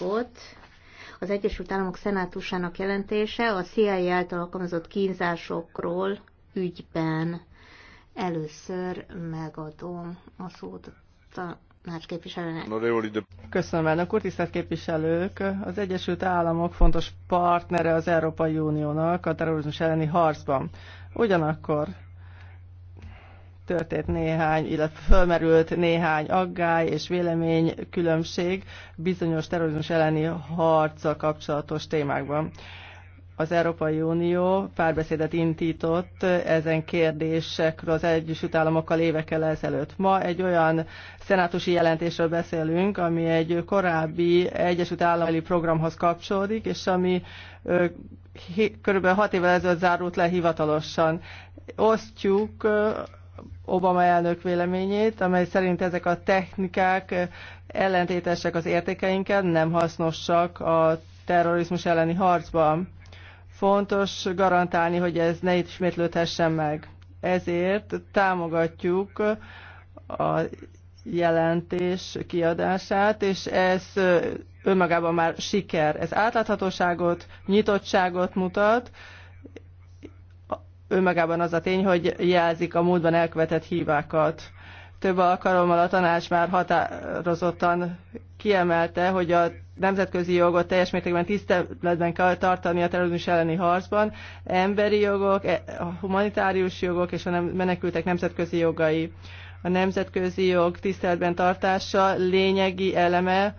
anyagot, az Egyesült Államok Szenátusának jelentése a CIA által alkalmazott kínzásokról ügyben. Először megadom a szót a Köszönöm, elnök úr, tisztelt képviselők! Az Egyesült Államok fontos partnere az Európai Uniónak a terrorizmus elleni harcban. Ugyanakkor történt néhány, illetve fölmerült néhány aggály és vélemény különbség bizonyos terrorizmus elleni harccal kapcsolatos témákban. Az Európai Unió párbeszédet indított ezen kérdésekről az Egyesült Államokkal évekkel ezelőtt. Ma egy olyan szenátusi jelentésről beszélünk, ami egy korábbi Egyesült Állami programhoz kapcsolódik, és ami körülbelül hat évvel ezelőtt zárult le hivatalosan. Osztjuk Obama elnök véleményét, amely szerint ezek a technikák ellentétesek az értékeinkkel, nem hasznosak a terrorizmus elleni harcban. Fontos garantálni, hogy ez ne ismétlődhessen meg. Ezért támogatjuk a jelentés kiadását, és ez önmagában már siker. Ez átláthatóságot, nyitottságot mutat, önmagában az a tény, hogy jelzik a múltban elkövetett hívákat. Több alkalommal a tanács már határozottan kiemelte, hogy a nemzetközi jogot teljes mértékben tiszteletben kell tartani a terrorizmus elleni harcban, emberi jogok, e, a humanitárius jogok és a nem, menekültek nemzetközi jogai. A nemzetközi jog tiszteletben tartása lényegi eleme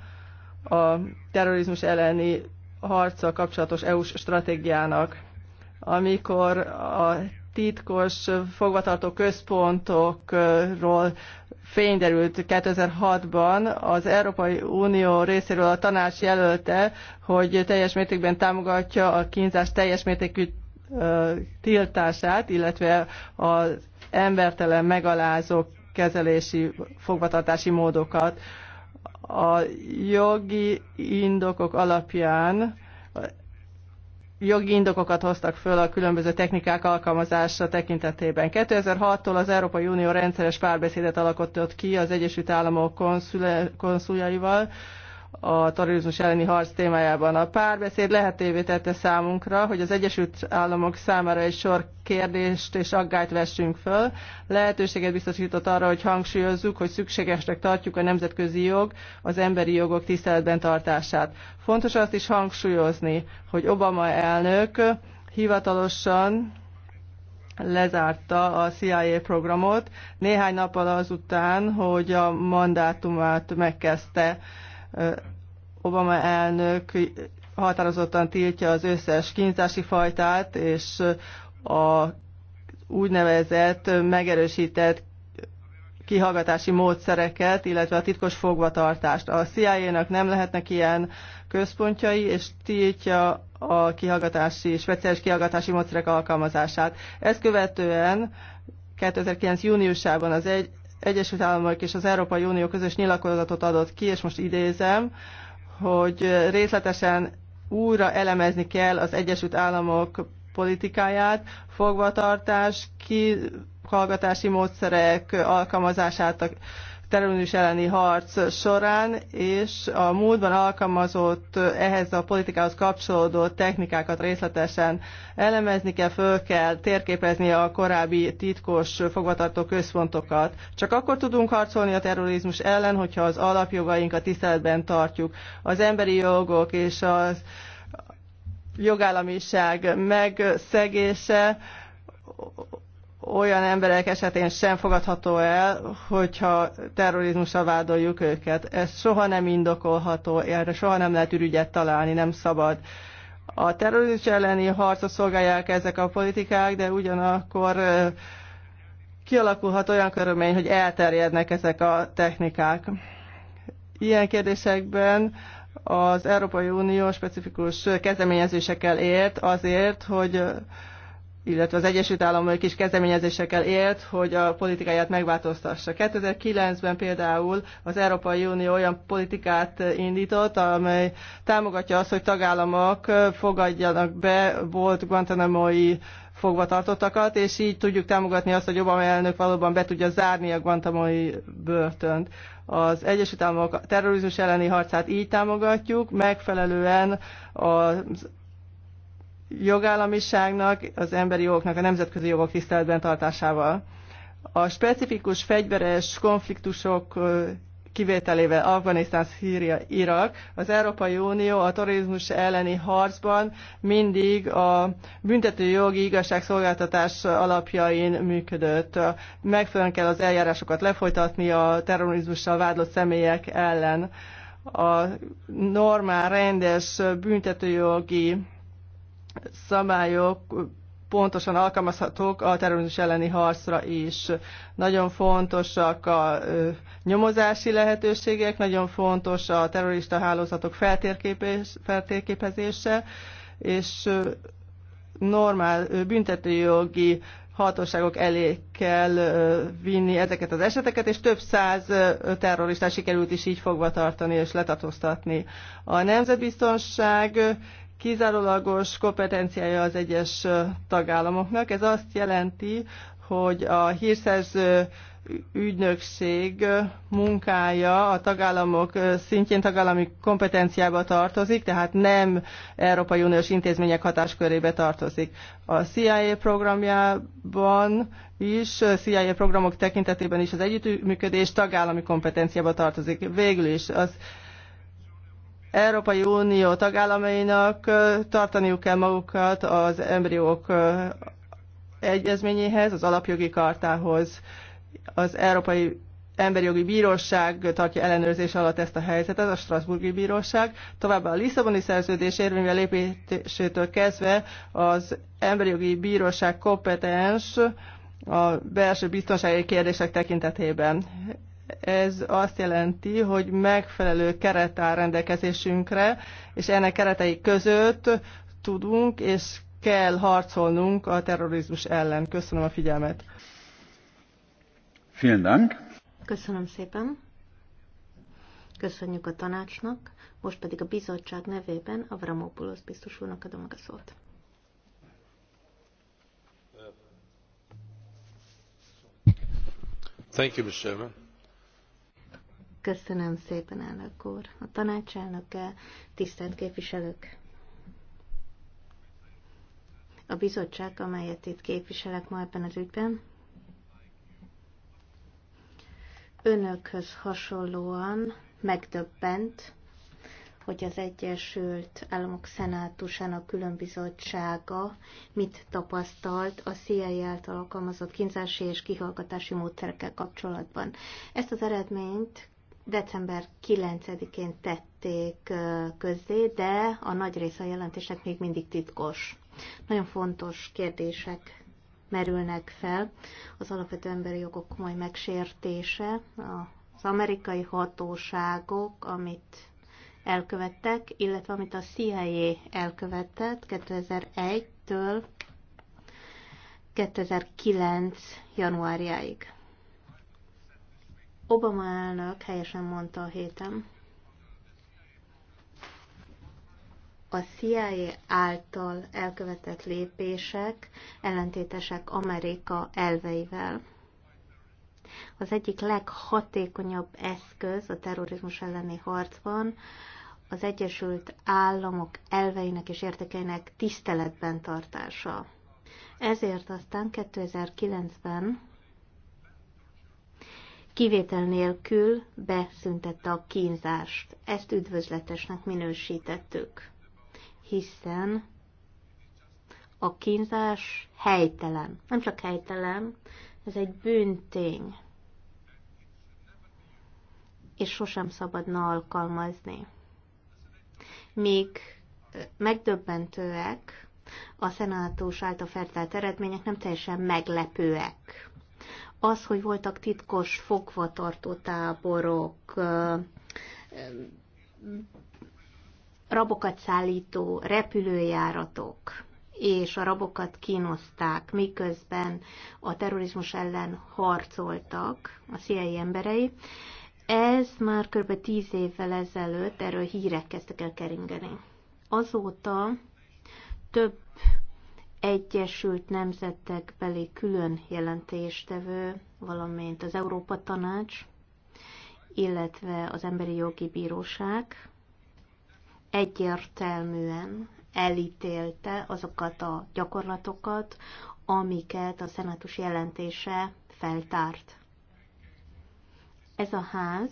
a terrorizmus elleni harccal kapcsolatos EU-s stratégiának amikor a titkos fogvatartó központokról fény derült 2006-ban, az Európai Unió részéről a tanács jelölte, hogy teljes mértékben támogatja a kínzás teljes mértékű tiltását, illetve az embertelen megalázó kezelési fogvatartási módokat. A jogi indokok alapján jogi indokokat hoztak föl a különböző technikák alkalmazása tekintetében. 2006-tól az Európai Unió rendszeres párbeszédet alakított ki az Egyesült Államok konszul a terrorizmus elleni harc témájában. A párbeszéd lehetővé tette számunkra, hogy az Egyesült Államok számára egy sor kérdést és aggályt vessünk föl. Lehetőséget biztosított arra, hogy hangsúlyozzuk, hogy szükségesnek tartjuk a nemzetközi jog, az emberi jogok tiszteletben tartását. Fontos azt is hangsúlyozni, hogy Obama elnök hivatalosan lezárta a CIA programot néhány nappal azután, hogy a mandátumát megkezdte. Obama elnök határozottan tiltja az összes kínzási fajtát, és a úgynevezett megerősített kihallgatási módszereket, illetve a titkos fogvatartást. A CIA-nak nem lehetnek ilyen központjai, és tiltja a kihallgatási, speciális kihallgatási módszerek alkalmazását. Ezt követően 2009. júniusában az egy Egyesült Államok és az Európai Unió közös nyilatkozatot adott ki, és most idézem, hogy részletesen újra elemezni kell az Egyesült Államok politikáját, fogvatartás, kihallgatási módszerek alkalmazását, terrorizmus elleni harc során, és a múltban alkalmazott ehhez a politikához kapcsolódó technikákat részletesen elemezni kell, föl kell térképezni a korábbi titkos fogvatartó központokat. Csak akkor tudunk harcolni a terrorizmus ellen, hogyha az alapjogainkat tiszteletben tartjuk. Az emberi jogok és az jogállamiság megszegése olyan emberek esetén sem fogadható el, hogyha terrorizmusra vádoljuk őket. Ez soha nem indokolható, erre soha nem lehet ürügyet találni, nem szabad. A terrorizmus elleni harcot szolgálják ezek a politikák, de ugyanakkor kialakulhat olyan körülmény, hogy elterjednek ezek a technikák. Ilyen kérdésekben az Európai Unió specifikus kezdeményezésekkel ért azért, hogy illetve az Egyesült Államok is kezdeményezésekkel élt, hogy a politikáját megváltoztassa. 2009-ben például az Európai Unió olyan politikát indított, amely támogatja azt, hogy tagállamok fogadjanak be volt Guantanamo-i fogvatartottakat, és így tudjuk támogatni azt, hogy Obama elnök valóban be tudja zárni a Guantanamo-i börtönt. Az Egyesült Államok terrorizmus elleni harcát így támogatjuk, megfelelően az jogállamiságnak, az emberi jogoknak, a nemzetközi jogok tiszteletben tartásával. A specifikus fegyveres konfliktusok kivételével Afganisztán, Szíria, Irak, az Európai Unió a terrorizmus elleni harcban mindig a jogi igazságszolgáltatás alapjain működött. Megfelelően kell az eljárásokat lefolytatni a terrorizmussal vádlott személyek ellen. A normál, rendes büntetőjogi szabályok pontosan alkalmazhatók a terrorizmus elleni harcra is. Nagyon fontosak a nyomozási lehetőségek, nagyon fontos a terrorista hálózatok feltérképezése, és normál büntetőjogi hatóságok elé kell vinni ezeket az eseteket, és több száz terroristát sikerült is így fogva tartani és letartóztatni. A nemzetbiztonság kizárólagos kompetenciája az egyes tagállamoknak. Ez azt jelenti, hogy a hírszerző ügynökség munkája a tagállamok szintjén tagállami kompetenciába tartozik, tehát nem Európai Uniós intézmények hatáskörébe tartozik. A CIA programjában is, CIA programok tekintetében is az együttműködés tagállami kompetenciába tartozik. Végül is az Európai Unió tagállamainak tartaniuk kell magukat az embriók egyezményéhez, az alapjogi kartához. Az Európai Emberi Jogi Bíróság tartja ellenőrzés alatt ezt a helyzetet, a Strasburgi Bíróság. Továbbá a Lisszaboni Szerződés érvénybe lépésétől kezdve az Emberi Jogi Bíróság kompetens a belső biztonsági kérdések tekintetében ez azt jelenti, hogy megfelelő keret áll rendelkezésünkre, és ennek keretei között tudunk és kell harcolnunk a terrorizmus ellen. Köszönöm a figyelmet. Vielen Dank. Köszönöm szépen. Köszönjük a tanácsnak, most pedig a bizottság nevében Avramopoulos biztos úrnak adom a szót. Thank you, Mr. Chairman. Köszönöm szépen, elnök úr. A tanácselnöke, tisztelt képviselők! A bizottság, amelyet itt képviselek ma ebben az ügyben, önökhöz hasonlóan megdöbbent, hogy az Egyesült Államok Szenátusának különbizottsága mit tapasztalt a CIA által alkalmazott kínzási és kihallgatási módszerekkel kapcsolatban. Ezt az eredményt december 9-én tették közzé, de a nagy része a jelentésnek még mindig titkos. Nagyon fontos kérdések merülnek fel. Az alapvető emberi jogok komoly megsértése, az amerikai hatóságok, amit elkövettek, illetve amit a CIA elkövetett 2001-től 2009. januárjáig. Obama elnök helyesen mondta a héten, a CIA által elkövetett lépések ellentétesek Amerika elveivel. Az egyik leghatékonyabb eszköz a terrorizmus elleni harcban az Egyesült Államok elveinek és értékeinek tiszteletben tartása. Ezért aztán 2009-ben kivétel nélkül beszüntette a kínzást. Ezt üdvözletesnek minősítettük, hiszen a kínzás helytelen. Nem csak helytelen, ez egy bűntény. És sosem szabadna alkalmazni. Még megdöbbentőek, a szenátus által feltárt eredmények nem teljesen meglepőek az, hogy voltak titkos fogvatartó táborok, rabokat szállító repülőjáratok, és a rabokat kínozták, miközben a terrorizmus ellen harcoltak a CIA emberei. Ez már kb. tíz évvel ezelőtt, erről hírek kezdtek el keringeni. Azóta több Egyesült Nemzetek belé külön jelentéstevő, valamint az Európa Tanács, illetve az Emberi Jogi Bíróság egyértelműen elítélte azokat a gyakorlatokat, amiket a szenátus jelentése feltárt. Ez a ház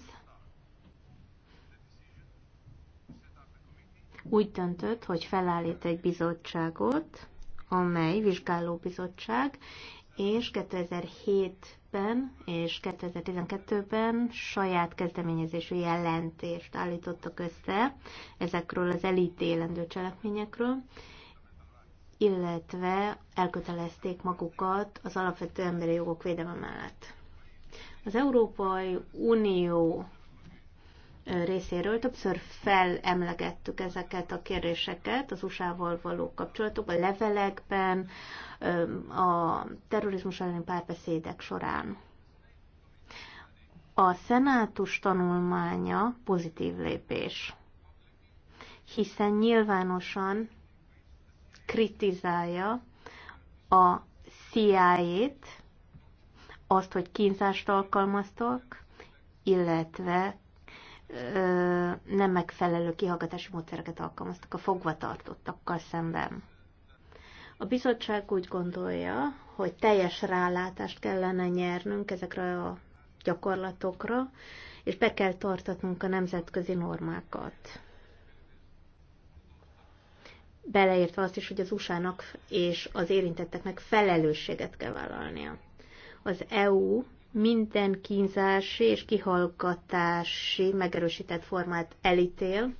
úgy döntött, hogy felállít egy bizottságot, amely vizsgálóbizottság, és 2007-ben és 2012-ben saját kezdeményezésű jelentést állítottak össze ezekről az elítélendő cselekményekről, illetve elkötelezték magukat az alapvető emberi jogok védelme mellett. Az Európai Unió részéről többször felemlegettük ezeket a kérdéseket az USA-val való kapcsolatokban, levelekben, a terrorizmus elleni párbeszédek során. A szenátus tanulmánya pozitív lépés, hiszen nyilvánosan kritizálja a CIA-t, azt, hogy kínzást alkalmaztak, illetve nem megfelelő kihallgatási módszereket alkalmaztak a fogvatartottakkal szemben. A bizottság úgy gondolja, hogy teljes rálátást kellene nyernünk ezekre a gyakorlatokra, és be kell tartatnunk a nemzetközi normákat. Beleértve azt is, hogy az USA-nak és az érintetteknek felelősséget kell vállalnia. Az EU minden kínzási és kihallgatási megerősített formát elítél,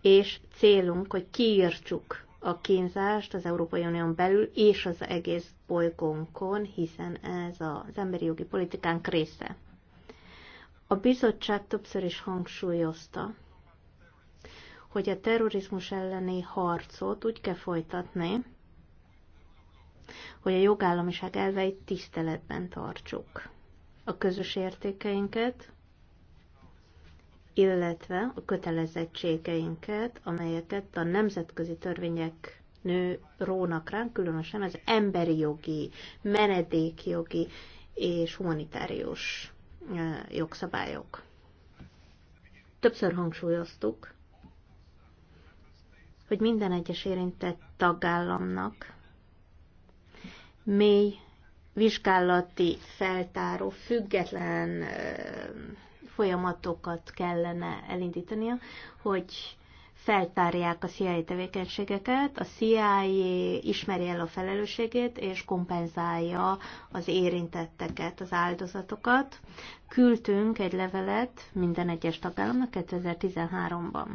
és célunk, hogy kiírtsuk a kínzást az Európai Unión belül és az egész bolygónkon, hiszen ez az emberi jogi politikánk része. A bizottság többször is hangsúlyozta, hogy a terrorizmus elleni harcot úgy kell folytatni, hogy a jogállamiság elveit tiszteletben tartsuk. A közös értékeinket, illetve a kötelezettségeinket, amelyeket a nemzetközi törvények nő rónak ránk, különösen az emberi jogi, menedékjogi és humanitárius jogszabályok. Többször hangsúlyoztuk, hogy minden egyes érintett tagállamnak mély vizsgálati feltáró független folyamatokat kellene elindítania, hogy feltárják a CIA tevékenységeket, a CIA ismeri el a felelősségét, és kompenzálja az érintetteket, az áldozatokat. Küldtünk egy levelet minden egyes tagállamnak 2013-ban.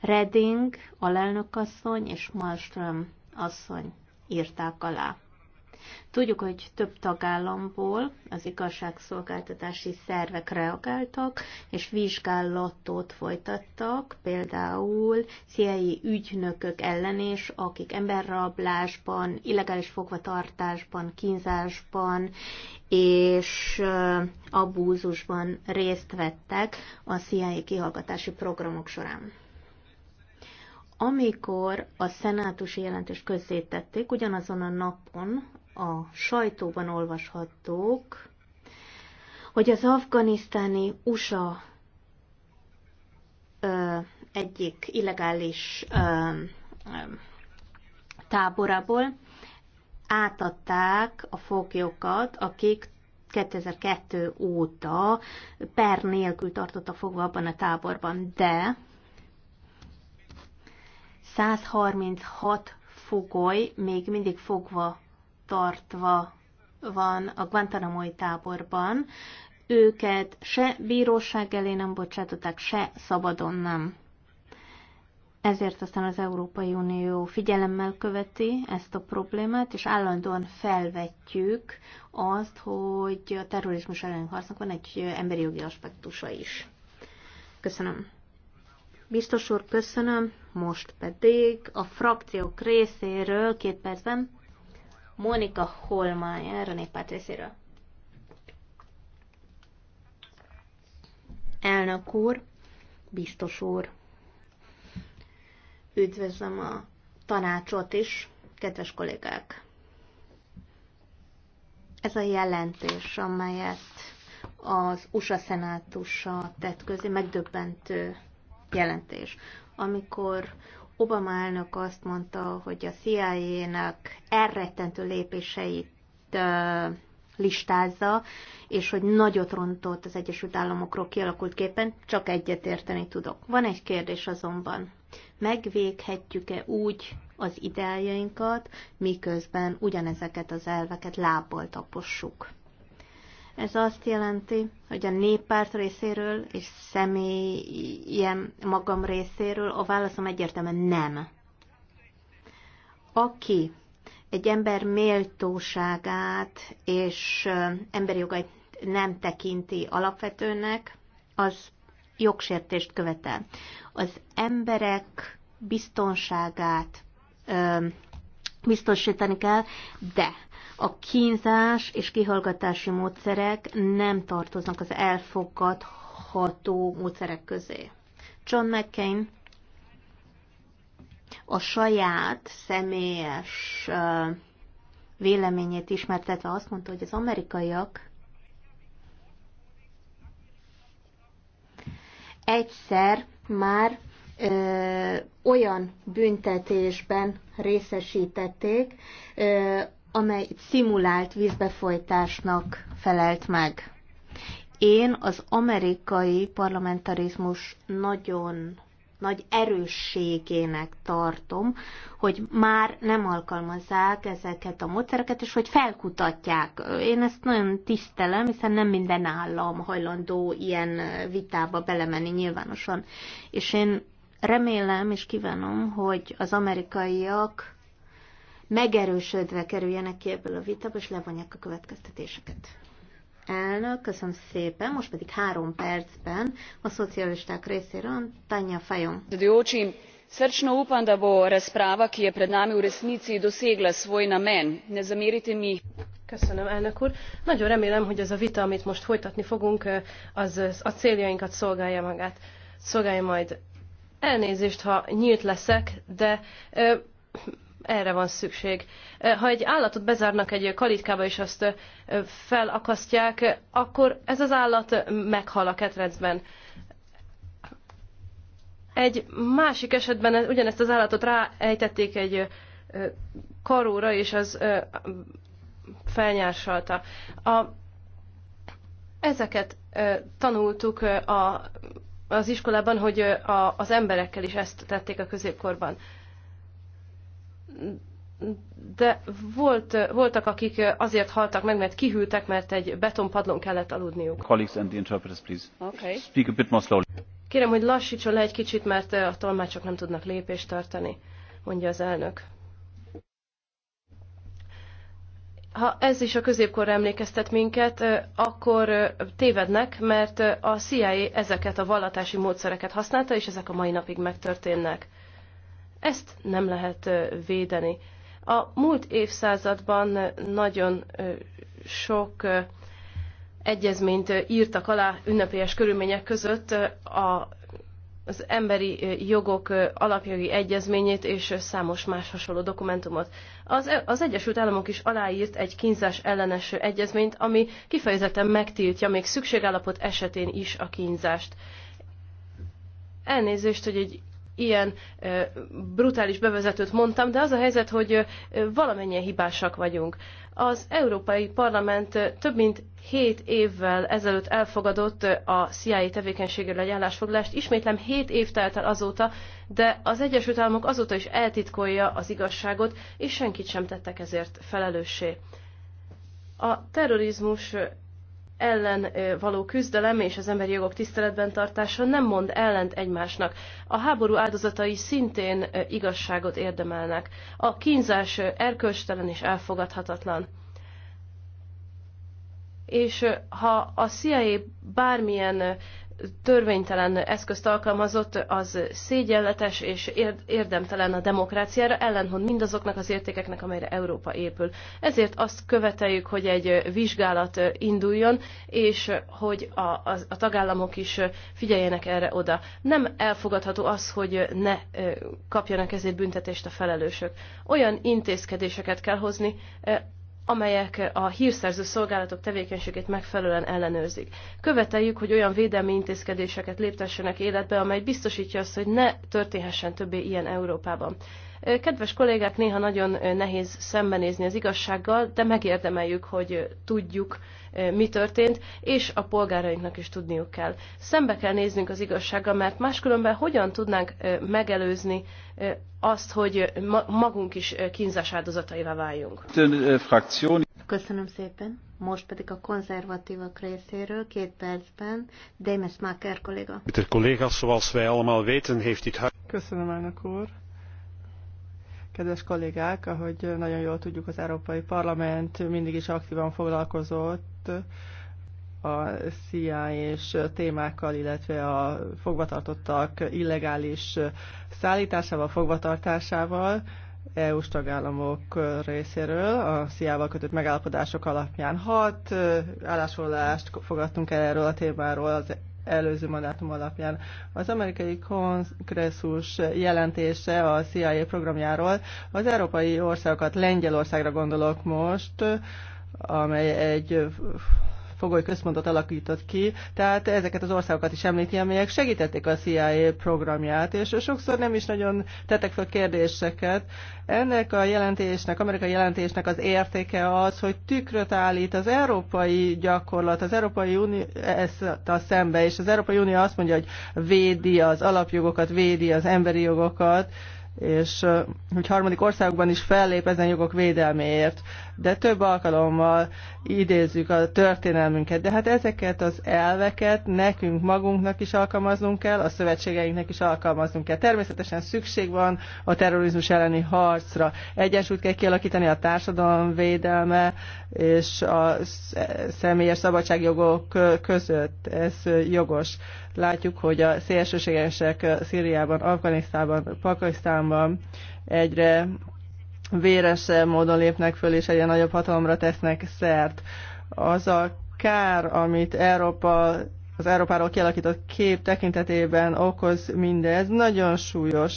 Redding, alelnökasszony és Malmström asszony írták alá. Tudjuk, hogy több tagállamból az igazságszolgáltatási szervek reagáltak, és vizsgálatot folytattak, például CIA ügynökök ellen is, akik emberrablásban, illegális fogvatartásban, kínzásban és abúzusban részt vettek a CIA kihallgatási programok során. Amikor a szenátus jelentést közzétették, ugyanazon a napon a sajtóban olvashattók, hogy az afganisztáni USA ö, egyik illegális ö, ö, táborából átadták a foglyokat, akik 2002 óta per nélkül tartottak fogva abban a táborban, de 136 fogoly még mindig fogva tartva van a guantanamo táborban. Őket se bíróság elé nem bocsátották, se szabadon nem. Ezért aztán az Európai Unió figyelemmel követi ezt a problémát, és állandóan felvetjük azt, hogy a terrorizmus elleni harcnak van egy emberi jogi aspektusa is. Köszönöm. Biztos úr, köszönöm. Most pedig a frakciók részéről, két percben, Monika Holmájer a néppárt részéről. Elnök úr, biztos úr, üdvözlöm a tanácsot is, kedves kollégák. Ez a jelentés, amelyet az USA szenátusa tett közé, megdöbbentő jelentés. Amikor Obama elnök azt mondta, hogy a CIA-nak elrettentő lépéseit listázza, és hogy nagyot rontott az Egyesült Államokról kialakult képen, csak egyet érteni tudok. Van egy kérdés azonban. Megvéghetjük-e úgy az ideájainkat, miközben ugyanezeket az elveket lábbal tapossuk? Ez azt jelenti, hogy a néppárt részéről és személyem magam részéről a válaszom egyértelműen nem. Aki egy ember méltóságát és emberi jogait nem tekinti alapvetőnek, az jogsértést követel. Az emberek biztonságát biztosítani kell, de a kínzás és kihallgatási módszerek nem tartoznak az elfogadható módszerek közé. John McCain a saját személyes véleményét ismertetve azt mondta, hogy az amerikaiak egyszer már ö, olyan büntetésben részesítették, ö, amely szimulált vízbefolytásnak felelt meg. Én az amerikai parlamentarizmus nagyon nagy erősségének tartom, hogy már nem alkalmazzák ezeket a módszereket, és hogy felkutatják. Én ezt nagyon tisztelem, hiszen nem minden állam hajlandó ilyen vitába belemenni nyilvánosan. És én remélem és kívánom, hogy az amerikaiak megerősödve kerüljenek ki ebből a vitába, és levonják a következtetéseket. Elnök, köszönöm szépen, most pedig három percben a szocialisták részéről Tanja Fajon. Srčno upam, da bo razprava, ki je pred nami, v resnici dosegla svoj namen. Ne zamerite mi. Köszönöm, elnök úr. Nagyon remélem, hogy ez a vita, amit most folytatni fogunk, az a céljainkat szolgálja magát. Szolgálja majd. Elnézést, ha nyílt leszek, de ö, erre van szükség. Ha egy állatot bezárnak egy kalitkába és azt felakasztják, akkor ez az állat meghal a ketrecben. Egy másik esetben ugyanezt az állatot ráejtették egy karóra, és az felnyársalta. A, ezeket tanultuk a, az iskolában, hogy a, az emberekkel is ezt tették a középkorban de volt, voltak, akik azért haltak meg, mert kihűltek, mert egy betonpadlón kellett aludniuk. Colleagues and the interpreters, please. Okay. Speak a bit more slowly. Kérem, hogy lassítson le egy kicsit, mert a tolmácsok nem tudnak lépést tartani, mondja az elnök. Ha ez is a középkorra emlékeztet minket, akkor tévednek, mert a CIA ezeket a vallatási módszereket használta, és ezek a mai napig megtörténnek. Ezt nem lehet védeni. A múlt évszázadban nagyon sok egyezményt írtak alá ünnepélyes körülmények között a, az emberi jogok alapjogi egyezményét és számos más hasonló dokumentumot. Az, az Egyesült Államok is aláírt egy kínzás ellenes egyezményt, ami kifejezetten megtiltja még szükségállapot esetén is a kínzást. Elnézést, hogy egy ilyen brutális bevezetőt mondtam, de az a helyzet, hogy valamennyien hibásak vagyunk. Az Európai Parlament több mint hét évvel ezelőtt elfogadott a CIA tevékenységéről egy állásfoglalást. Ismétlem, hét év telt el azóta, de az Egyesült Államok azóta is eltitkolja az igazságot, és senkit sem tettek ezért felelőssé. A terrorizmus ellen való küzdelem és az emberi jogok tiszteletben tartása nem mond ellent egymásnak. A háború áldozatai szintén igazságot érdemelnek. A kínzás erkölcstelen és elfogadhatatlan. És ha a CIA bármilyen törvénytelen eszközt alkalmazott, az szégyenletes és érdemtelen a demokráciára, ellenhond mindazoknak az értékeknek, amelyre Európa épül. Ezért azt követeljük, hogy egy vizsgálat induljon, és hogy a, a, a tagállamok is figyeljenek erre oda. Nem elfogadható az, hogy ne kapjanak ezért büntetést a felelősök. Olyan intézkedéseket kell hozni, amelyek a hírszerző szolgálatok tevékenységét megfelelően ellenőrzik. Követeljük, hogy olyan védelmi intézkedéseket léptessenek életbe, amely biztosítja azt, hogy ne történhessen többé ilyen Európában. Kedves kollégák, néha nagyon nehéz szembenézni az igazsággal, de megérdemeljük, hogy tudjuk, mi történt, és a polgárainknak is tudniuk kell. Szembe kell néznünk az igazsággal, mert máskülönben hogyan tudnánk megelőzni azt, hogy magunk is kínzás áldozataivá váljunk. Köszönöm szépen. Most pedig a konzervatívak részéről két percben Demes Máker kolléga. Köszönöm, elnök úr. Kedves kollégák, ahogy nagyon jól tudjuk, az Európai Parlament mindig is aktívan foglalkozott a CIA és témákkal, illetve a fogvatartottak illegális szállításával, fogvatartásával. EU-s tagállamok részéről a CIA-val kötött megállapodások alapján hat eh, állásfoglalást fogadtunk el erről a témáról az előző mandátum alapján. Az amerikai kongresszus jelentése a CIA programjáról az európai országokat, Lengyelországra gondolok most, amely egy fogoly központot alakított ki, tehát ezeket az országokat is említi, amelyek segítették a CIA programját, és sokszor nem is nagyon tettek fel kérdéseket. Ennek a jelentésnek, amerikai jelentésnek az értéke az, hogy tükröt állít az európai gyakorlat, az Európai Unió ezt a szembe, és az Európai Unió azt mondja, hogy védi az alapjogokat, védi az emberi jogokat, és hogy harmadik országokban is fellép ezen jogok védelméért de több alkalommal idézzük a történelmünket. De hát ezeket az elveket nekünk magunknak is alkalmaznunk kell, a szövetségeinknek is alkalmaznunk kell. Természetesen szükség van a terrorizmus elleni harcra. Egyensúlyt kell kialakítani a társadalom védelme és a személyes szabadságjogok között. Ez jogos. Látjuk, hogy a szélsőségesek Szíriában, Afganisztában, Pakisztánban egyre véres módon lépnek föl, és egyre nagyobb hatalomra tesznek szert. Az a kár, amit Európa az Európáról kialakított kép tekintetében okoz mindez, nagyon súlyos.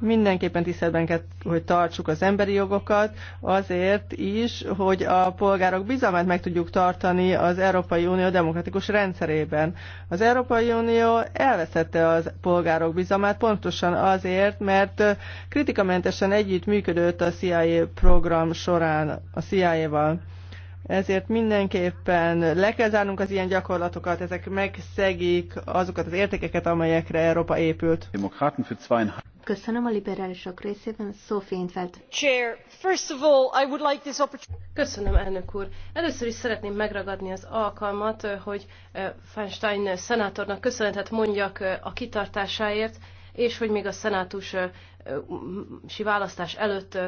Mindenképpen tiszteletben kell, hogy tartsuk az emberi jogokat, azért is, hogy a polgárok bizalmát meg tudjuk tartani az Európai Unió demokratikus rendszerében. Az Európai Unió elveszette az polgárok bizalmát pontosan azért, mert kritikamentesen együtt működött a CIA program során a CIA-val ezért mindenképpen le kell zárnunk az ilyen gyakorlatokat, ezek megszegik azokat az értékeket, amelyekre Európa épült. Köszönöm a liberálisok részében, Sophie Infeld. Chair, first of all, I would like this opportunity... Köszönöm, elnök úr. Először is szeretném megragadni az alkalmat, hogy eh, Feinstein szenátornak köszönetet mondjak eh, a kitartásáért, és hogy még a szenátus választás előtt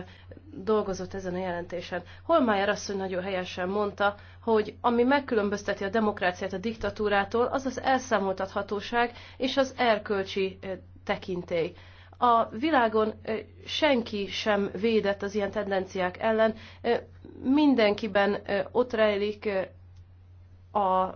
dolgozott ezen a jelentésen. Holmájer asszony nagyon helyesen mondta, hogy ami megkülönbözteti a demokráciát a diktatúrától, az az elszámoltathatóság és az erkölcsi tekintély a világon senki sem védett az ilyen tendenciák ellen, mindenkiben ott rejlik a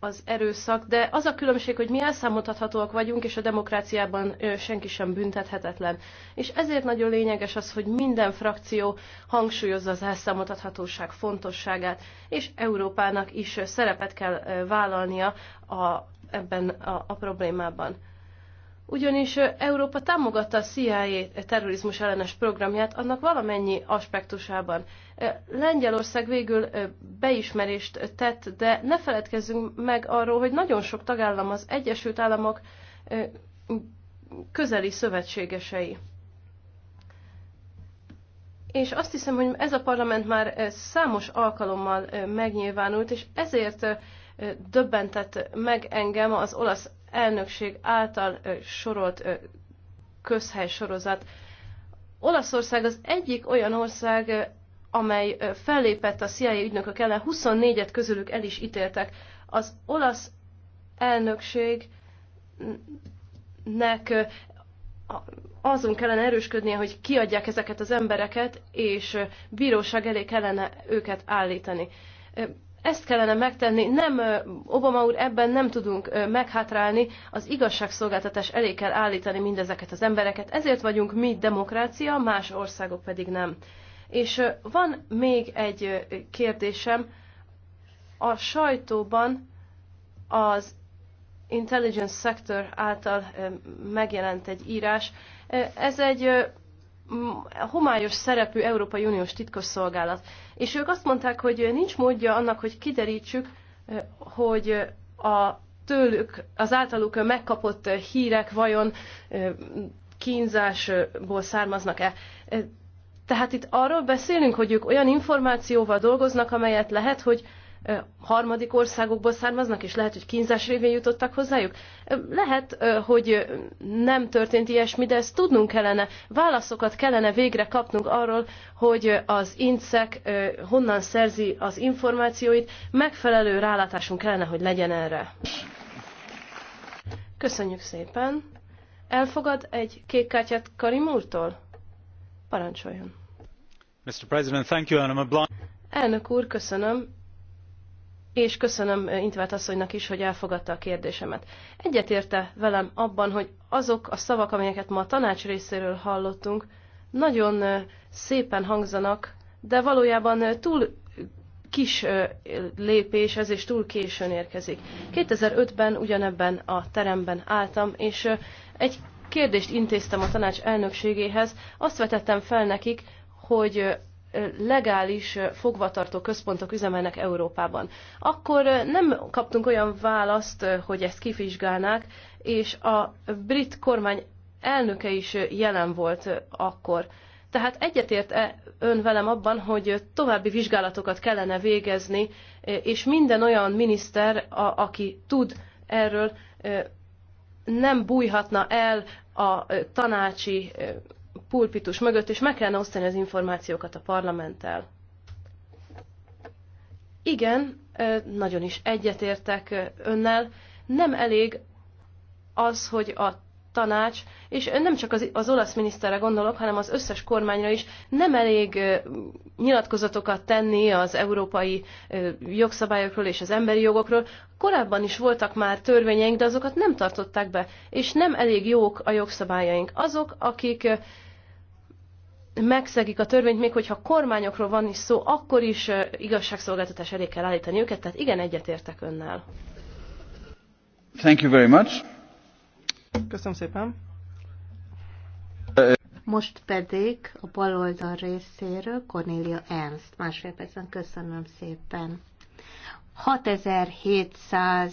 az erőszak, de az a különbség, hogy mi elszámoltathatóak vagyunk, és a demokráciában senki sem büntethetetlen. És ezért nagyon lényeges az, hogy minden frakció hangsúlyozza az elszámoltathatóság fontosságát, és Európának is szerepet kell vállalnia a, ebben a, a problémában ugyanis Európa támogatta a CIA terrorizmus ellenes programját annak valamennyi aspektusában. Lengyelország végül beismerést tett, de ne feledkezzünk meg arról, hogy nagyon sok tagállam az Egyesült Államok közeli szövetségesei. És azt hiszem, hogy ez a parlament már számos alkalommal megnyilvánult, és ezért döbbentett meg engem az olasz elnökség által sorolt közhely sorozat. Olaszország az egyik olyan ország, amely fellépett a CIA ügynökök ellen, 24-et közülük el is ítéltek. Az olasz elnökségnek azon kellene erősködnie, hogy kiadják ezeket az embereket, és bíróság elé kellene őket állítani ezt kellene megtenni. Nem, Obama úr, ebben nem tudunk meghátrálni, az igazságszolgáltatás elé kell állítani mindezeket az embereket. Ezért vagyunk mi demokrácia, más országok pedig nem. És van még egy kérdésem. A sajtóban az intelligence sector által megjelent egy írás. Ez egy homályos szerepű Európai Uniós titkosszolgálat. És ők azt mondták, hogy nincs módja annak, hogy kiderítsük, hogy a tőlük, az általuk megkapott hírek vajon kínzásból származnak-e. Tehát itt arról beszélünk, hogy ők olyan információval dolgoznak, amelyet lehet, hogy harmadik országokból származnak, és lehet, hogy kínzás révén jutottak hozzájuk? Lehet, hogy nem történt ilyesmi, de ezt tudnunk kellene. Válaszokat kellene végre kapnunk arról, hogy az INSEC honnan szerzi az információit, megfelelő rálátásunk kellene, hogy legyen erre. Köszönjük szépen. Elfogad egy kék kártyát Karim úrtól? Parancsoljon. Mr. President, thank you, and I'm a blind... Elnök úr, köszönöm és köszönöm eh, Intvált asszonynak is, hogy elfogadta a kérdésemet. Egyetérte velem abban, hogy azok a szavak, amelyeket ma a tanács részéről hallottunk, nagyon eh, szépen hangzanak, de valójában eh, túl kis lépés ez, is túl későn érkezik. 2005-ben ugyanebben a teremben álltam, és egy kérdést intéztem a tanács elnökségéhez, azt vetettem fel nekik, hogy legális fogvatartó központok üzemelnek Európában. Akkor nem kaptunk olyan választ, hogy ezt kivizsgálnák, és a brit kormány elnöke is jelen volt akkor. Tehát egyetért-e ön velem abban, hogy további vizsgálatokat kellene végezni, és minden olyan miniszter, a, aki tud erről, nem bújhatna el a tanácsi pulpitus mögött, és meg kellene osztani az információkat a parlamenttel. Igen, nagyon is egyetértek önnel. Nem elég az, hogy a tanács, és nem csak az, az olasz miniszterre gondolok, hanem az összes kormányra is, nem elég nyilatkozatokat tenni az európai jogszabályokról és az emberi jogokról. Korábban is voltak már törvényeink, de azokat nem tartották be, és nem elég jók a jogszabályaink. Azok, akik megszegik a törvényt, még hogyha kormányokról van is szó, akkor is igazságszolgáltatás elé kell állítani őket, tehát igen, egyetértek önnel. Thank you very much. Köszönöm szépen. Most pedig a baloldal részéről Cornelia Ernst. Másfél percen köszönöm szépen. 6700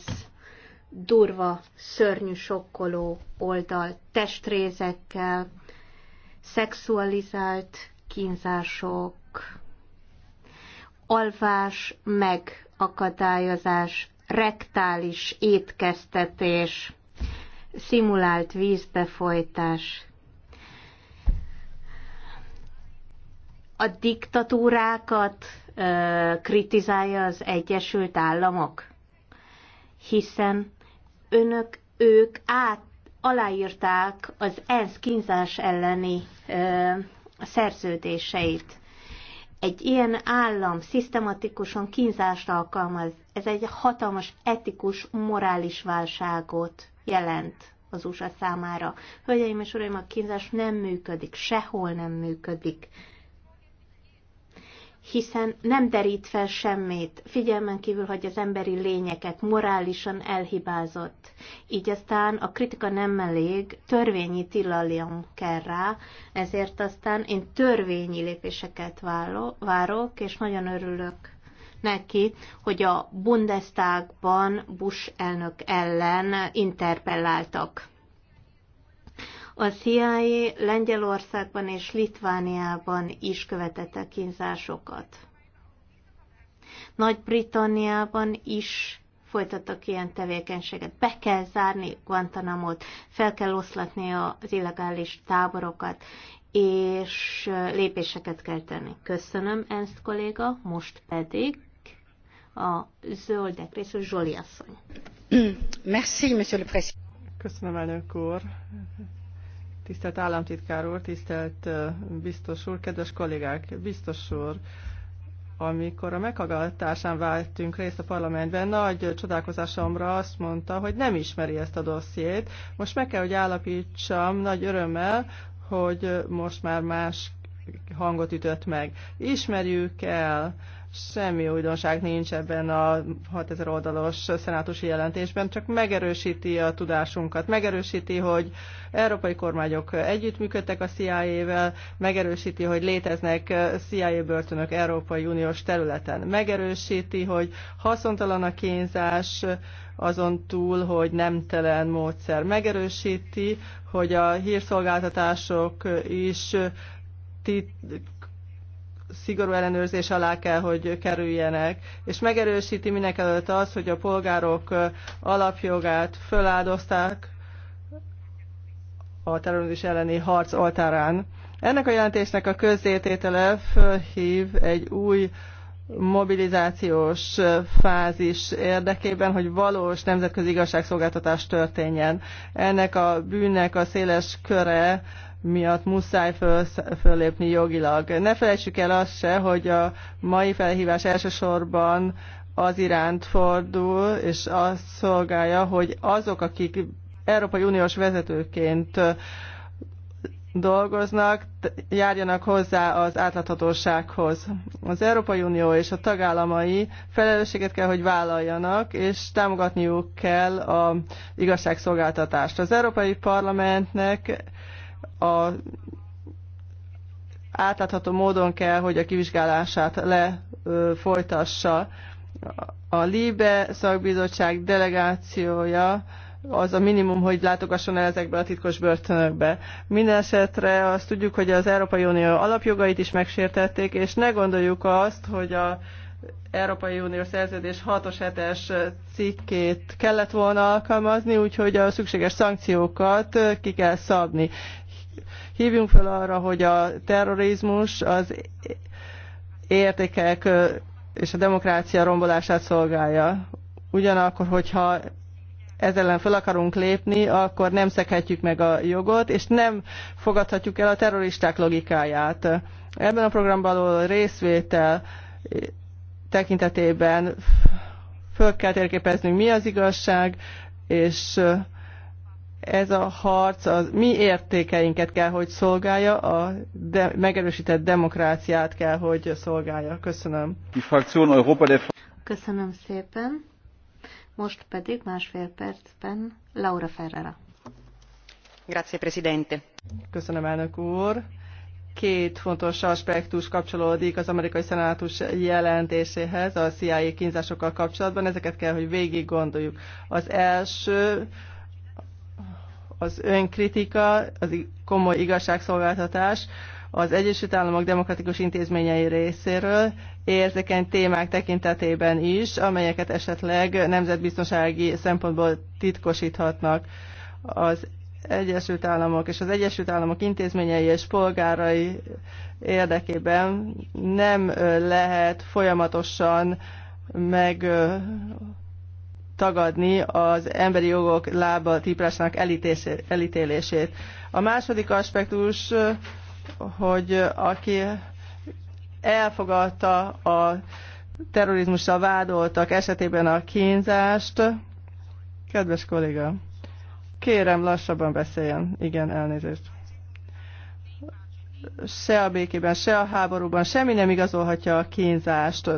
durva, szörnyű, sokkoló oldal testrészekkel, szexualizált kínzások, alvás, megakadályozás, rektális étkeztetés, szimulált vízbefolytás. A diktatúrákat ö, kritizálja az Egyesült Államok, hiszen önök, ők át aláírták az ENSZ kínzás elleni ö, szerződéseit. Egy ilyen állam szisztematikusan kínzást alkalmaz. Ez egy hatalmas etikus, morális válságot jelent az USA számára. Hölgyeim és uraim, a kínzás nem működik, sehol nem működik hiszen nem derít fel semmit, figyelmen kívül hogy az emberi lényeket, morálisan elhibázott. Így aztán a kritika nem elég, törvényi tilalom kell rá, ezért aztán én törvényi lépéseket várok, és nagyon örülök neki, hogy a Bundestagban Bush elnök ellen interpelláltak. A CIA Lengyelországban és Litvániában is követette kínzásokat. Nagy-Britanniában is folytattak ilyen tevékenységet. Be kell zárni Guantanamot, fel kell oszlatni az illegális táborokat, és lépéseket kell tenni. Köszönöm, Ernst kolléga, most pedig a zöldek részül Zsoli asszony. Merci, monsieur le président. Köszönöm, elnök úr. Tisztelt államtitkár úr, tisztelt biztos úr, kedves kollégák, biztos úr, amikor a meghallgatásán váltunk részt a parlamentben, nagy csodálkozásomra azt mondta, hogy nem ismeri ezt a dossziét. Most meg kell, hogy állapítsam nagy örömmel, hogy most már más hangot ütött meg. Ismerjük el Semmi újdonság nincs ebben a 6000 oldalos szenátusi jelentésben, csak megerősíti a tudásunkat, megerősíti, hogy európai kormányok együttműködtek a CIA-vel, megerősíti, hogy léteznek CIA börtönök Európai Uniós területen, megerősíti, hogy haszontalan a kínzás, azon túl, hogy nemtelen módszer megerősíti, hogy a hírszolgáltatások is szigorú ellenőrzés alá kell, hogy kerüljenek, és megerősíti mindenek előtt az, hogy a polgárok alapjogát föláldozták a terrorizmus elleni harc oltárán. Ennek a jelentésnek a közzététele fölhív egy új mobilizációs fázis érdekében, hogy valós nemzetközi igazságszolgáltatás történjen. Ennek a bűnnek a széles köre miatt muszáj föl, föllépni jogilag. Ne felejtsük el azt se, hogy a mai felhívás elsősorban az iránt fordul, és azt szolgálja, hogy azok, akik Európai Uniós vezetőként dolgoznak, járjanak hozzá az átláthatósághoz. Az Európai Unió és a tagállamai felelősséget kell, hogy vállaljanak, és támogatniuk kell a igazságszolgáltatást. Az Európai Parlamentnek a átlátható módon kell, hogy a kivizsgálását lefolytassa. A LIBE szakbizottság delegációja az a minimum, hogy látogasson el ezekbe a titkos börtönökbe. esetre azt tudjuk, hogy az Európai Unió alapjogait is megsértették, és ne gondoljuk azt, hogy a Európai Unió szerződés 6-os 7-es cikkét kellett volna alkalmazni, úgyhogy a szükséges szankciókat ki kell szabni. Hívjunk fel arra, hogy a terrorizmus az értékek és a demokrácia rombolását szolgálja. Ugyanakkor, hogyha ez ellen fel akarunk lépni, akkor nem szekhetjük meg a jogot, és nem fogadhatjuk el a terroristák logikáját. Ebben a programban való részvétel tekintetében föl kell térképeznünk, mi az igazság, és ez a harc az mi értékeinket kell, hogy szolgálja, a de, megerősített demokráciát kell, hogy szolgálja. Köszönöm. Köszönöm szépen. Most pedig másfél percben Laura Ferrara. Grazie, Presidente. Köszönöm, elnök úr két fontos aspektus kapcsolódik az amerikai szenátus jelentéséhez a CIA kínzásokkal kapcsolatban. Ezeket kell, hogy végig gondoljuk. Az első az önkritika, az komoly igazságszolgáltatás az Egyesült Államok demokratikus intézményei részéről érzékeny témák tekintetében is, amelyeket esetleg nemzetbiztonsági szempontból titkosíthatnak. Az Egyesült Államok és az Egyesült Államok intézményei és polgárai érdekében nem lehet folyamatosan meg tagadni az emberi jogok lába tiprásának elítélését. A második aspektus, hogy aki elfogadta a terrorizmusra vádoltak esetében a kínzást, kedves kolléga, kérem lassabban beszéljen, igen, elnézést. Se a békében, se a háborúban semmi nem igazolhatja a kínzást.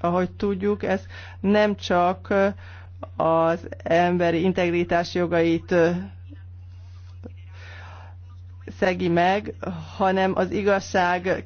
Ahogy tudjuk, ez nem csak az emberi integritás jogait szegi meg, hanem az igazság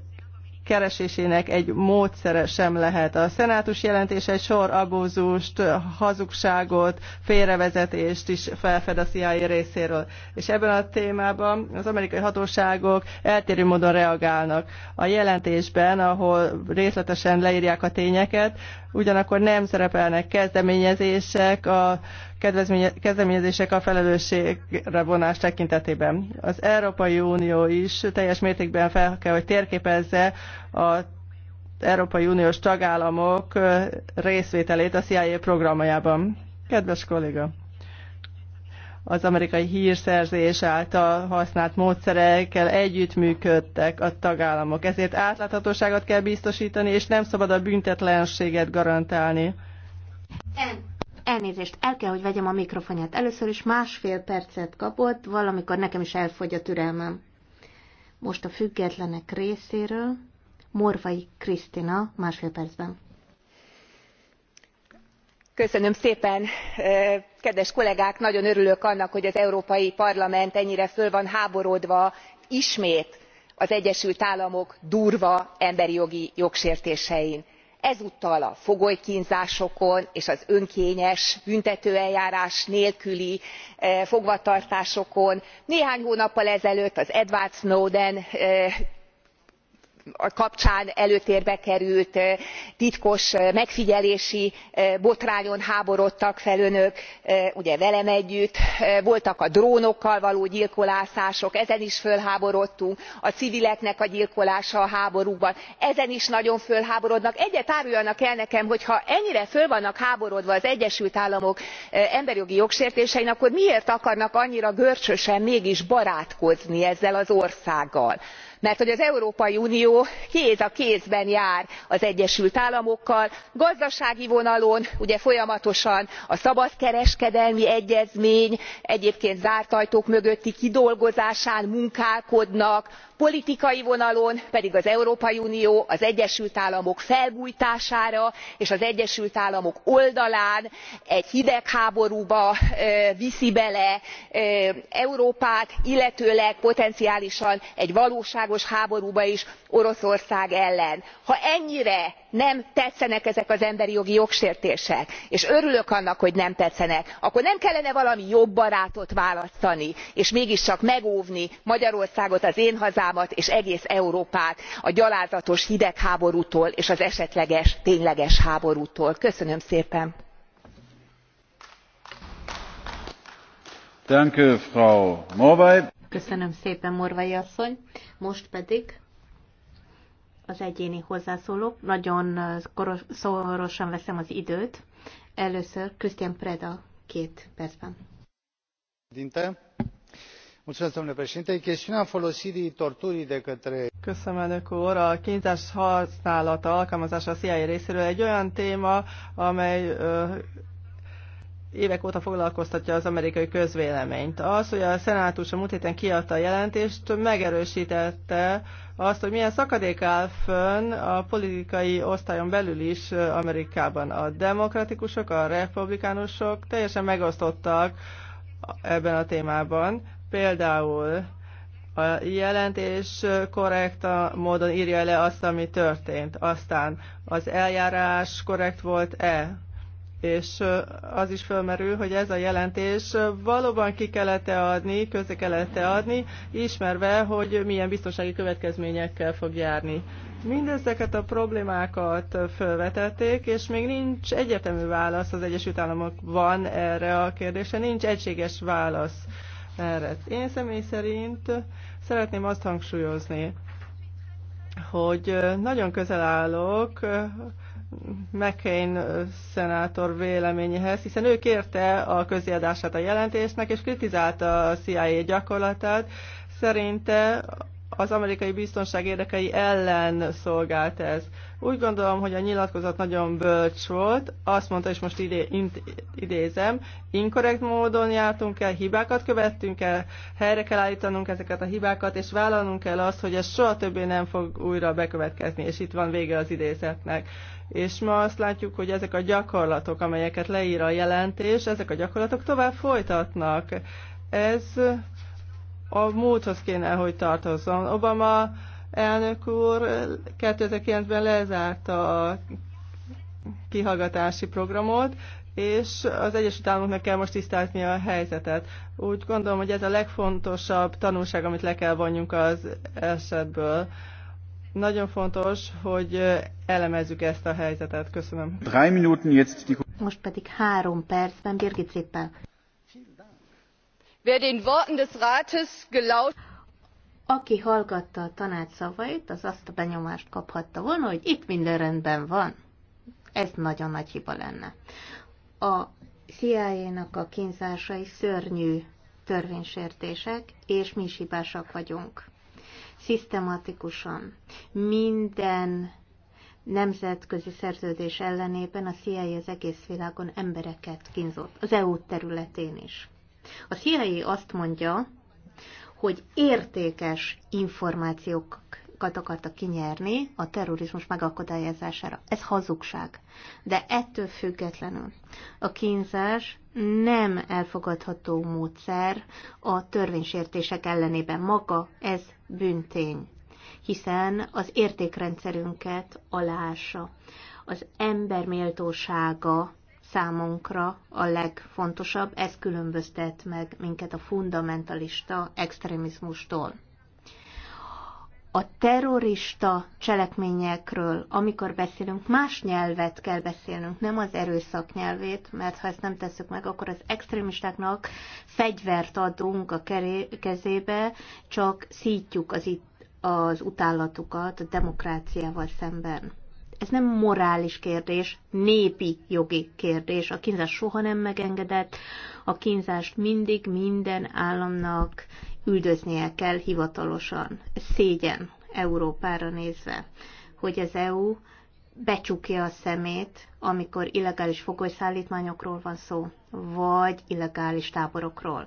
keresésének egy módszere sem lehet. A szenátus jelentés egy sor abúzust, hazugságot, félrevezetést is felfed a CIA részéről. És ebben a témában az amerikai hatóságok eltérő módon reagálnak. A jelentésben, ahol részletesen leírják a tényeket, ugyanakkor nem szerepelnek kezdeményezések a kezdeményezések a felelősségre vonás tekintetében. Az Európai Unió is teljes mértékben fel kell, hogy térképezze a Európai Uniós tagállamok részvételét a CIA programjában. Kedves kolléga! az amerikai hírszerzés által használt módszerekkel együttműködtek a tagállamok. Ezért átláthatóságot kell biztosítani, és nem szabad a büntetlenséget garantálni. En. Elnézést, el kell, hogy vegyem a mikrofonját. Először is másfél percet kapott, valamikor nekem is elfogy a türelmem. Most a függetlenek részéről Morvai Krisztina másfél percben kedves kollégák nagyon örülök annak hogy az európai parlament ennyire föl van háborodva ismét az egyesült államok durva emberi jogi jogsértésein ezúttal a fogolyknzásokon és az önkényes büntetőeljárás nélküli fogvatartásokon néhány hónappal ezelőtt az edward snowden kapcsán előtérbe került titkos megfigyelési botrányon háborodtak fel önök ugye velem együtt voltak a drónokkal való gyilkolászások ezen is fölháborodtunk a civileknek a gyilkolása a háborúban ezen is nagyon fölháborodnak. egyet áruljanak el nekem hogy ha ennyire föl vannak háborodva az egyesült államok emberi jogi jogsértésein akkor miért akarnak annyira görcsösen mégis barátkozni ezzel az országgal? Mert hogy az európai unió kéz a kézben jár az egyesült államokkal gazdasági vonalon ugye folyamatosan a szabadkereskedelmi egyezmény egyébként zárt ajtók mögötti kidolgozásán munkálkodnak politikai vonalon pedig az európai unió az egyesült államok felbujtására és az egyesült államok oldalán egy hidegháborúba viszi bele európát illetőleg potenciálisan egy valóságos háborúba is oroszország ellen. ha ennyire nem tetszenek ezek az emberi jogi jogsértések és örülök annak hogy nem tetszenek akkor nem kellene valami jobb barátot választani és mégiscsak megóvni magyarországot az én hazámat és egész európát a gyalázatos hidegháborútól és az esetleges tényleges háborútól? köszönöm szépen! köszönöm szépen asszony most pedig az egyéni hozzászólók. Nagyon szorosan veszem az időt. Először Christian Preda két percben. domnule președinte chestiunea folosirii torturii de către. Köszönöm, elnök úr. A kényszeres használata, alkalmazása a CIA részéről egy olyan téma, amely évek óta foglalkoztatja az amerikai közvéleményt. Az, hogy a szenátus a múlt héten kiadta a jelentést, megerősítette azt, hogy milyen szakadék áll fönn a politikai osztályon belül is Amerikában. A demokratikusok, a republikánusok teljesen megosztottak ebben a témában. Például a jelentés korrekt módon írja le azt, ami történt. Aztán az eljárás korrekt volt-e? és az is fölmerül, hogy ez a jelentés valóban ki kellett-e adni, közé kellett-e adni, ismerve, hogy milyen biztonsági következményekkel fog járni. Mindezeket a problémákat felvetették, és még nincs egyetemű válasz az Egyesült Államokban erre a kérdésre, nincs egységes válasz erre. Én személy szerint szeretném azt hangsúlyozni, hogy nagyon közel állok McCain szenátor véleményéhez, hiszen ő kérte a közéadását a jelentésnek, és kritizálta a CIA gyakorlatát. Szerinte az amerikai biztonság érdekei ellen szolgált ez. Úgy gondolom, hogy a nyilatkozat nagyon bölcs volt, azt mondta, és most idé, int, idézem, inkorrekt módon jártunk el, hibákat követtünk el, helyre kell állítanunk ezeket a hibákat, és vállalnunk kell azt, hogy ez soha többé nem fog újra bekövetkezni, és itt van vége az idézetnek. És ma azt látjuk, hogy ezek a gyakorlatok, amelyeket leír a jelentés, ezek a gyakorlatok tovább folytatnak. Ez a múlthoz kéne, hogy tartozzon. Obama elnök úr 2009-ben eh, lezárta a kihallgatási programot, és az Egyesült Államoknak kell most tisztázni a helyzetet. Úgy gondolom, hogy ez a legfontosabb tanulság, amit le kell vonjunk az esetből. Nagyon fontos, hogy eh, elemezzük ezt a helyzetet. Köszönöm. Most pedig három percben Birgit Zippel. Wer den Worten des Rates gelauscht aki hallgatta a tanács szavait, az azt a benyomást kaphatta volna, hogy itt minden rendben van. Ez nagyon nagy hiba lenne. A CIA-nak a kínzásai szörnyű törvénysértések, és mi is hibásak vagyunk. Szisztematikusan minden nemzetközi szerződés ellenében a CIA az egész világon embereket kínzott, az EU területén is. A CIA azt mondja, hogy értékes információkat akartak kinyerni a terrorizmus megakadályozására. Ez hazugság. De ettől függetlenül a kínzás nem elfogadható módszer a törvénysértések ellenében. Maga ez büntény, hiszen az értékrendszerünket alása, az ember méltósága számunkra a legfontosabb, ez különböztet meg minket a fundamentalista extrémizmustól. A terrorista cselekményekről, amikor beszélünk, más nyelvet kell beszélnünk, nem az erőszak nyelvét, mert ha ezt nem tesszük meg, akkor az extrémistáknak fegyvert adunk a kezébe, csak szítjuk az, itt, az utálatukat a demokráciával szemben ez nem morális kérdés, népi jogi kérdés. A kínzás soha nem megengedett, a kínzást mindig minden államnak üldöznie kell hivatalosan. szégyen Európára nézve, hogy az EU becsukja a szemét, amikor illegális fogolyszállítmányokról van szó, vagy illegális táborokról.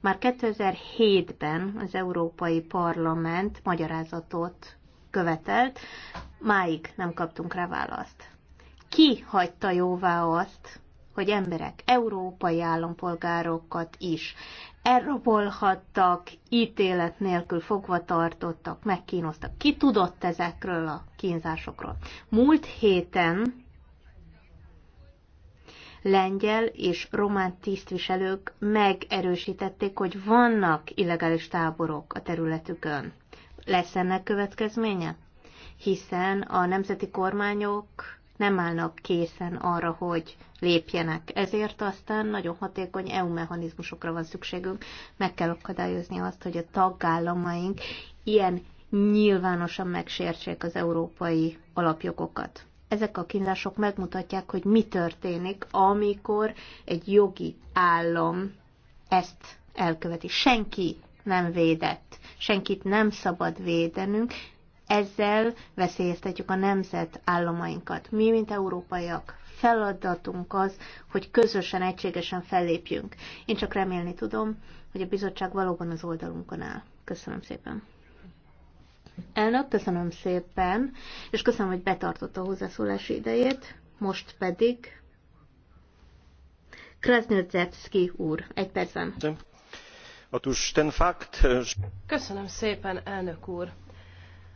Már 2007-ben az Európai Parlament magyarázatot követelt, máig nem kaptunk rá választ. Ki hagyta jóvá azt, hogy emberek, európai állampolgárokat is elrabolhattak, ítélet nélkül fogva tartottak, megkínoztak. Ki tudott ezekről a kínzásokról? Múlt héten lengyel és román tisztviselők megerősítették, hogy vannak illegális táborok a területükön lesz ennek következménye? Hiszen a nemzeti kormányok nem állnak készen arra, hogy lépjenek. Ezért aztán nagyon hatékony EU mechanizmusokra van szükségünk. Meg kell akadályozni azt, hogy a tagállamaink ilyen nyilvánosan megsértsék az európai alapjogokat. Ezek a kínzások megmutatják, hogy mi történik, amikor egy jogi állam ezt elköveti. Senki nem védett. Senkit nem szabad védenünk, ezzel veszélyeztetjük a nemzet államainkat. Mi, mint európaiak, feladatunk az, hogy közösen, egységesen fellépjünk. Én csak remélni tudom, hogy a bizottság valóban az oldalunkon áll. Köszönöm szépen. Elnök, köszönöm szépen, és köszönöm, hogy betartotta a hozzászólási idejét. Most pedig Krasznyodzevszki úr, egy percben. E, Köszönöm szépen, elnök úr.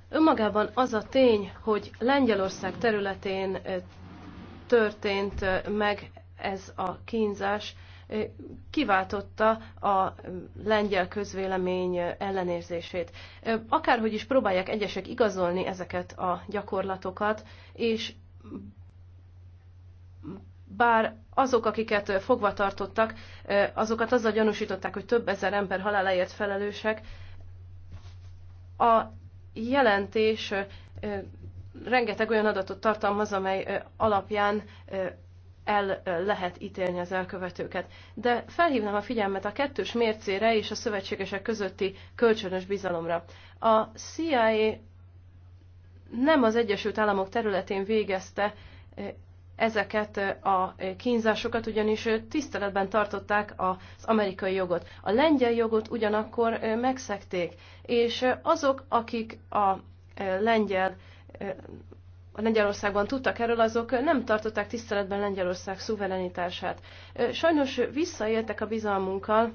Önmagában az a tény, hogy Lengyelország területén e, történt e, meg ez a kínzás, kiváltotta a lengyel közvélemény ellenérzését. Akárhogy is próbálják egyesek igazolni ezeket a gyakorlatokat, és bár azok, akiket fogva tartottak, azokat azzal gyanúsították, hogy több ezer ember haláláért felelősek. A jelentés rengeteg olyan adatot tartalmaz, amely alapján el lehet ítélni az elkövetőket. De felhívnám a figyelmet a kettős mércére és a szövetségesek közötti kölcsönös bizalomra. A CIA nem az Egyesült Államok területén végezte ezeket a kínzásokat, ugyanis tiszteletben tartották az amerikai jogot. A lengyel jogot ugyanakkor megszekték, és azok, akik a lengyel a Lengyelországban tudtak erről, azok nem tartották tiszteletben Lengyelország szuverenitását. Sajnos visszaéltek a bizalmunkkal,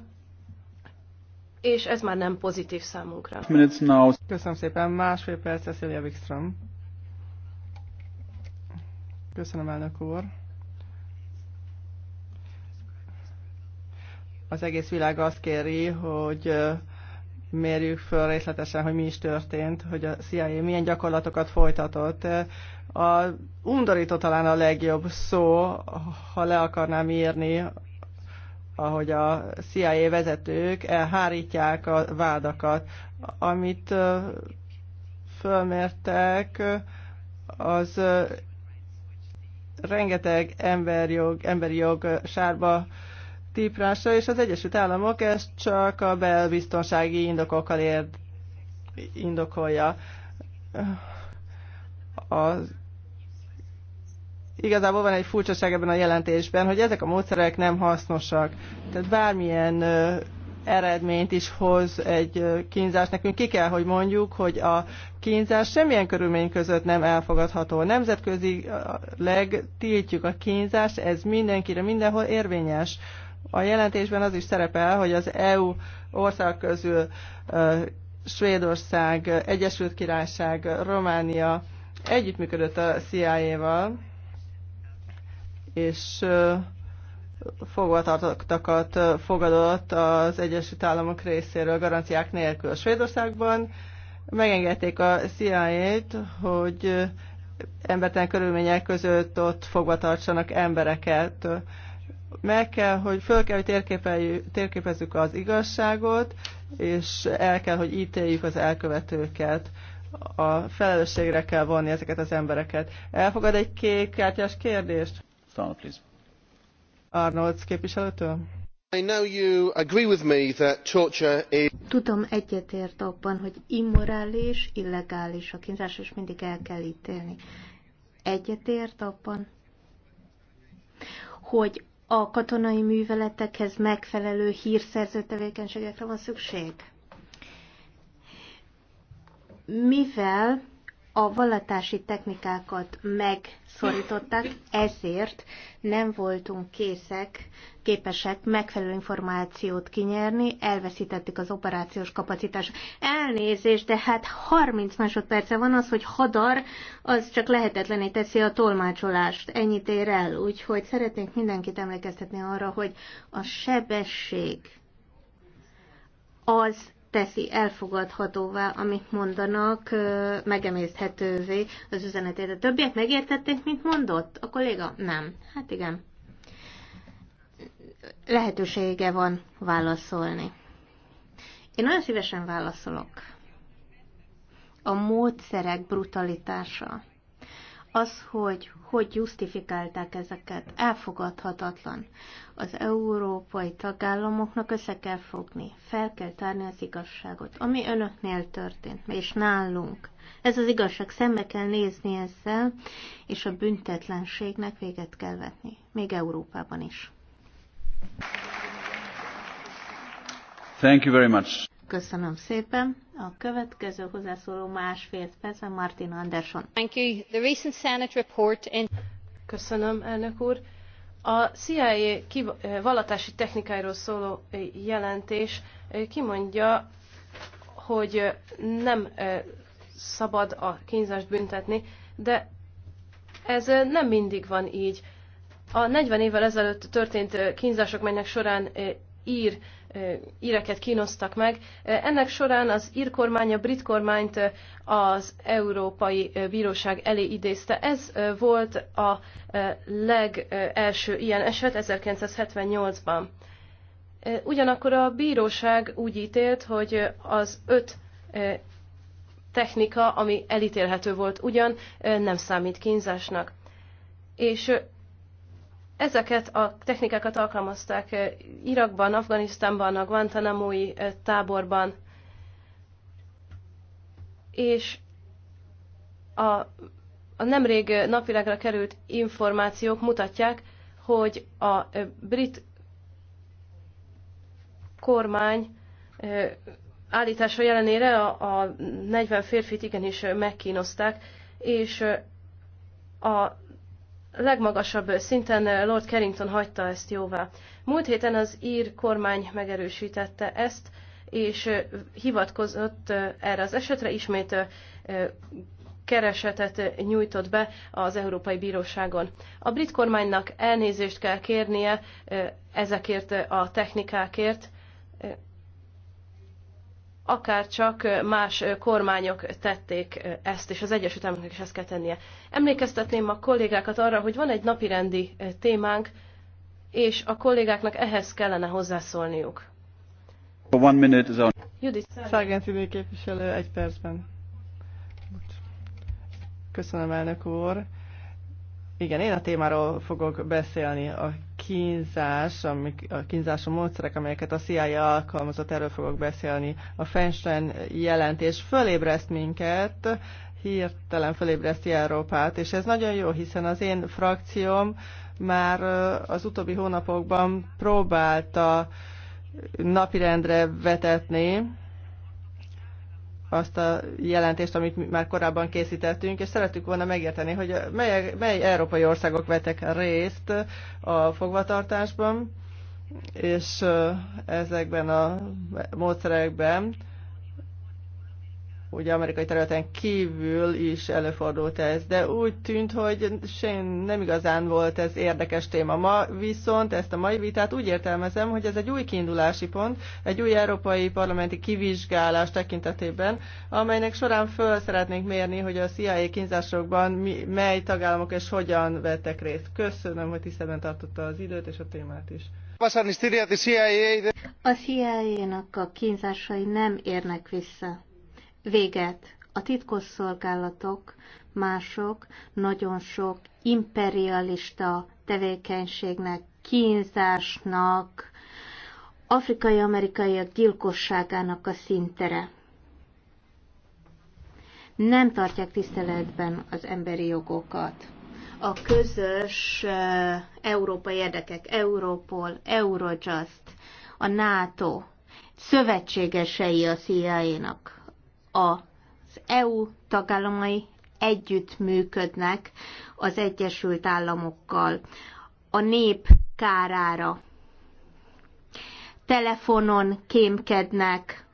és ez már nem pozitív számunkra. Köszönöm szépen, másfél perc, Cecilia Wikström. Köszönöm, elnök úr. Az egész világ azt kéri, hogy mérjük föl részletesen, hogy mi is történt, hogy a CIA milyen gyakorlatokat folytatott. A undorító talán a legjobb szó, ha le akarnám írni, ahogy a CIA vezetők elhárítják a vádakat. Amit fölmértek, az rengeteg emberjog, emberi jog sárba típrása, és az Egyesült Államok ezt csak a belbiztonsági indokokkal ér, indokolja. Az igazából van egy furcsaság ebben a jelentésben, hogy ezek a módszerek nem hasznosak. Tehát bármilyen eredményt is hoz egy kínzás. Nekünk ki kell, hogy mondjuk, hogy a kínzás semmilyen körülmény között nem elfogadható. Nemzetközi tiltjuk a kínzást, ez mindenkire, mindenhol érvényes. A jelentésben az is szerepel, hogy az EU ország közül Svédország, Egyesült Királyság, Románia együttműködött a CIA-val, és fogvatartottakat fogadott az Egyesült Államok részéről garanciák nélkül. a Svédországban megengedték a CIA-t, hogy embertelen körülmények között ott fogvatartsanak embereket. Meg kell, hogy föl kell, hogy térképezzük az igazságot, és el kell, hogy ítéljük az elkövetőket. A felelősségre kell vonni ezeket az embereket. Elfogad egy kék kártyás kérdést? Stand, please. Arnold képviselőtől? I know you agree with me that torture is... Tudom, egyetért abban, hogy immorális, illegális a kínzás, és mindig el kell ítélni. Egyetért abban, hogy a katonai műveletekhez megfelelő hírszerző tevékenységekre van szükség. Mivel a vallatási technikákat megszorították, ezért nem voltunk készek, képesek megfelelő információt kinyerni, elveszítettük az operációs kapacitást. Elnézést, de hát 30 másodperce van az, hogy hadar, az csak lehetetlené teszi a tolmácsolást. Ennyit ér el, úgyhogy szeretnénk mindenkit emlékeztetni arra, hogy a sebesség az teszi elfogadhatóvá, amit mondanak, megemészhetővé az üzenetét. A többiek megértették, mint mondott? A kolléga? Nem. Hát igen. Lehetősége van válaszolni. Én nagyon szívesen válaszolok. A módszerek brutalitása az, hogy hogy justifikálták ezeket, elfogadhatatlan. Az európai tagállamoknak össze kell fogni, fel kell tárni az igazságot, ami önöknél történt, és nálunk. Ez az igazság, szembe kell nézni ezzel, és a büntetlenségnek véget kell vetni, még Európában is. Thank you very much. Köszönöm szépen. A következő hozzászóló másfél perc, Martin Anderson. Thank you. The recent Senate report in... Köszönöm, elnök úr. A CIA vallatási technikáiról szóló eh, jelentés eh, kimondja, hogy eh, nem szabad a kínzást büntetni, de ez nem mindig van így. A 40 évvel ezelőtt történt kínzások, melynek során ír íreket kínoztak meg. Ennek során az ír kormány a brit kormányt az Európai Bíróság elé idézte. Ez volt a legelső ilyen eset 1978-ban. Ugyanakkor a bíróság úgy ítélt, hogy az öt technika, ami elítélhető volt ugyan, nem számít kínzásnak. És Ezeket a technikákat alkalmazták eh, Irakban, Afganisztánban, a Guantanamo-i eh, táborban, és a, a nemrég eh, napvilágra került információk mutatják, hogy a brit kormány állítása jelenére a, a 40 férfit igenis megkínozták, és a legmagasabb szinten eh, Lord Carrington hagyta ezt jóvá. Múlt héten az ír kormány megerősítette ezt, és eh, hivatkozott eh, erre az esetre, ismét keresetet nyújtott be az Európai Bíróságon. A brit kormánynak elnézést kell kérnie ezekért a technikákért, akár csak más kormányok tették ezt, és az Egyesült Államoknak is ezt kell tennie. Emlékeztetném a kollégákat arra, hogy van egy napirendi témánk, és a kollégáknak ehhez kellene hozzászólniuk. One minute is on. Judith képviselő egy percben. Köszönöm, elnök úr. Igen, én a témáról fogok beszélni. A kínzás, amik, a kínzás a módszerek, amelyeket a CIA alkalmazott, erről fogok beszélni. A Feinstein jelentés fölébreszt minket, hirtelen fölébreszti Európát, és ez nagyon jó, hiszen az én frakcióm már az utóbbi hónapokban próbálta napirendre vetetni azt a jelentést, amit már korábban készítettünk, és szerettük volna megérteni, hogy mely, mely európai országok vettek részt a fogvatartásban, és ezekben a módszerekben ugye amerikai területen kívül is előfordult ez, de úgy tűnt, hogy nem igazán volt ez érdekes téma. Ma viszont ezt a mai vitát úgy értelmezem, hogy ez egy új kiindulási pont, egy új európai parlamenti kivizsgálás tekintetében, amelynek során föl szeretnénk mérni, hogy a CIA kínzásokban mi, mely tagállamok és hogyan vettek részt. Köszönöm, hogy tisztában tartotta az időt és a témát is. A CIA-nak a kínzásai nem érnek vissza véget. A titkosszolgálatok, mások nagyon sok imperialista tevékenységnek, kínzásnak, afrikai-amerikaiak gyilkosságának a szintere. Nem tartják tiszteletben az emberi jogokat. A közös európai érdekek, Europol, Eurojust, a NATO, szövetségesei a CIA-nak az EU tagállamai együtt működnek az Egyesült Államokkal a nép kárára. Telefonon kémkednek,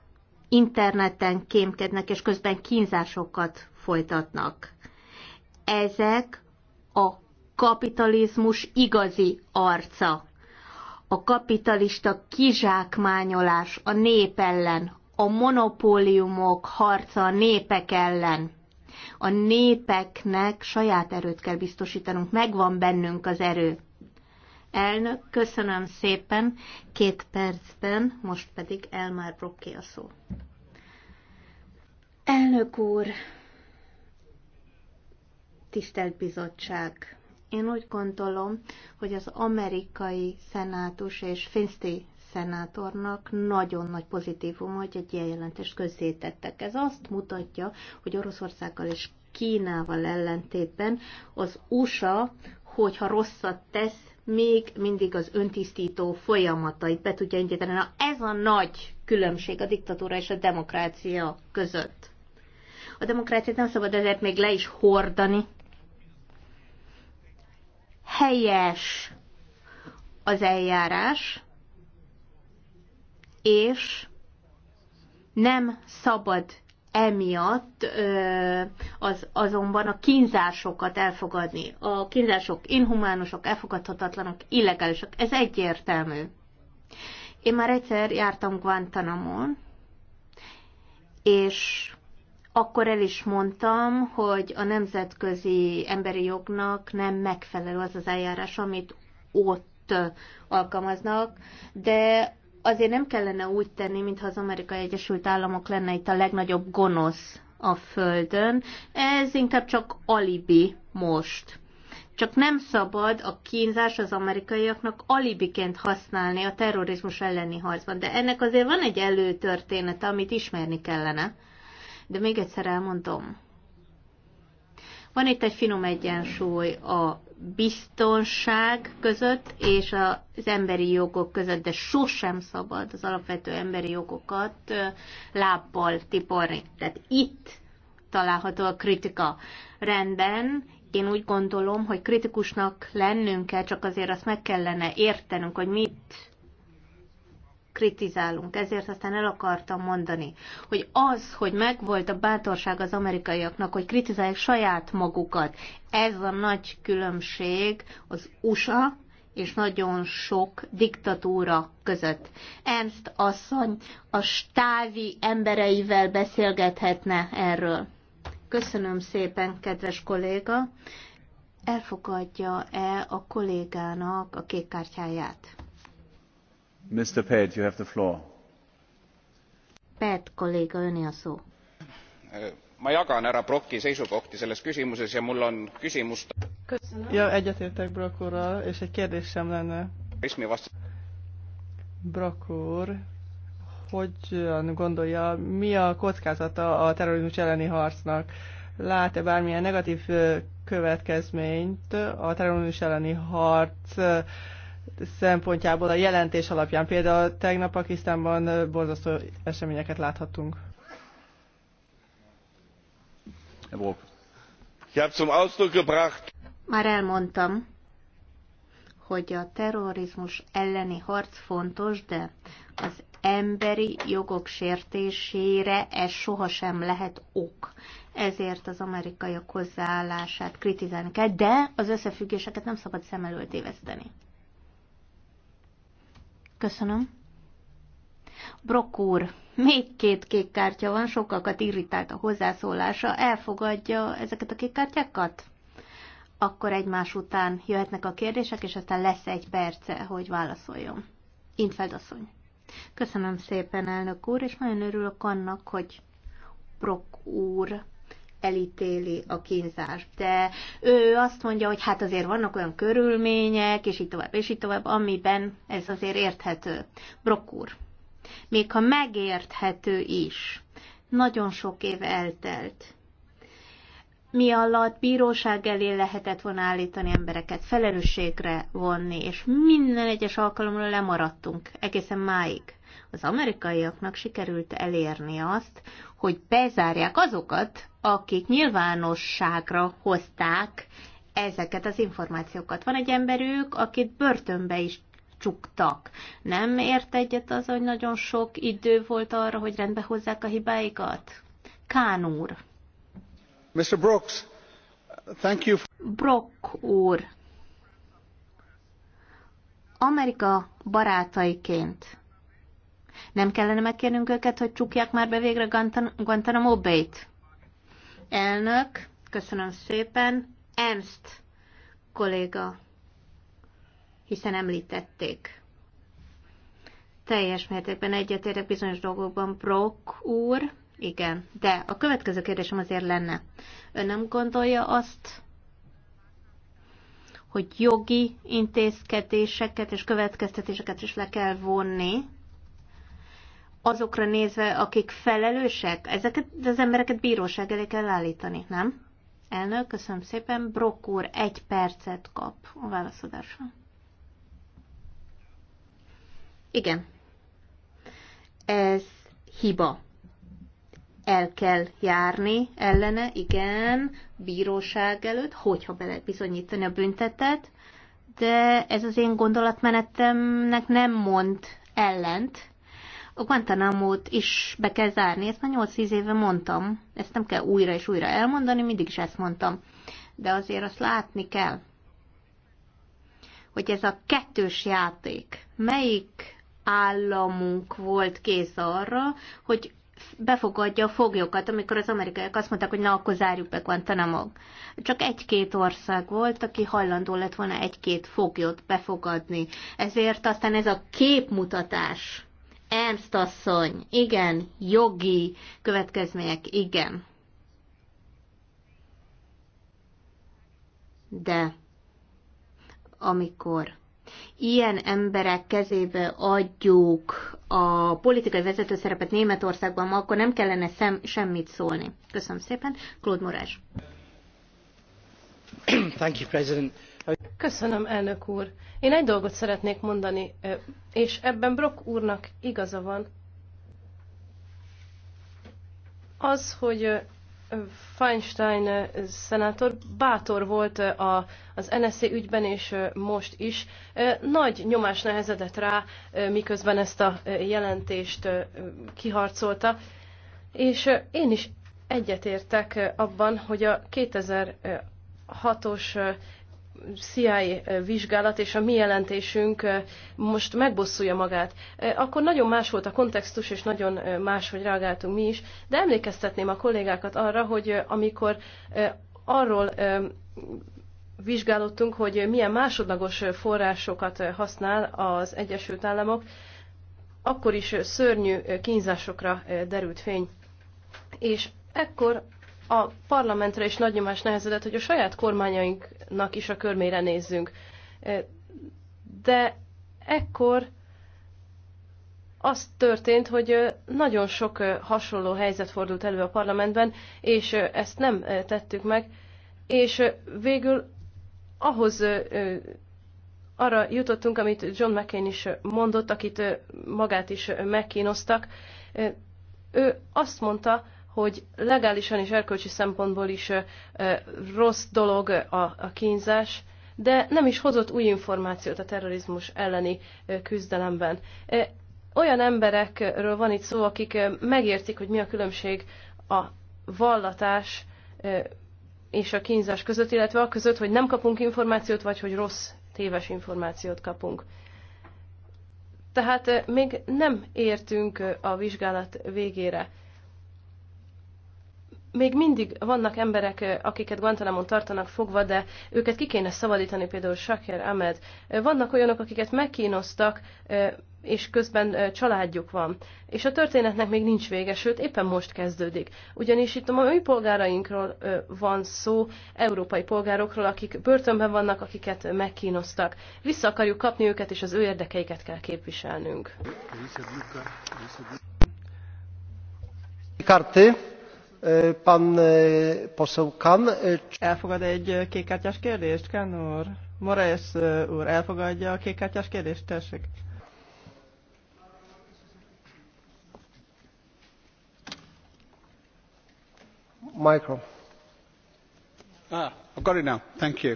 interneten kémkednek, és közben kínzásokat folytatnak. Ezek a kapitalizmus igazi arca. A kapitalista kizsákmányolás a nép ellen, a monopóliumok harca a népek ellen. A népeknek saját erőt kell biztosítanunk, megvan bennünk az erő. Elnök, köszönöm szépen, két percben, most pedig Elmar Brokké a szó. Elnök úr, tisztelt bizottság, én úgy gondolom, hogy az amerikai szenátus és Finsti szenátornak nagyon nagy pozitívum, hogy egy ilyen jelentést közzétettek. Ez azt mutatja, hogy Oroszországgal és Kínával ellentétben az USA, hogyha rosszat tesz, még mindig az öntisztító folyamatait be tudja indítani. Na ez a nagy különbség a diktatúra és a demokrácia között. A demokráciát nem szabad ezért még le is hordani. Helyes az eljárás, és nem szabad emiatt az, azonban a kínzásokat elfogadni. A kínzások inhumánusok, elfogadhatatlanok, illegálisak. Ez egyértelmű. Én már egyszer jártam Guantanamon, és akkor el is mondtam, hogy a nemzetközi emberi jognak nem megfelelő az az eljárás, amit ott alkalmaznak, de azért nem kellene úgy tenni, mintha az Amerikai Egyesült Államok lenne itt a legnagyobb gonosz a Földön. Ez inkább csak alibi most. Csak nem szabad a kínzás az amerikaiaknak alibiként használni a terrorizmus elleni harcban. De ennek azért van egy előtörténete, amit ismerni kellene. De még egyszer elmondom, van itt egy finom egyensúly a biztonság között és az emberi jogok között, de sosem szabad az alapvető emberi jogokat lábbal tiporni. Tehát itt található a kritika. Rendben, én úgy gondolom, hogy kritikusnak lennünk kell, csak azért azt meg kellene értenünk, hogy mit kritizálunk. Ezért aztán el akartam mondani, hogy az, hogy megvolt a bátorság az amerikaiaknak, hogy kritizálják saját magukat, ez a nagy különbség az USA és nagyon sok diktatúra között. Ernst asszony a stávi embereivel beszélgethetne erről. Köszönöm szépen, kedves kolléga. Elfogadja-e a kollégának a kék kártyáját? Mr. Pate, you have the floor. Pate kolléga, öné a szó. Ma jagan ära Brocki seisukohti selles küsimuses ja mul on küsimus. Köszönöm. Ja, egyetértek Brock urral, és egy kérdésem lenne. Brock úr, hogyan gondolja, mi a kockázata a terrorizmus elleni harcnak? Lát-e bármilyen negatív következményt a terrorizmus elleni harc szempontjából a jelentés alapján. Például tegnap Pakisztánban borzasztó eseményeket láthattunk. Már elmondtam, hogy a terrorizmus elleni harc fontos, de az emberi jogok sértésére ez sohasem lehet ok. Ezért az amerikaiak hozzáállását kritizálni kell, de az összefüggéseket nem szabad szem előtt éveszteni. Köszönöm. Brokk úr, még két kék kártya van, sokakat irritált a hozzászólása. Elfogadja ezeket a kék kártyákat? Akkor egymás után jöhetnek a kérdések, és aztán lesz egy perce, hogy válaszoljon. Infeld asszony. Köszönöm szépen, elnök úr, és nagyon örülök annak, hogy Brokk úr elítéli a kínzást, de ő azt mondja, hogy hát azért vannak olyan körülmények, és így tovább, és így tovább, amiben ez azért érthető. Brokúr. Még ha megérthető is, nagyon sok év eltelt. Mi alatt bíróság elé lehetett volna állítani embereket, felelősségre vonni, és minden egyes alkalomról lemaradtunk egészen máig az amerikaiaknak sikerült elérni azt, hogy bezárják azokat, akik nyilvánosságra hozták ezeket az információkat. Van egy emberük, akit börtönbe is csuktak. Nem ért egyet az, hogy nagyon sok idő volt arra, hogy rendbe hozzák a hibáikat? Kán úr. Mr. Brooks, thank you. Brock úr. Amerika barátaiként nem kellene megkérnünk őket, hogy csukják már be végre Guantanamo Bay-t? Elnök, köszönöm szépen. Ernst kolléga, hiszen említették. Teljes mértékben egyetértek bizonyos dolgokban, Brock úr, igen. De a következő kérdésem azért lenne. Ön nem gondolja azt, hogy jogi intézkedéseket és következtetéseket is le kell vonni azokra nézve, akik felelősek, ezeket az embereket bíróság elé kell állítani, nem? Elnök, köszönöm szépen. Brock úr egy percet kap a válaszadásra. Igen. Ez hiba. El kell járni ellene, igen, bíróság előtt, hogyha lehet bizonyítani a büntetet, de ez az én gondolatmenetemnek nem mond ellent, a Guantanamo-t is be kell zárni. Ezt már 8-10 éve mondtam. Ezt nem kell újra és újra elmondani, mindig is ezt mondtam. De azért azt látni kell, hogy ez a kettős játék, melyik államunk volt kész arra, hogy befogadja a foglyokat, amikor az amerikaiak azt mondták, hogy na, akkor zárjuk be Guantanamo. Csak egy-két ország volt, aki hajlandó lett volna egy-két foglyot befogadni. Ezért aztán ez a képmutatás, Ernst asszony, igen, jogi következmények, igen. De amikor ilyen emberek kezébe adjuk a politikai vezető szerepet Németországban ma, akkor nem kellene szem, semmit szólni. Köszönöm szépen. Claude Morás. Thank you, President. Köszönöm, elnök úr. Én egy dolgot szeretnék mondani, és ebben Brock úrnak igaza van. Az, hogy Feinstein szenátor bátor volt a, az NSZ ügyben, és most is. Nagy nyomás nehezedett rá, miközben ezt a jelentést kiharcolta, és én is egyetértek abban, hogy a 2006-os CIA vizsgálat és a mi jelentésünk most megbosszulja magát. Akkor nagyon más volt a kontextus, és nagyon máshogy reagáltunk mi is, de emlékeztetném a kollégákat arra, hogy amikor arról vizsgálódtunk, hogy milyen másodlagos forrásokat használ az Egyesült Államok, akkor is szörnyű kínzásokra derült fény. És ekkor a parlamentre is nagy nyomás nehezedett, hogy a saját kormányaink Jézusnak is a körmére nézzünk. De ekkor az történt, hogy nagyon sok hasonló helyzet fordult elő a parlamentben, és ezt nem tettük meg, és végül ahhoz arra jutottunk, amit John McCain is mondott, akit magát is megkínoztak. Ő azt mondta, hogy legálisan és erkölcsi szempontból is rossz dolog a, a kínzás, de nem is hozott új információt a terrorizmus elleni küzdelemben. Olyan emberekről van itt szó, akik megértik, hogy mi a különbség a vallatás és a kínzás között, illetve a között, hogy nem kapunk információt, vagy hogy rossz, téves információt kapunk. Tehát még nem értünk a vizsgálat végére még mindig vannak emberek, akiket Guantanamon tartanak fogva, de őket ki kéne szabadítani, például Shakir Ahmed. Vannak olyanok, akiket megkínoztak, és közben családjuk van. És a történetnek még nincs vége, sőt, éppen most kezdődik. Ugyanis itt a mai polgárainkról van szó, európai polgárokról, akik börtönben vannak, akiket megkínoztak. Vissza akarjuk kapni őket, és az ő érdekeiket kell képviselnünk. Karty Pan e, poseł e, Elfogad egy e, kékkártyás kérdést, Kan úr? Moraes úr, elfogadja a kékkártyás kérdést? Tessék. Micro. Ah, I've got it now. Thank you.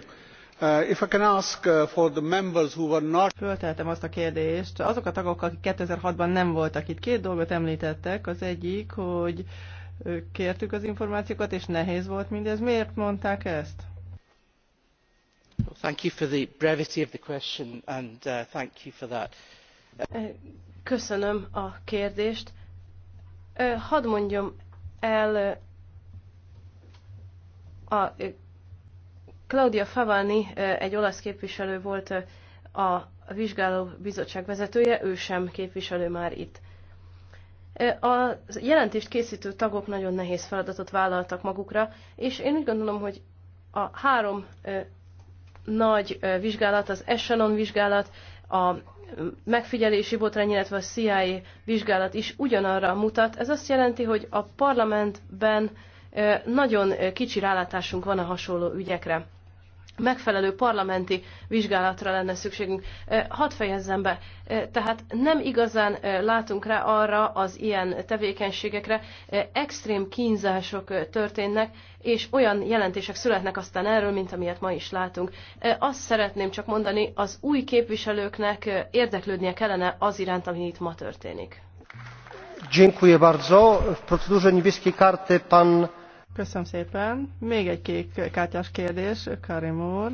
Uh, uh, Fölteltem azt a kérdést, azok a tagok, akik 2006-ban nem voltak itt, két dolgot említettek. Az egyik, hogy kértük az információkat, és nehéz volt mindez. Miért mondták ezt? Thank you for the brevity of the question, and uh, thank you for that. Köszönöm a kérdést. Hadd mondjam el a Claudia Favani egy olasz képviselő volt a vizsgáló bizottság vezetője, ő sem képviselő már itt. A jelentést készítő tagok nagyon nehéz feladatot vállaltak magukra, és én úgy gondolom, hogy a három nagy vizsgálat, az Echelon vizsgálat, a megfigyelési botrány, illetve a CIA vizsgálat is ugyanarra mutat. Ez azt jelenti, hogy a parlamentben nagyon kicsi rálátásunk van a hasonló ügyekre megfelelő parlamenti vizsgálatra lenne szükségünk. Hadd fejezzem be, tehát nem igazán látunk rá arra az ilyen tevékenységekre, extrém kínzások történnek, és olyan jelentések születnek aztán erről, mint amilyet ma is látunk. Azt szeretném csak mondani, az új képviselőknek érdeklődnie kellene az iránt, ami itt ma történik. Dziękuję bardzo. W procedurze niebieskiej karty pan Köszönöm szépen. Még egy kék kártyás kérdés, Karim úr.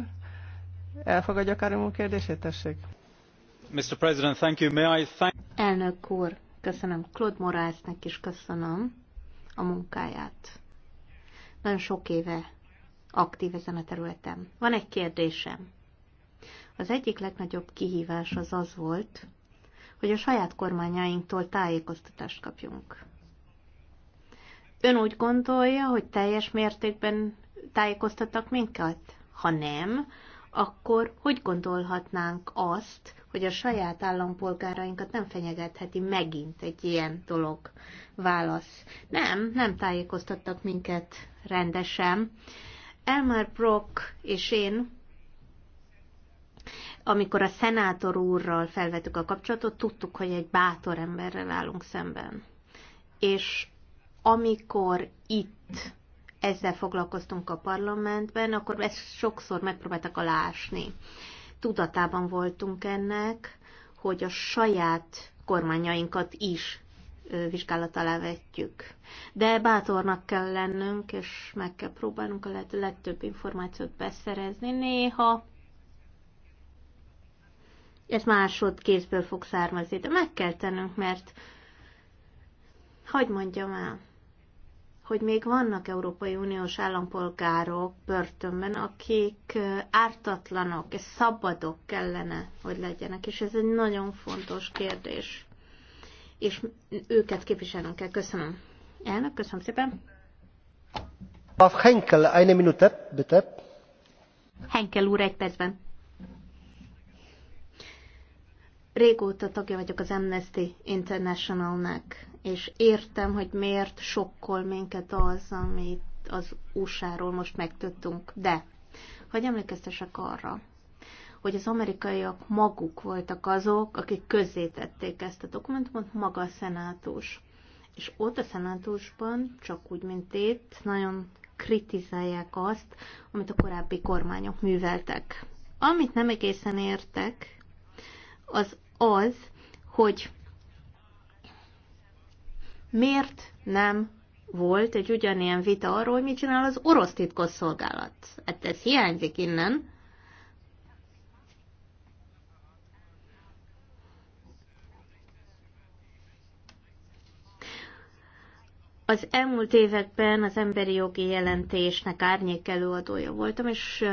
Elfogadja Karim úr kérdését, tessék. Mr. President, thank you. May I thank... Elnök úr, köszönöm. Claude Moraesnek is köszönöm a munkáját. Nagyon sok éve aktív ezen a területen. Van egy kérdésem. Az egyik legnagyobb kihívás az az volt, hogy a saját kormányainktól tájékoztatást kapjunk. Ön úgy gondolja, hogy teljes mértékben tájékoztattak minket? Ha nem, akkor hogy gondolhatnánk azt, hogy a saját állampolgárainkat nem fenyegetheti megint egy ilyen dolog? Válasz. Nem, nem tájékoztattak minket rendesen. Elmar Brock és én, amikor a szenátor úrral felvettük a kapcsolatot, tudtuk, hogy egy bátor emberrel állunk szemben. És amikor itt ezzel foglalkoztunk a parlamentben, akkor ezt sokszor megpróbáltak alásni. Tudatában voltunk ennek, hogy a saját kormányainkat is vizsgálat alá vetjük. De bátornak kell lennünk, és meg kell próbálnunk a lehető legtöbb információt beszerezni. Néha ez másod kézből fog származni, de meg kell tennünk, mert hagyd mondjam el, hogy még vannak Európai Uniós állampolgárok börtönben, akik ártatlanok és szabadok kellene, hogy legyenek, és ez egy nagyon fontos kérdés. És őket képviselnünk kell. Köszönöm. Elnök, köszönöm szépen. Henkel, eine Minute, Henkel úr, egy percben. régóta tagja vagyok az Amnesty Internationalnek, és értem, hogy miért sokkol minket az, amit az USA-ról most megtudtunk. De, hogy emlékeztesek arra, hogy az amerikaiak maguk voltak azok, akik közzétették ezt a dokumentumot, maga a szenátus. És ott a szenátusban, csak úgy, mint itt, nagyon kritizálják azt, amit a korábbi kormányok műveltek. Amit nem egészen értek, az az, hogy miért nem volt egy ugyanilyen vita arról, hogy mit csinál az orosz titkosszolgálat. Hát ez hiányzik innen. Az elmúlt években az emberi jogi jelentésnek árnyék előadója voltam, és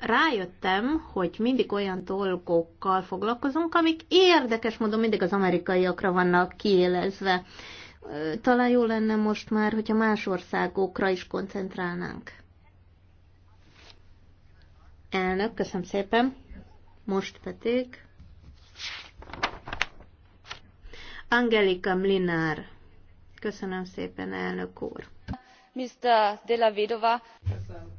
rájöttem, hogy mindig olyan dolgokkal foglalkozunk, amik érdekes módon mindig az amerikaiakra vannak kiélezve. Talán jó lenne most már, hogyha más országokra is koncentrálnánk. Elnök, köszönöm szépen. Most pedig Angelika Mlinár. Köszönöm szépen, elnök úr. Mr. De la Vedova. Köszönöm.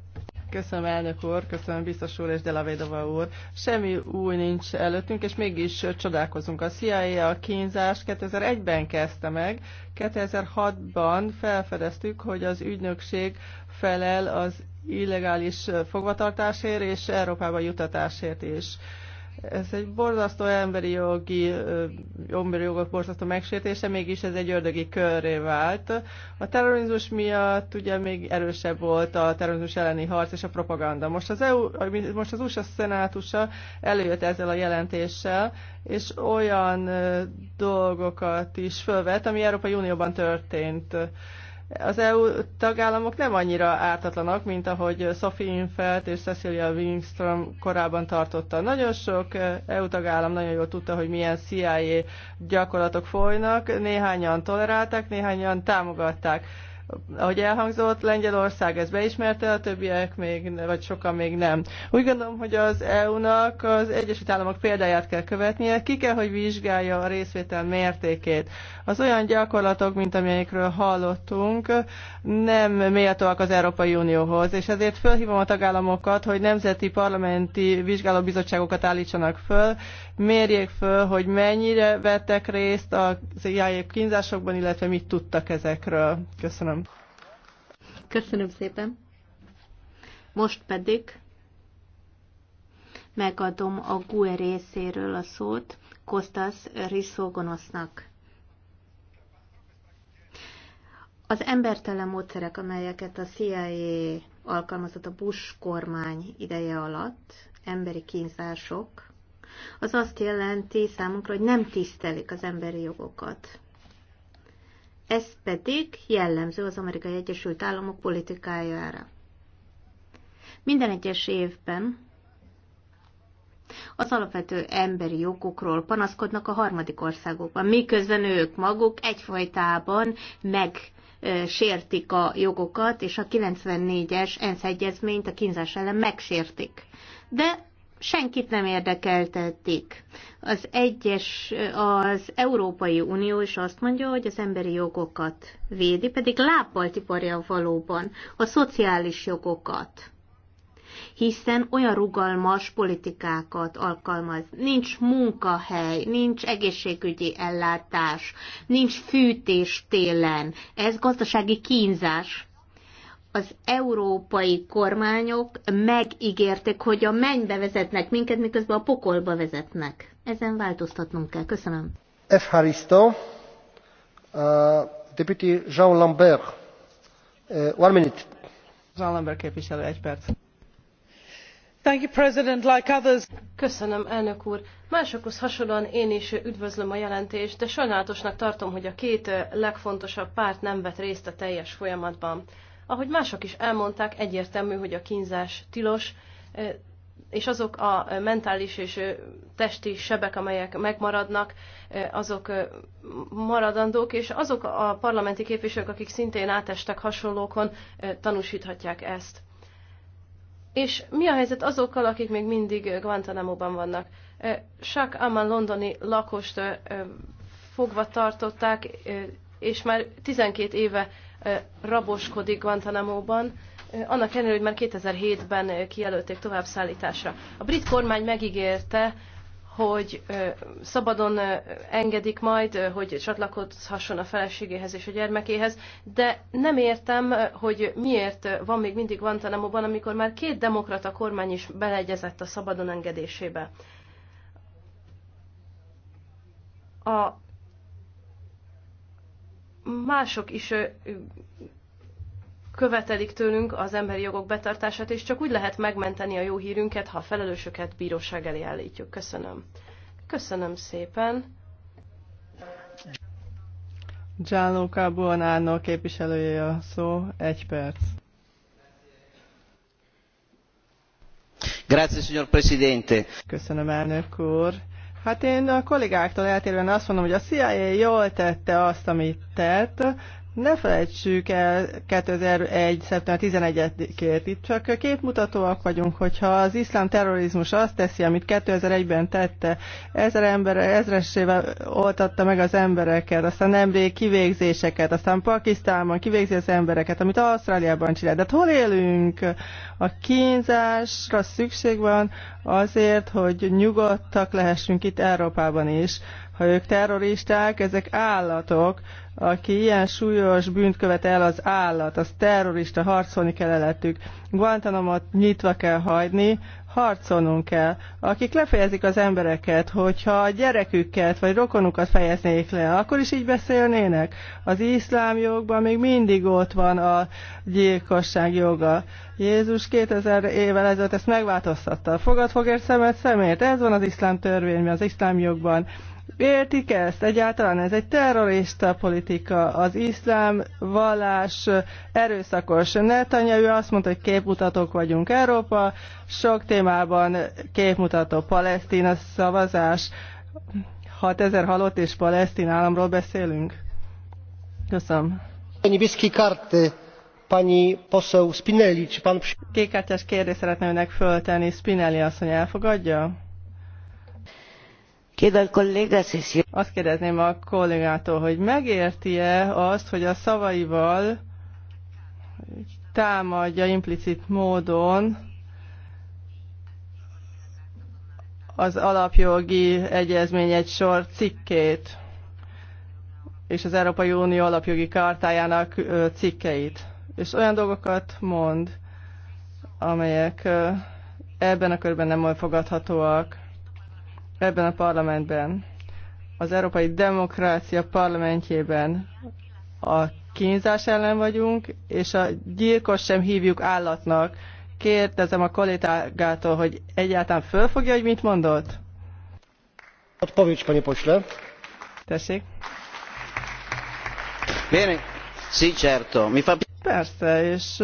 Köszönöm, elnök úr, köszönöm, biztos úr és Delavédova úr. Semmi új nincs előttünk, és mégis csodálkozunk. A CIA a kínzás 2001-ben kezdte meg, 2006-ban felfedeztük, hogy az ügynökség felel az illegális fogvatartásért és Európába jutatásért is. Ez egy borzasztó emberi jogi, emberi jogok borzasztó megsértése, mégis ez egy ördögi körré vált. A terrorizmus miatt ugye még erősebb volt a terrorizmus elleni harc és a propaganda. Most az, EU, most az USA szenátusa előjött ezzel a jelentéssel, és olyan dolgokat is fölvet, ami Európai Unióban történt az EU tagállamok nem annyira ártatlanak, mint ahogy Sophie Infelt és Cecilia Wingström korábban tartotta. Nagyon sok EU tagállam nagyon jól tudta, hogy milyen CIA gyakorlatok folynak, néhányan tolerálták, néhányan támogatták ahogy elhangzott, Lengyelország ezt beismerte, a többiek még, vagy sokan még nem. Úgy gondolom, hogy az EU-nak az Egyesült Államok példáját kell követnie, ki kell, hogy vizsgálja a részvétel mértékét. Az olyan gyakorlatok, mint amelyekről hallottunk, nem méltóak az Európai Unióhoz, és ezért fölhívom a tagállamokat, hogy nemzeti parlamenti vizsgálóbizottságokat állítsanak föl, mérjék föl, hogy mennyire vettek részt a CIA kínzásokban, illetve mit tudtak ezekről. Köszönöm. Köszönöm szépen. Most pedig megadom a GUE részéről a szót Kostas Rissogonosznak. Az embertelen módszerek, amelyeket a CIA alkalmazott a Bush kormány ideje alatt, emberi kínzások, az azt jelenti számunkra, hogy nem tisztelik az emberi jogokat. Ez pedig jellemző az Amerikai Egyesült Államok politikájára. Minden egyes évben az alapvető emberi jogokról panaszkodnak a harmadik országokban, miközben ők maguk egyfajtában meg sértik a jogokat, és a 94-es ENSZ egyezményt a kínzás ellen megsértik. De senkit nem érdekeltették. Az egyes, az Európai Unió is azt mondja, hogy az emberi jogokat védi, pedig lábbaltiparja valóban a szociális jogokat hiszen olyan rugalmas politikákat alkalmaz. Nincs munkahely, nincs egészségügyi ellátás, nincs fűtés télen. Ez gazdasági kínzás az európai kormányok megígérték, hogy a mennybe vezetnek minket, miközben a pokolba vezetnek. Ezen változtatnunk kell. Köszönöm. F. Haristo, uh, deputy Jean Lambert, uh, one minute. Jean Lambert képviselő, egy perc. Thank you, President, like others. Köszönöm, elnök úr. Másokhoz hasonlóan én is üdvözlöm a jelentést, de sajnálatosnak tartom, hogy a két uh, legfontosabb párt nem vett részt a teljes folyamatban. Ahogy mások is elmondták, egyértelmű, hogy a kínzás tilos, és azok a mentális és testi sebek, amelyek megmaradnak, azok maradandók, és azok a parlamenti képviselők, akik szintén átestek hasonlókon, tanúsíthatják ezt. És mi a helyzet azokkal, akik még mindig Guantanamo-ban vannak? Sak Amman londoni lakost fogva tartották, és már 12 éve raboskodik Guantanamo-ban, annak ellenére, hogy már 2007-ben kijelölték továbbszállításra. A brit kormány megígérte, hogy szabadon engedik majd, hogy csatlakozhasson a feleségéhez és a gyermekéhez, de nem értem, hogy miért van még mindig Guantanamo-ban, amikor már két demokrata kormány is beleegyezett a szabadon engedésébe. A mások is követelik tőlünk az emberi jogok betartását, és csak úgy lehet megmenteni a jó hírünket, ha a felelősöket bíróság elé állítjuk. Köszönöm. Köszönöm szépen. Gianluca Buonanno képviselője a szó. Egy perc. Grazie, signor Presidente. Köszönöm, elnök úr Hát én a kollégáktól eltérően azt mondom, hogy a CIA jól tette azt, amit tett, ne felejtsük el 2001. szeptember 11-ét. Itt csak képmutatóak vagyunk, hogyha az iszlám terrorizmus azt teszi, amit 2001-ben tette, ezer ember, ezresével oltatta meg az embereket, aztán nemrég kivégzéseket, aztán Pakisztánban kivégzi az embereket, amit Ausztráliában csinál. De hát hol élünk? A kínzásra szükség van azért, hogy nyugodtak lehessünk itt Európában is. Ha ők terroristák, ezek állatok, aki ilyen súlyos bűnt követ el az állat, az terrorista, harcolni kell elettük. Guantanamot nyitva kell hagyni, harcolnunk kell. Akik lefejezik az embereket, hogyha a gyereküket vagy rokonukat fejeznék le, akkor is így beszélnének. Az iszlám jogban még mindig ott van a gyilkosság joga. Jézus 2000 évvel ezelőtt ezt megváltoztatta. Fogad fogért szemet szemért. Ez van az iszlám törvényben, az iszlám jogban. Értik ezt? Egyáltalán ez egy terrorista politika, az iszlám vallás erőszakos. Netanyahu azt mondta, hogy képmutatók vagyunk Európa, sok témában képmutató Palesztina szavazás, 6000 halott és palesztin államról beszélünk. Köszönöm. Niebieski karty pani poseł Spinelli, czy pan... Kékártyás kérdést szeretne önnek föltenni. Spinelli asszony elfogadja? Azt kérdezném a kollégától, hogy megérti-e azt, hogy a szavaival támadja implicit módon az alapjogi egyezmény egy sor cikkét és az Európai Unió alapjogi kartájának cikkeit. És olyan dolgokat mond, amelyek ebben a körben nem fogadhatóak ebben a parlamentben, az európai demokrácia parlamentjében a kínzás ellen vagyunk, és a gyilkos sem hívjuk állatnak. Kérdezem a kollégától, hogy egyáltalán fölfogja, hogy mit mondott? Odpowiedź, hát panie pośle. Tessék. Bene. Sì, certo. Mi fa... Persze, és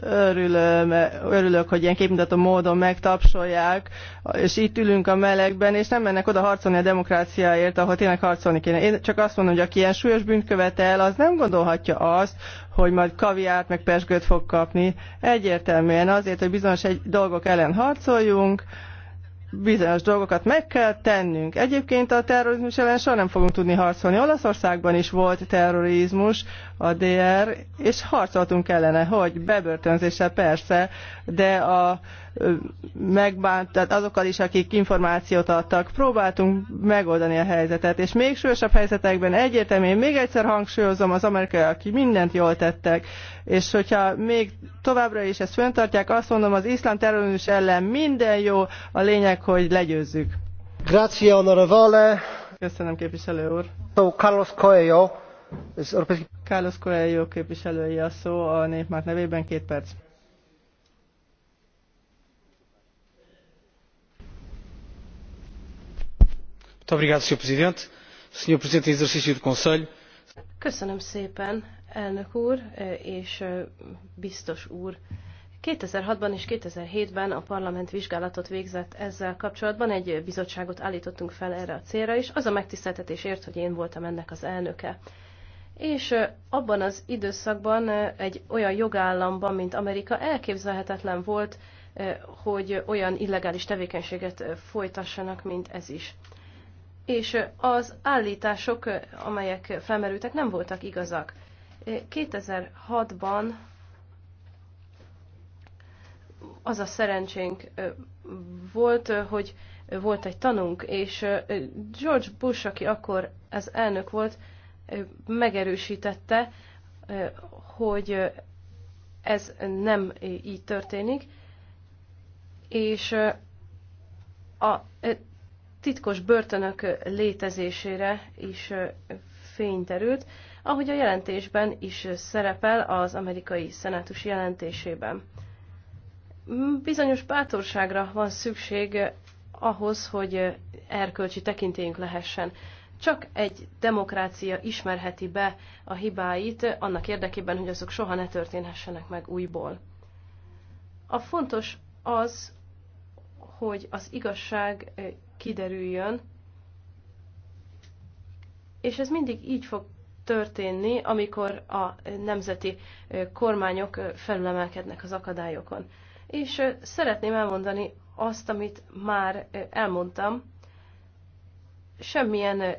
örülöm, örülök, hogy ilyen képmutató módon megtapsolják, és itt ülünk a melegben, és nem mennek oda harcolni a demokráciáért, ahol tényleg harcolni kéne. Én csak azt mondom, hogy aki ilyen súlyos bűnt követel, az nem gondolhatja azt, hogy majd kaviárt meg pesgőt fog kapni. Egyértelműen azért, hogy bizonyos egy dolgok ellen harcoljunk, bizonyos dolgokat meg kell tennünk. Egyébként a terrorizmus ellen soha nem fogunk tudni harcolni. Olaszországban is volt terrorizmus, a DR, és harcoltunk ellene, hogy bebörtönzéssel persze, de a megbánt, tehát azokkal is, akik információt adtak. Próbáltunk megoldani a helyzetet, és még súlyosabb helyzetekben egyértelműen még egyszer hangsúlyozom az amerikaiak, aki mindent jól tettek, és hogyha még továbbra is ezt föntartják, azt mondom, az iszlám terrorizmus ellen minden jó, a lényeg, hogy legyőzzük. Grazie, onorevole. Köszönöm, képviselő úr. Carlos Coelho. Carlos Coelho képviselői a szó a népmárt nevében, két perc Presidente. Presidente em exercício do Conselho. Köszönöm szépen, elnök úr és biztos úr. 2006-ban és 2007-ben a parlament vizsgálatot végzett ezzel kapcsolatban, egy bizottságot állítottunk fel erre a célra, is. az a megtiszteltetésért, hogy én voltam ennek az elnöke. És abban az időszakban egy olyan jogállamban, mint Amerika, elképzelhetetlen volt, hogy olyan illegális tevékenységet folytassanak, mint ez is és az állítások, amelyek felmerültek, nem voltak igazak. 2006-ban az a szerencsénk volt, hogy volt egy tanunk, és George Bush, aki akkor az elnök volt, megerősítette, hogy ez nem így történik, és a titkos börtönök létezésére is fényterült, ahogy a jelentésben is szerepel az amerikai szenátus jelentésében. Bizonyos bátorságra van szükség ahhoz, hogy erkölcsi tekintélyünk lehessen. Csak egy demokrácia ismerheti be a hibáit annak érdekében, hogy azok soha ne történhessenek meg újból. A fontos az, hogy az igazság kiderüljön. És ez mindig így fog történni, amikor a nemzeti kormányok felülemelkednek az akadályokon. És szeretném elmondani azt, amit már elmondtam, semmilyen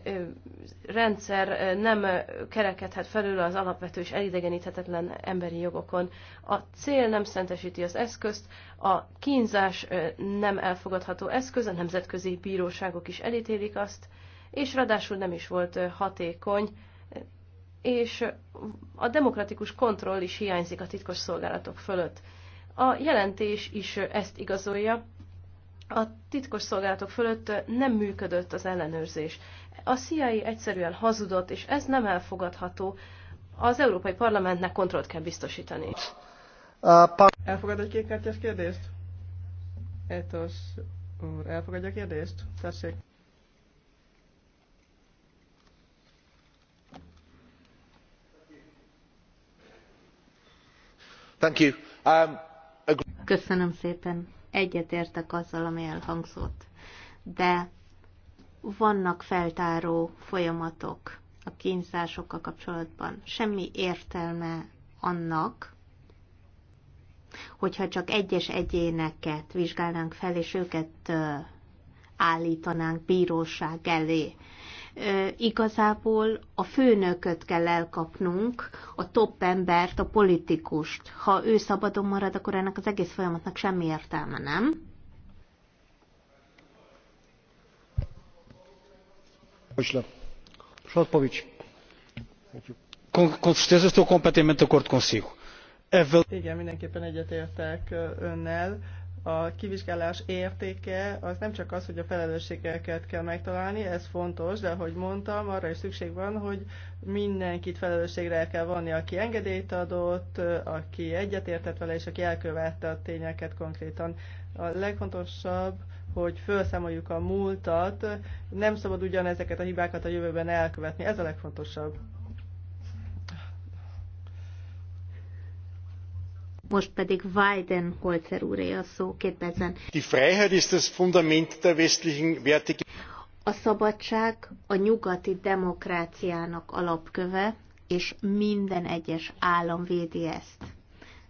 rendszer nem kerekedhet felül az alapvető és elidegeníthetetlen emberi jogokon. A cél nem szentesíti az eszközt, a kínzás nem elfogadható eszköz, a nemzetközi bíróságok is elítélik azt, és ráadásul nem is volt hatékony, és a demokratikus kontroll is hiányzik a titkos szolgálatok fölött. A jelentés is ezt igazolja, a titkos szolgálatok fölött nem működött az ellenőrzés. A CIA egyszerűen hazudott, és ez nem elfogadható. Az Európai Parlamentnek kontrollt kell biztosítani. Elfogad egy kékkártyás kérdést? Etos úr, elfogadja a kérdést? Tessék. Thank you. Um, Köszönöm szépen egyetértek azzal, ami elhangzott. De vannak feltáró folyamatok a kínzásokkal kapcsolatban. Semmi értelme annak, hogyha csak egyes egyéneket vizsgálnánk fel, és őket állítanánk bíróság elé igazából a főnököt kell elkapnunk, a top embert, a politikust. Ha ő szabadon marad, akkor ennek az egész folyamatnak semmi értelme, nem? Com certeza estou completamente de acordo consigo. Igen, mindenképpen egyetértek önnel a kivizsgálás értéke az nem csak az, hogy a felelősségeket kell megtalálni, ez fontos, de ahogy mondtam, arra is szükség van, hogy mindenkit felelősségre el kell vonni, aki engedélyt adott, aki egyetértett vele, és aki elkövette a tényeket konkrétan. A legfontosabb, hogy felszámoljuk a múltat, nem szabad ugyanezeket a hibákat a jövőben elkövetni, ez a legfontosabb. Most pedig Weiden Holzer úré a szó két percen. Die Freiheit ist das Fundament der westlichen Werte. A szabadság a nyugati demokráciának alapköve, és minden egyes állam védi ezt.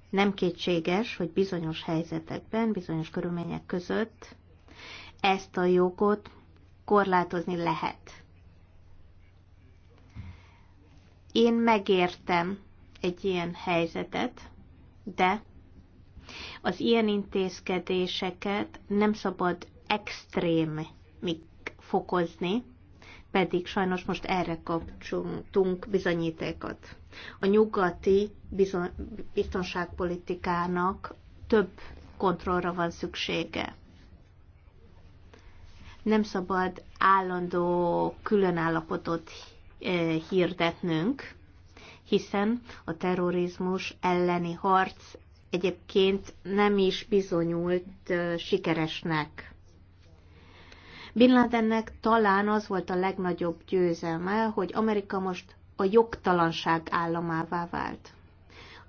Nem kétséges, hogy bizonyos helyzetekben, bizonyos körülmények között ezt a jogot korlátozni lehet. Én megértem egy ilyen helyzetet, de az ilyen intézkedéseket nem szabad extrém fokozni, pedig sajnos most erre kapcsoltunk bizonyítékot. A nyugati bizon, biztonságpolitikának több kontrollra van szüksége. Nem szabad állandó különállapotot eh, hirdetnünk, hiszen a terrorizmus elleni harc egyébként nem is bizonyult sikeresnek. Bin Ladennek talán az volt a legnagyobb győzelme, hogy Amerika most a jogtalanság államává vált.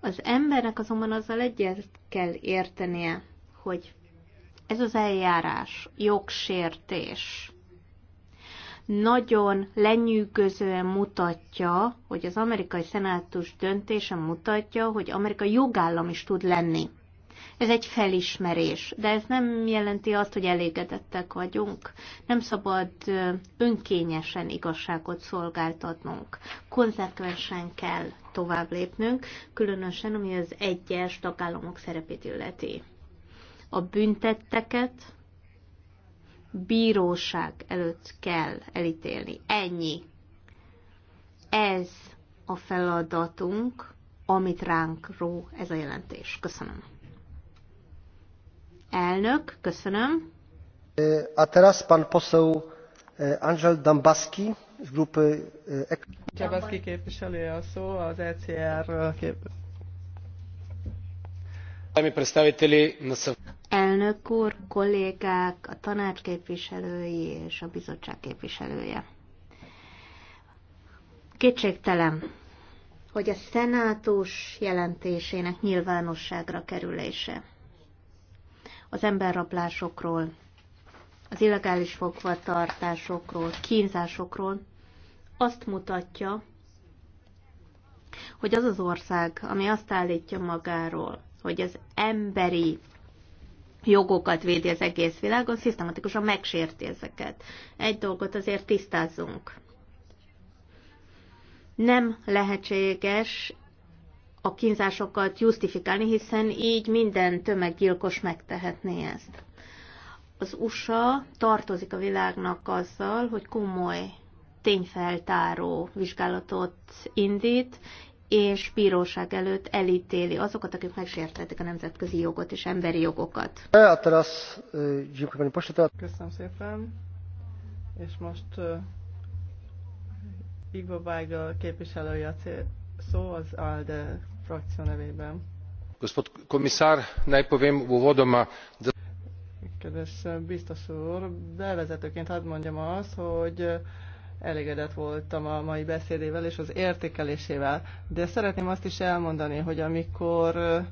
Az embernek azonban azzal egyet kell értenie, hogy ez az eljárás, jogsértés, nagyon lenyűgözően mutatja, hogy az amerikai szenátus döntése mutatja, hogy Amerika jogállam is tud lenni. Ez egy felismerés, de ez nem jelenti azt, hogy elégedettek vagyunk. Nem szabad önkényesen igazságot szolgáltatnunk. Konzekvensen kell tovább lépnünk, különösen ami az egyes tagállamok szerepét illeti. A büntetteket bíróság előtt kell elítélni. Ennyi. Ez a feladatunk, amit ránk ró ez a jelentés. Köszönöm. Elnök, köszönöm. E, a teraz pan poseł e, Angel Dambaski z grupy... E, Dambaski képviselő a szó, az ECR kép elnök úr, kollégák, a tanács képviselői és a bizottság képviselője. Kétségtelen, hogy a szenátus jelentésének nyilvánosságra kerülése az emberrablásokról, az illegális fogvatartásokról, kínzásokról azt mutatja, hogy az az ország, ami azt állítja magáról, hogy az emberi jogokat védi az egész világon, szisztematikusan megsérti ezeket. Egy dolgot azért tisztázzunk. Nem lehetséges a kínzásokat justifikálni, hiszen így minden tömeggyilkos megtehetné ezt. Az USA tartozik a világnak azzal, hogy komoly tényfeltáró vizsgálatot indít, és bíróság előtt elítéli azokat, akik megsértették a nemzetközi jogot és emberi jogokat. Köszönöm szépen, és most uh, Igor Weigel képviselője a szó az ALDE frakció nevében. Gospod komisár, naj uvodoma, da... Kedves biztos úr, bevezetőként hadd mondjam azt, hogy elégedett voltam a mai beszédével és az értékelésével. De szeretném azt is elmondani, hogy amikor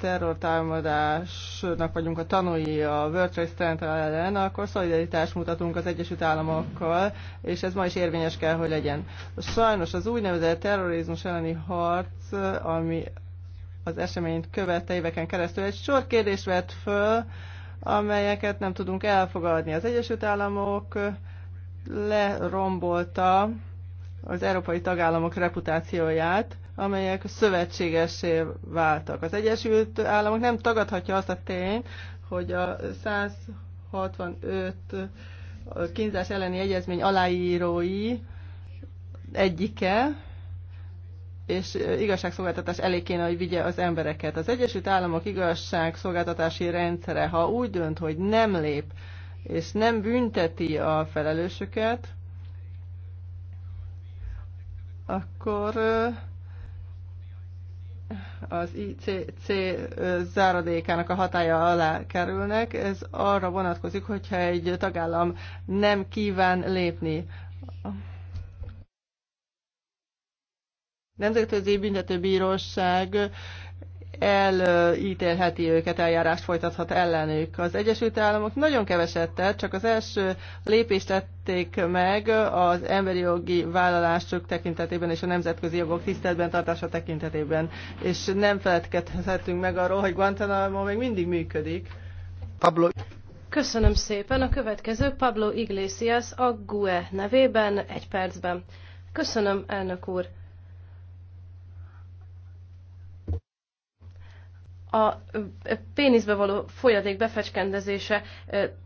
terrortámadásnak vagyunk a tanúi a World Trade Center ellen, akkor szolidaritást mutatunk az Egyesült Államokkal, és ez ma is érvényes kell, hogy legyen. Sajnos az úgynevezett terrorizmus elleni harc, ami az eseményt követte éveken keresztül, egy sor kérdést vett föl, amelyeket nem tudunk elfogadni. Az Egyesült Államok lerombolta az európai tagállamok reputációját, amelyek szövetségesé váltak. Az Egyesült Államok nem tagadhatja azt a tényt, hogy a 165 kínzás elleni egyezmény aláírói egyike, és igazságszolgáltatás elé kéne, hogy vigye az embereket. Az Egyesült Államok igazságszolgáltatási rendszere, ha úgy dönt, hogy nem lép és nem bünteti a felelősöket, akkor az ICC záradékának a hatája alá kerülnek. Ez arra vonatkozik, hogyha egy tagállam nem kíván lépni. Nemzetközi Büntetőbíróság elítélheti őket, eljárást folytathat ellenük. Az Egyesült Államok nagyon keveset tett, csak az első lépést tették meg az emberi jogi vállalások tekintetében és a nemzetközi jogok tiszteletben tartása tekintetében. És nem feledkezhetünk meg arról, hogy Guantanamo még mindig működik. Pablo. Köszönöm szépen. A következő Pablo Iglesias a GUE nevében egy percben. Köszönöm, elnök úr. a péniszbe való folyadék befecskendezése,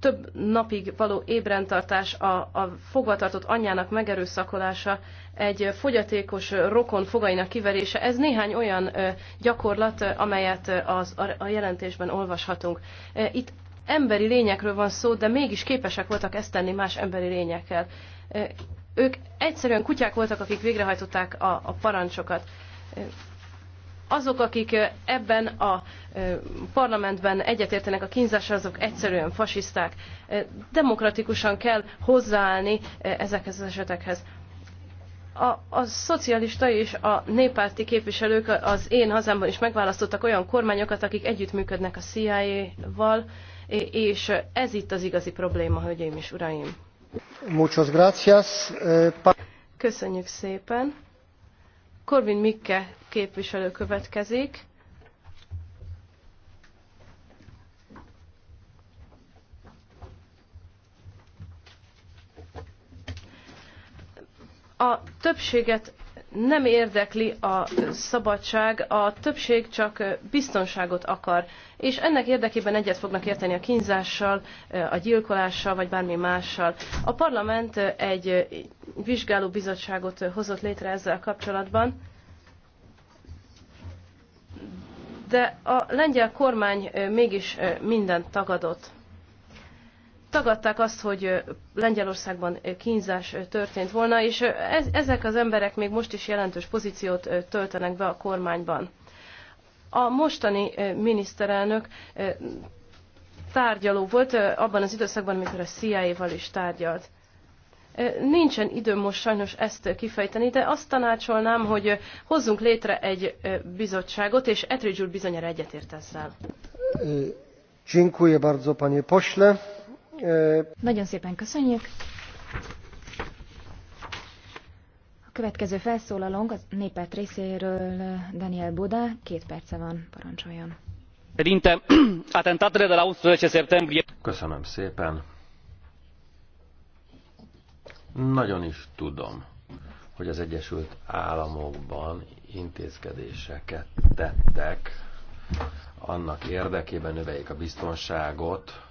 több napig való ébrentartás, a, a fogvatartott anyjának megerőszakolása, egy fogyatékos rokon fogainak kiverése, ez néhány olyan gyakorlat, amelyet az, a jelentésben olvashatunk. Itt emberi lényekről van szó, de mégis képesek voltak ezt tenni más emberi lényekkel. Ők egyszerűen kutyák voltak, akik végrehajtották a, a parancsokat azok, akik ebben a parlamentben egyetértenek a kínzással, azok egyszerűen fasiszták. Demokratikusan kell hozzáállni ezekhez az esetekhez. A, a szocialista és a néppárti képviselők az én hazámban is megválasztottak olyan kormányokat, akik együttműködnek a CIA-val, és ez itt az igazi probléma, hölgyeim és uraim. Muchas gracias. Eh, Köszönjük szépen. Korvin Mikke képviselő következik. A többséget nem érdekli a szabadság, a többség csak biztonságot akar, és ennek érdekében egyet fognak érteni a kínzással, a gyilkolással, vagy bármi mással. A parlament egy vizsgálóbizottságot hozott létre ezzel kapcsolatban, de a lengyel kormány mégis mindent tagadott. Tagadták azt, hogy Lengyelországban kínzás történt volna, és ezek az emberek még most is jelentős pozíciót töltenek be a kormányban. A mostani miniszterelnök tárgyaló volt abban az időszakban, amikor a CIA-val is tárgyalt. Nincsen időm most sajnos ezt kifejteni, de azt tanácsolnám, hogy hozzunk létre egy bizottságot, és Etridge úr bizonyára egyetért ezzel. Dziękuję bardzo, panie pośle. Nagyon szépen köszönjük. A következő felszólalónk a népet részéről Daniel Buda, két perce van, parancsoljon. Köszönöm szépen. Nagyon is tudom, hogy az Egyesült Államokban intézkedéseket tettek annak érdekében növeljék a biztonságot,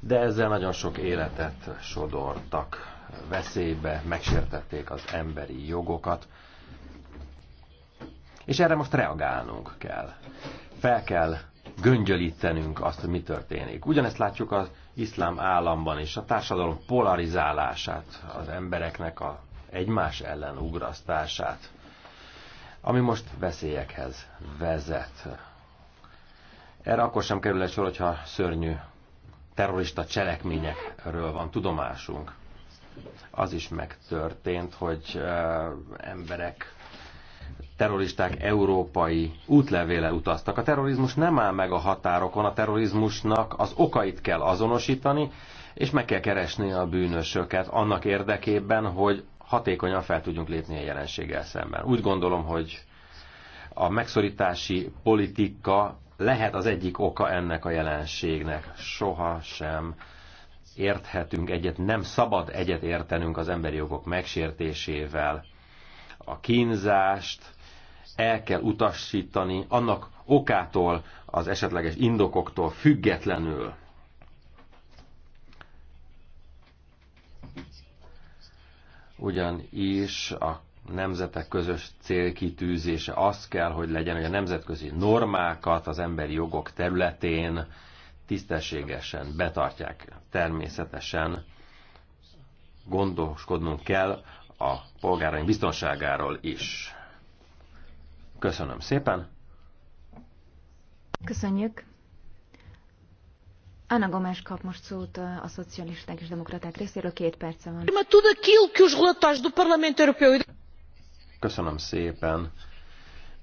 de ezzel nagyon sok életet sodortak veszélybe, megsértették az emberi jogokat, és erre most reagálnunk kell. Fel kell göngyölítenünk azt, hogy mi történik. Ugyanezt látjuk az iszlám államban is a társadalom polarizálását, az embereknek a egymás ellen ugrasztását, ami most veszélyekhez vezet. Erre akkor sem kerül egy sor, hogyha szörnyű terrorista cselekményekről van tudomásunk. Az is megtörtént, hogy eh, emberek terroristák európai útlevéle utaztak. A terrorizmus nem áll meg a határokon, a terrorizmusnak az okait kell azonosítani, és meg kell keresni a bűnösöket annak érdekében, hogy hatékonyan fel tudjunk lépni a jelenséggel szemben. Úgy gondolom, hogy a megszorítási politika lehet az egyik oka ennek a jelenségnek. Soha sem érthetünk egyet, nem szabad egyet értenünk az emberi jogok megsértésével. A kínzást, el kell utasítani annak okától, az esetleges indokoktól függetlenül. Ugyanis a nemzetek közös célkitűzése az kell, hogy legyen, hogy a nemzetközi normákat az emberi jogok területén tisztességesen betartják. Természetesen gondoskodnunk kell a polgáraink biztonságáról is. Köszönöm szépen. Köszönjük. Anna Gomes kap most szót a szocialisták és demokraták részéről, két perce van. E Köszönöm szépen.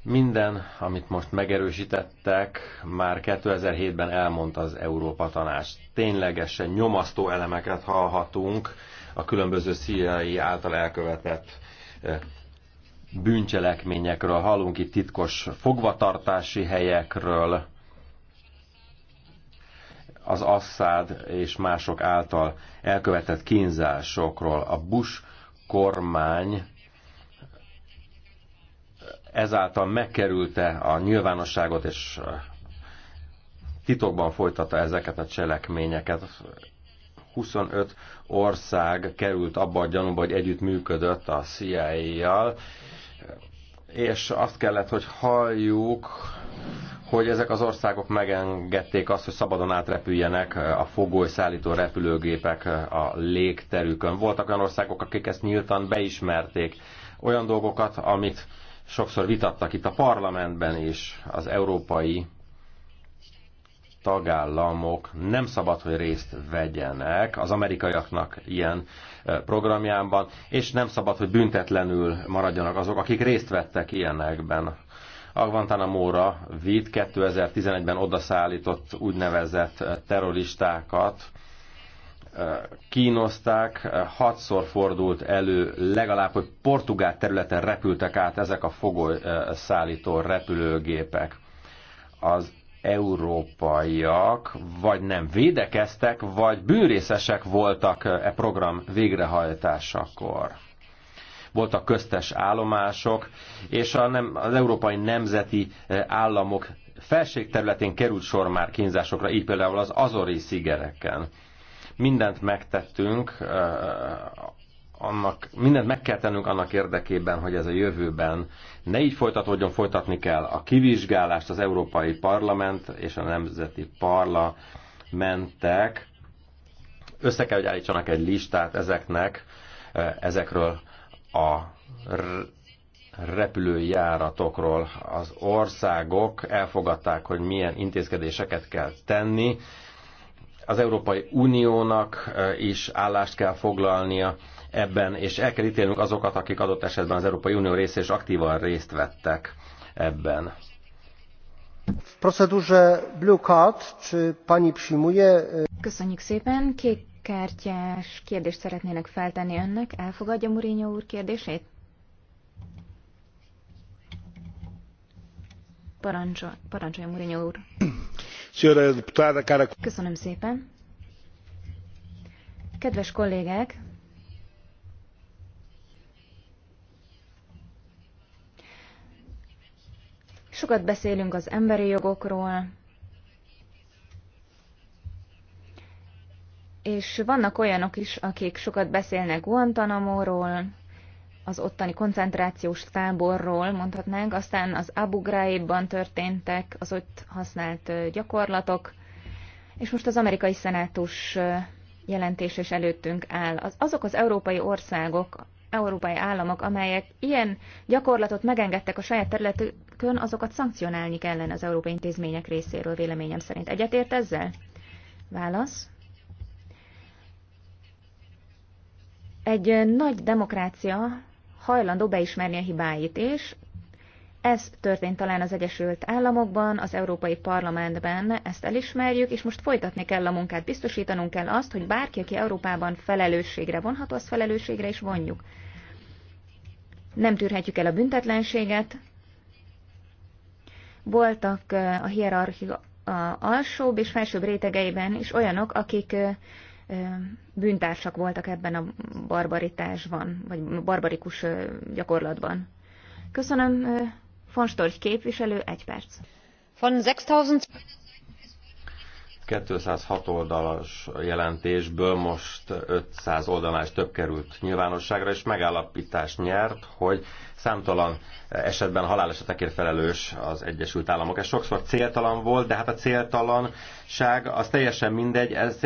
Minden, amit most megerősítettek, már 2007-ben elmondta az Európa Tanács. Ténylegesen nyomasztó elemeket hallhatunk a különböző szíriai által elkövetett bűncselekményekről hallunk, itt titkos fogvatartási helyekről, az Assad és mások által elkövetett kínzásokról. A Bush kormány ezáltal megkerülte a nyilvánosságot, és titokban folytatta ezeket a cselekményeket. 25 ország került abba a gyanúba, hogy együtt működött a CIA-jal, és azt kellett, hogy halljuk, hogy ezek az országok megengedték azt, hogy szabadon átrepüljenek a fogoly szállító repülőgépek a légterükön. Voltak olyan országok, akik ezt nyíltan beismerték. Olyan dolgokat, amit sokszor vitattak itt a parlamentben is, az európai tagállamok nem szabad, hogy részt vegyenek az amerikaiaknak ilyen programjában, és nem szabad, hogy büntetlenül maradjanak azok, akik részt vettek ilyenekben. A Guantanamo-ra vitt 2011-ben odaszállított úgynevezett terroristákat, kínozták, hatszor fordult elő legalább, hogy portugál területen repültek át ezek a szállító repülőgépek. Az európaiak vagy nem védekeztek, vagy bűrészesek voltak e program végrehajtásakor. Voltak köztes állomások, és a nem, az európai nemzeti e, államok felségterületén került sor már kínzásokra, így például az Azori szigereken mindent megtettünk e, annak, mindent meg kell tennünk annak érdekében, hogy ez a jövőben ne így folytatódjon, folytatni kell a kivizsgálást az Európai Parlament és a nemzeti parlamentek. Össze kell, hogy állítsanak egy listát ezeknek, eh, ezekről a repülőjáratokról. Az országok elfogadták, hogy milyen intézkedéseket kell tenni, az Európai Uniónak eh, is állást kell foglalnia ebben, és el kell ítélnünk azokat, akik adott esetben az Európai Unió része és aktívan részt vettek ebben. W procedurze Blue Card, czy pani przyjmuje... Köszönjük szépen. Kék kártyás kérdést szeretnének feltenni önnek. Elfogadja Murinyó úr kérdését? Parancsol, parancsolja Murinyó úr. Köszönöm szépen. Kedves kollégák, Sokat beszélünk az emberi jogokról, és vannak olyanok is, akik sokat beszélnek Guantanamo-ról, az ottani koncentrációs táborról, mondhatnánk, aztán az Abu Ghraibban történtek az ott használt gyakorlatok, és most az amerikai szenátus jelentés is előttünk áll. Az, azok az európai országok, európai államok, amelyek ilyen gyakorlatot megengedtek a saját területükön, azokat szankcionálni kellene az európai intézmények részéről véleményem szerint. Egyetért ezzel? Válasz. Egy nagy demokrácia hajlandó beismerni a hibáit, és ez történt talán az Egyesült Államokban, az Európai Parlamentben, ezt elismerjük, és most folytatni kell a munkát, biztosítanunk kell azt, hogy bárki, aki Európában felelősségre vonható, azt felelősségre is vonjuk nem tűrhetjük el a büntetlenséget. Voltak a hierarchia alsóbb és felsőbb rétegeiben is olyanok, akik bűntársak voltak ebben a barbaritásban, vagy barbarikus gyakorlatban. Köszönöm, von Storch képviselő, egy perc. Von 6000... 206 oldalas jelentésből most 500 oldalás több került nyilvánosságra, és megállapítást nyert, hogy számtalan esetben halálesetekért felelős az Egyesült Államok. Ez sokszor céltalan volt, de hát a céltalanság az teljesen mindegy, ez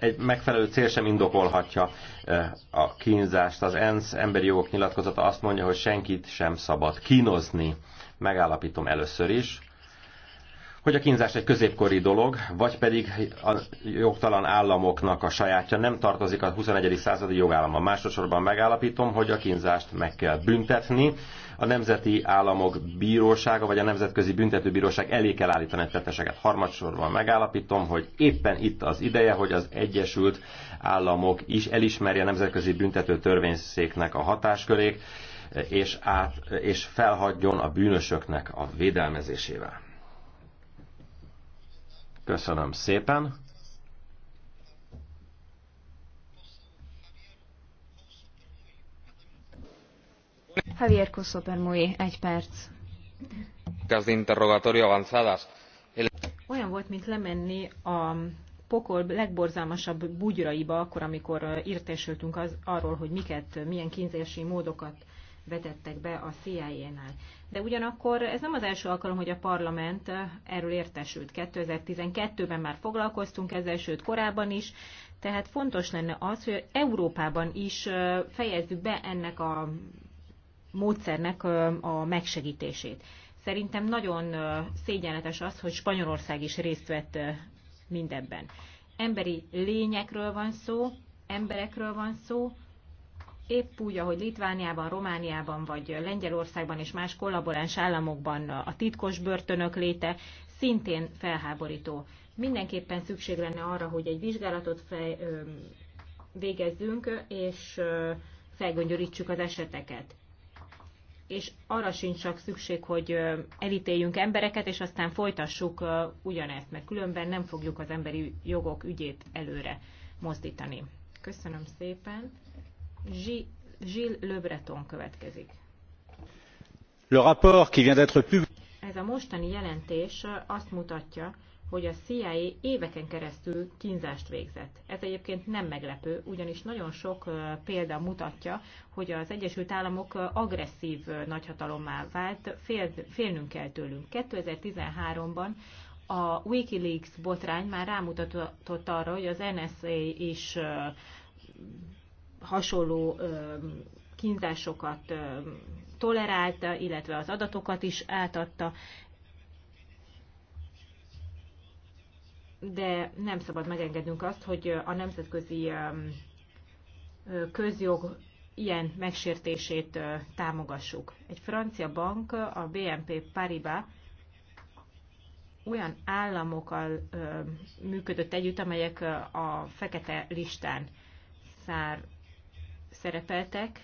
egy megfelelő cél sem indokolhatja e, a kínzást. Az ENSZ emberi jogok nyilatkozata azt mondja, hogy senkit sem szabad kínozni. Megállapítom először is, hogy a kínzás egy középkori dolog, vagy pedig a jogtalan államoknak a sajátja nem tartozik a 21. századi jogállama. Másodszorban megállapítom, hogy a kínzást meg kell büntetni. A Nemzeti Államok Bírósága vagy a Nemzetközi Büntetőbíróság elé kell állítani a tetteseket. Harmadsorban megállapítom, hogy éppen itt az ideje, hogy az Egyesült Államok is elismerje a Nemzetközi Büntető Törvényszéknek a hatáskörét és, át, és felhagyjon a bűnösöknek a védelmezésével. Köszönöm szépen. Javier Kosszopermói, egy perc. De interrogatorio avanzadas. Olyan volt, mint lemenni a pokol legborzalmasabb bugyraiba, akkor, amikor írtésültünk az, arról, hogy miket, milyen kínzési módokat vetettek be a CIA-nál. De ugyanakkor ez nem az első alkalom, hogy a parlament erről értesült. 2012-ben már foglalkoztunk ezzel, sőt korábban is, tehát fontos lenne az, hogy Európában is fejezzük be ennek a módszernek a megsegítését. Szerintem nagyon szégyenletes az, hogy Spanyolország is részt vett mindebben. Emberi lényekről van szó, emberekről van szó, épp úgy, ahogy Litvániában, Romániában vagy Lengyelországban és más kollaboráns államokban a titkos börtönök léte szintén felháborító. Mindenképpen szükség lenne arra, hogy egy vizsgálatot fej, ö, végezzünk, és ö, felgöngyörítsük az eseteket. És arra sincs csak szükség, hogy ö, elítéljünk embereket, és aztán folytassuk ö, ugyanezt, mert különben nem fogjuk az emberi jogok ügyét előre mozdítani. Köszönöm szépen! Gilles Le Breton következik. Le rapport qui vient d'être publié. Ez a mostani jelentés azt mutatja, hogy a CIA éveken keresztül kínzást végzett. Ez egyébként nem meglepő, ugyanis nagyon sok példa mutatja, hogy az Egyesült Államok agresszív nagyhatalommá vált, fél, félnünk kell tőlünk. 2013-ban a Wikileaks botrány már rámutatott arra, hogy az NSA is hasonló kínzásokat tolerálta, illetve az adatokat is átadta, de nem szabad megengednünk azt, hogy a nemzetközi közjog ilyen megsértését támogassuk. Egy francia bank, a BNP Paribas olyan államokkal működött együtt, amelyek a fekete listán szár, szerepeltek.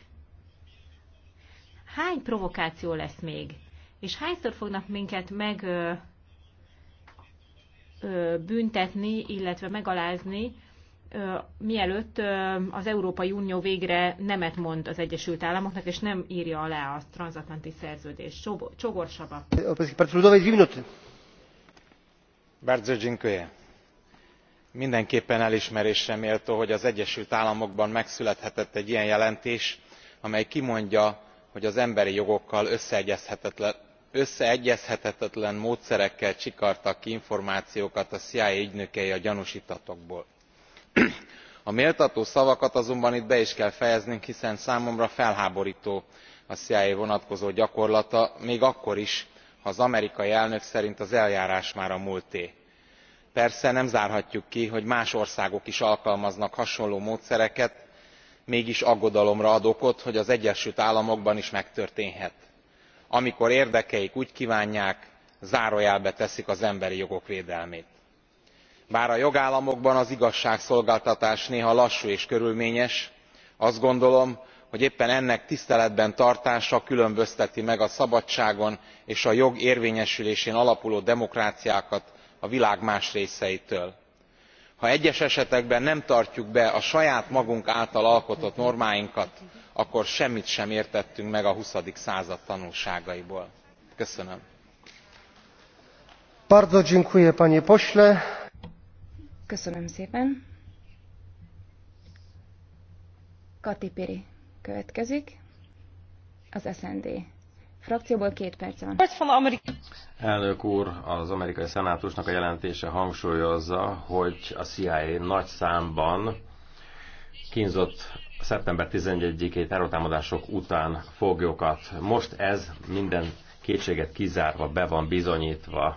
Hány provokáció lesz még? És hányszor fognak minket meg ö, ö, büntetni, illetve megalázni, ö, mielőtt ö, az Európai Unió végre nemet mond az Egyesült Államoknak, és nem írja alá a transatlanti szerződést. Csogorsaba. Bardzo dziękuję mindenképpen elismerésre méltó hogy az egyesült államokban megszülethetett egy ilyen jelentés amely kimondja hogy az emberi jogokkal összeegyeztethetetlen módszerekkel csikartak ki információkat a cia ügynökei a gyanústottakból. a méltató szavakat azonban itt be is kell fejeznünk hiszen számomra felhábortó a cia vonatkozó gyakorlata még akkor is ha az amerikai elnök szerint az eljárás már a múlté persze nem zárhatjuk ki hogy más országok is alkalmaznak hasonló módszereket mégis aggodalomra ad okot hogy az egyesült államokban is megtörténhet amikor érdekeik úgy kvánják zárójelbe teszik az emberi jogok védelmét. bár a jogállamokban az igazságszolgáltatás néha lassú és körülményes azt gondolom hogy éppen ennek tiszteletben tartása különbözteti meg a szabadságon és a jog érvényesülésén alapuló demokráciákat a világ más részeitől. ha egyes esetekben nem tartjuk be a saját magunk által alkotott normáinkat akkor semmit sem értettünk meg a huszadik század tanulságaiból. köszönöm. köszönöm szépen. következik, az SND frakcióból két perc van. Elnök úr, az amerikai szenátusnak a jelentése hangsúlyozza, hogy a CIA nagy számban kínzott szeptember 11-i terrortámadások után foglyokat. Most ez minden kétséget kizárva be van bizonyítva.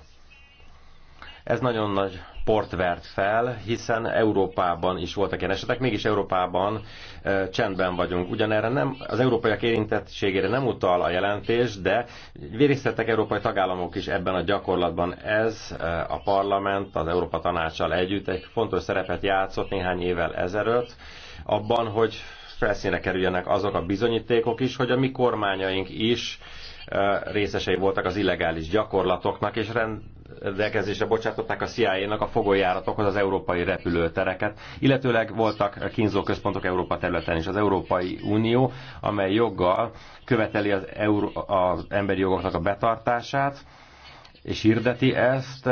Ez nagyon nagy port vert fel, hiszen Európában is voltak ilyen esetek, mégis Európában e, csendben vagyunk. Ugyanerre nem, az európaiak érintettségére nem utal a jelentés, de vérészettek európai tagállamok is ebben a gyakorlatban. Ez e, a parlament az Európa tanácsal együtt egy fontos szerepet játszott néhány évvel ezelőtt, abban, hogy felszínre kerüljenek azok a bizonyítékok is, hogy a mi kormányaink is részesei voltak az illegális gyakorlatoknak, és rend, rendelkezésre bocsátották a CIA-nak a fogoljáratokhoz az európai repülőtereket, illetőleg voltak kínzó központok Európa területen is. Az Európai Unió, amely joggal követeli az, Euró- az emberi jogoknak a betartását, és hirdeti ezt,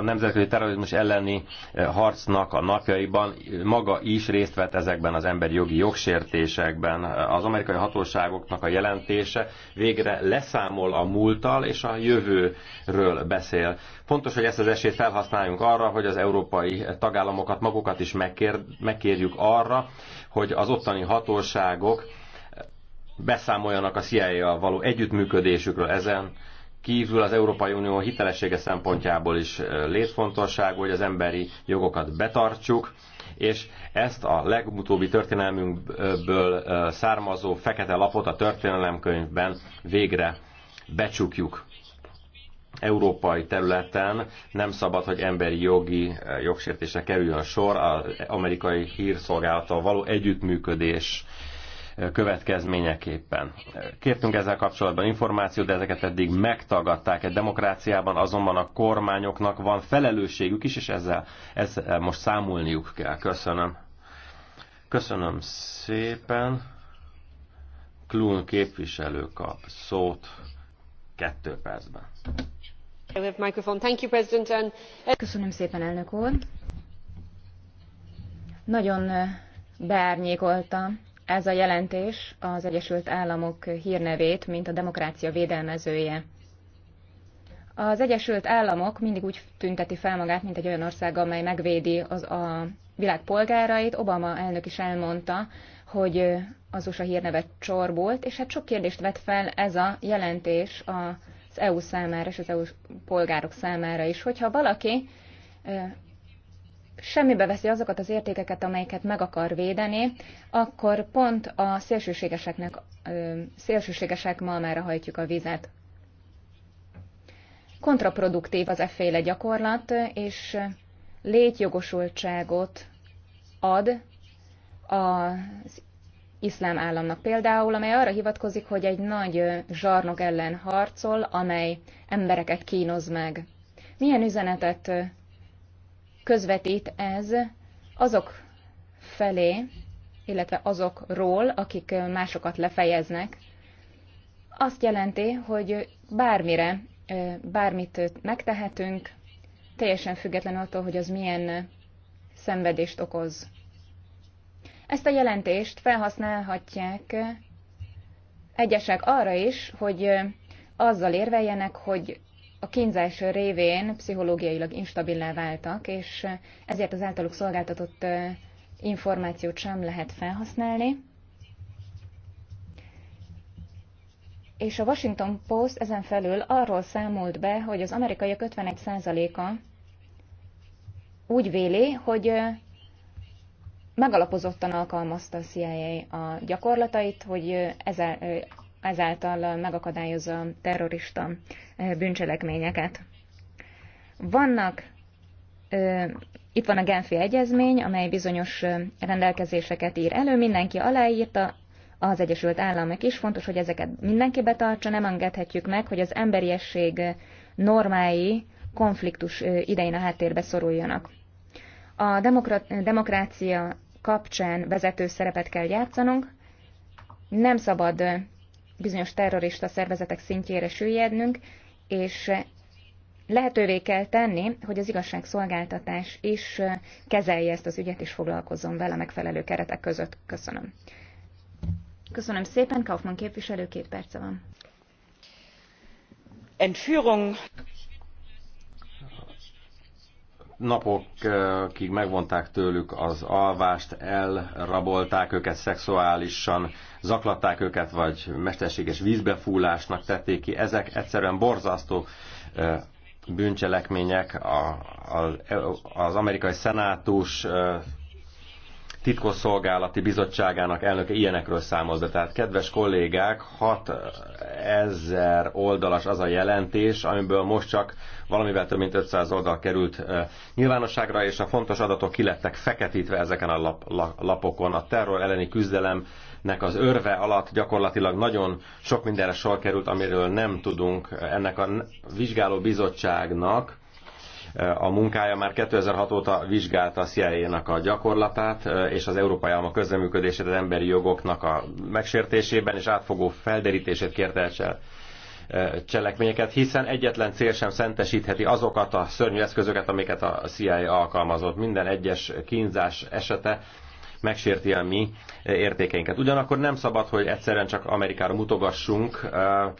a nemzetközi terrorizmus elleni eh, harcnak a napjaiban maga is részt vett ezekben az emberi jogi jogsértésekben. Az amerikai hatóságoknak a jelentése végre leszámol a múltal és a jövőről beszél. Fontos, hogy ezt az esélyt felhasználjunk arra, hogy az európai tagállamokat magukat is megkér, megkérjük arra, hogy az ottani hatóságok beszámoljanak a CIA-val való együttműködésükről ezen kívül az Európai Unió hitelessége szempontjából is létfontosságú, hogy az emberi jogokat betartsuk, és ezt a legutóbbi történelmünkből származó fekete lapot a történelemkönyvben végre becsukjuk. Európai területen nem szabad, hogy emberi jogi jogsértésre kerüljön sor az amerikai hírszolgálattal való együttműködés következményeképpen. Kértünk ezzel kapcsolatban információt, de ezeket eddig megtagadták. Egy demokráciában azonban a kormányoknak van felelősségük is, és ezzel, ezzel most számolniuk kell. Köszönöm. Köszönöm szépen. Klun képviselő kap szót kettő percben. Köszönöm szépen, elnök úr. Nagyon beárnyékolta ez a jelentés az Egyesült Államok hírnevét, mint a demokrácia védelmezője. Az Egyesült Államok mindig úgy tünteti fel magát, mint egy olyan ország, amely megvédi az a világ polgárait. Obama elnök is elmondta, hogy az USA hírnevet csorbolt, és hát sok kérdést vet fel ez a jelentés az EU számára és az EU polgárok számára is. Hogyha valaki semmibe veszi azokat az értékeket, amelyeket meg akar védeni, akkor pont a szélsőségeseknek, szélsőségesek már hajtjuk a vizet. Kontraproduktív az efféle gyakorlat, és létjogosultságot ad az iszlám államnak például, amely arra hivatkozik, hogy egy nagy zsarnok ellen harcol, amely embereket kínoz meg. Milyen üzenetet közvetít ez azok felé, illetve azokról, akik másokat lefejeznek, azt jelenti, hogy bármire, bármit megtehetünk, teljesen független attól, hogy az milyen szenvedést okoz. Ezt a jelentést felhasználhatják egyesek arra is, hogy azzal érveljenek, hogy a kínzás révén pszichológiailag instabilá váltak, és ezért az általuk szolgáltatott információt sem lehet felhasználni. És a Washington Post ezen felül arról számolt be, hogy az amerikaiak 51%-a úgy véli, hogy megalapozottan alkalmazta a CIA a gyakorlatait, hogy ezzel ezáltal megakadályozza a terrorista bűncselekményeket. Vannak, itt van a Genfi Egyezmény, amely bizonyos rendelkezéseket ír elő, mindenki aláírta, az Egyesült Államok is fontos, hogy ezeket mindenki betartsa, nem engedhetjük meg, hogy az emberiesség normái konfliktus idején a háttérbe szoruljanak. A demokrácia kapcsán vezető szerepet kell játszanunk, nem szabad bizonyos terrorista szervezetek szintjére süllyednünk, és lehetővé kell tenni, hogy az igazságszolgáltatás is kezelje ezt az ügyet, és foglalkozzon vele megfelelő keretek között. Köszönöm. Köszönöm szépen, Kaufmann képviselő, két perce van. Entführung napokig megvonták tőlük az alvást, elrabolták őket szexuálisan, zaklatták őket, vagy mesterséges vízbefúlásnak tették ki. Ezek egyszerűen borzasztó bűncselekmények. Az amerikai szenátus titkosszolgálati bizottságának elnöke ilyenekről számoz be. Tehát, kedves kollégák, 6000 oldalas az a jelentés, amiből most csak valamivel több mint 500 oldal került nyilvánosságra, és a fontos adatok kilettek feketítve ezeken a lap, lapokon. A terror elleni küzdelemnek az örve alatt gyakorlatilag nagyon sok mindenre sor került, amiről nem tudunk. Ennek a vizsgáló bizottságnak a munkája már 2006 óta vizsgálta a CIA-nak a gyakorlatát eh, és az európai államok közreműködését az emberi jogoknak a megsértésében, és átfogó felderítését kérte el eh, cselekményeket, hiszen egyetlen cél sem szentesítheti azokat a szörnyű eszközöket, amiket a CIA alkalmazott. Minden egyes kínzás esete megsérti a mi értékeinket. Ugyanakkor nem szabad, hogy egyszerűen csak Amerikára mutogassunk, eh,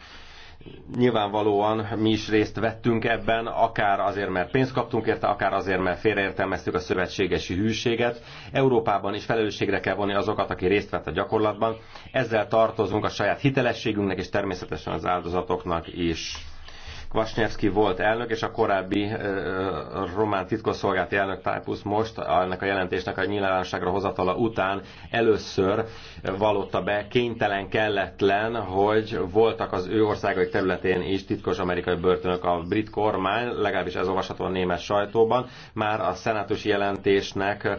nyilvánvalóan mi is részt vettünk ebben, akár azért, mert pénzt kaptunk érte, akár azért, mert félreértelmeztük a szövetségesi hűséget. Európában is felelősségre kell vonni azokat, aki részt vett a gyakorlatban. Ezzel tartozunk a saját hitelességünknek és természetesen az áldozatoknak is. Vasnyevski volt elnök, és a korábbi román titkosszolgálati elnök Tájpusz most ennek a jelentésnek a nyilvánosságra hozatala után először vallotta be, kénytelen, kelletlen, hogy voltak az ő országai területén is titkos amerikai börtönök a brit kormány, legalábbis ez olvasható a német sajtóban, már a szenátusi jelentésnek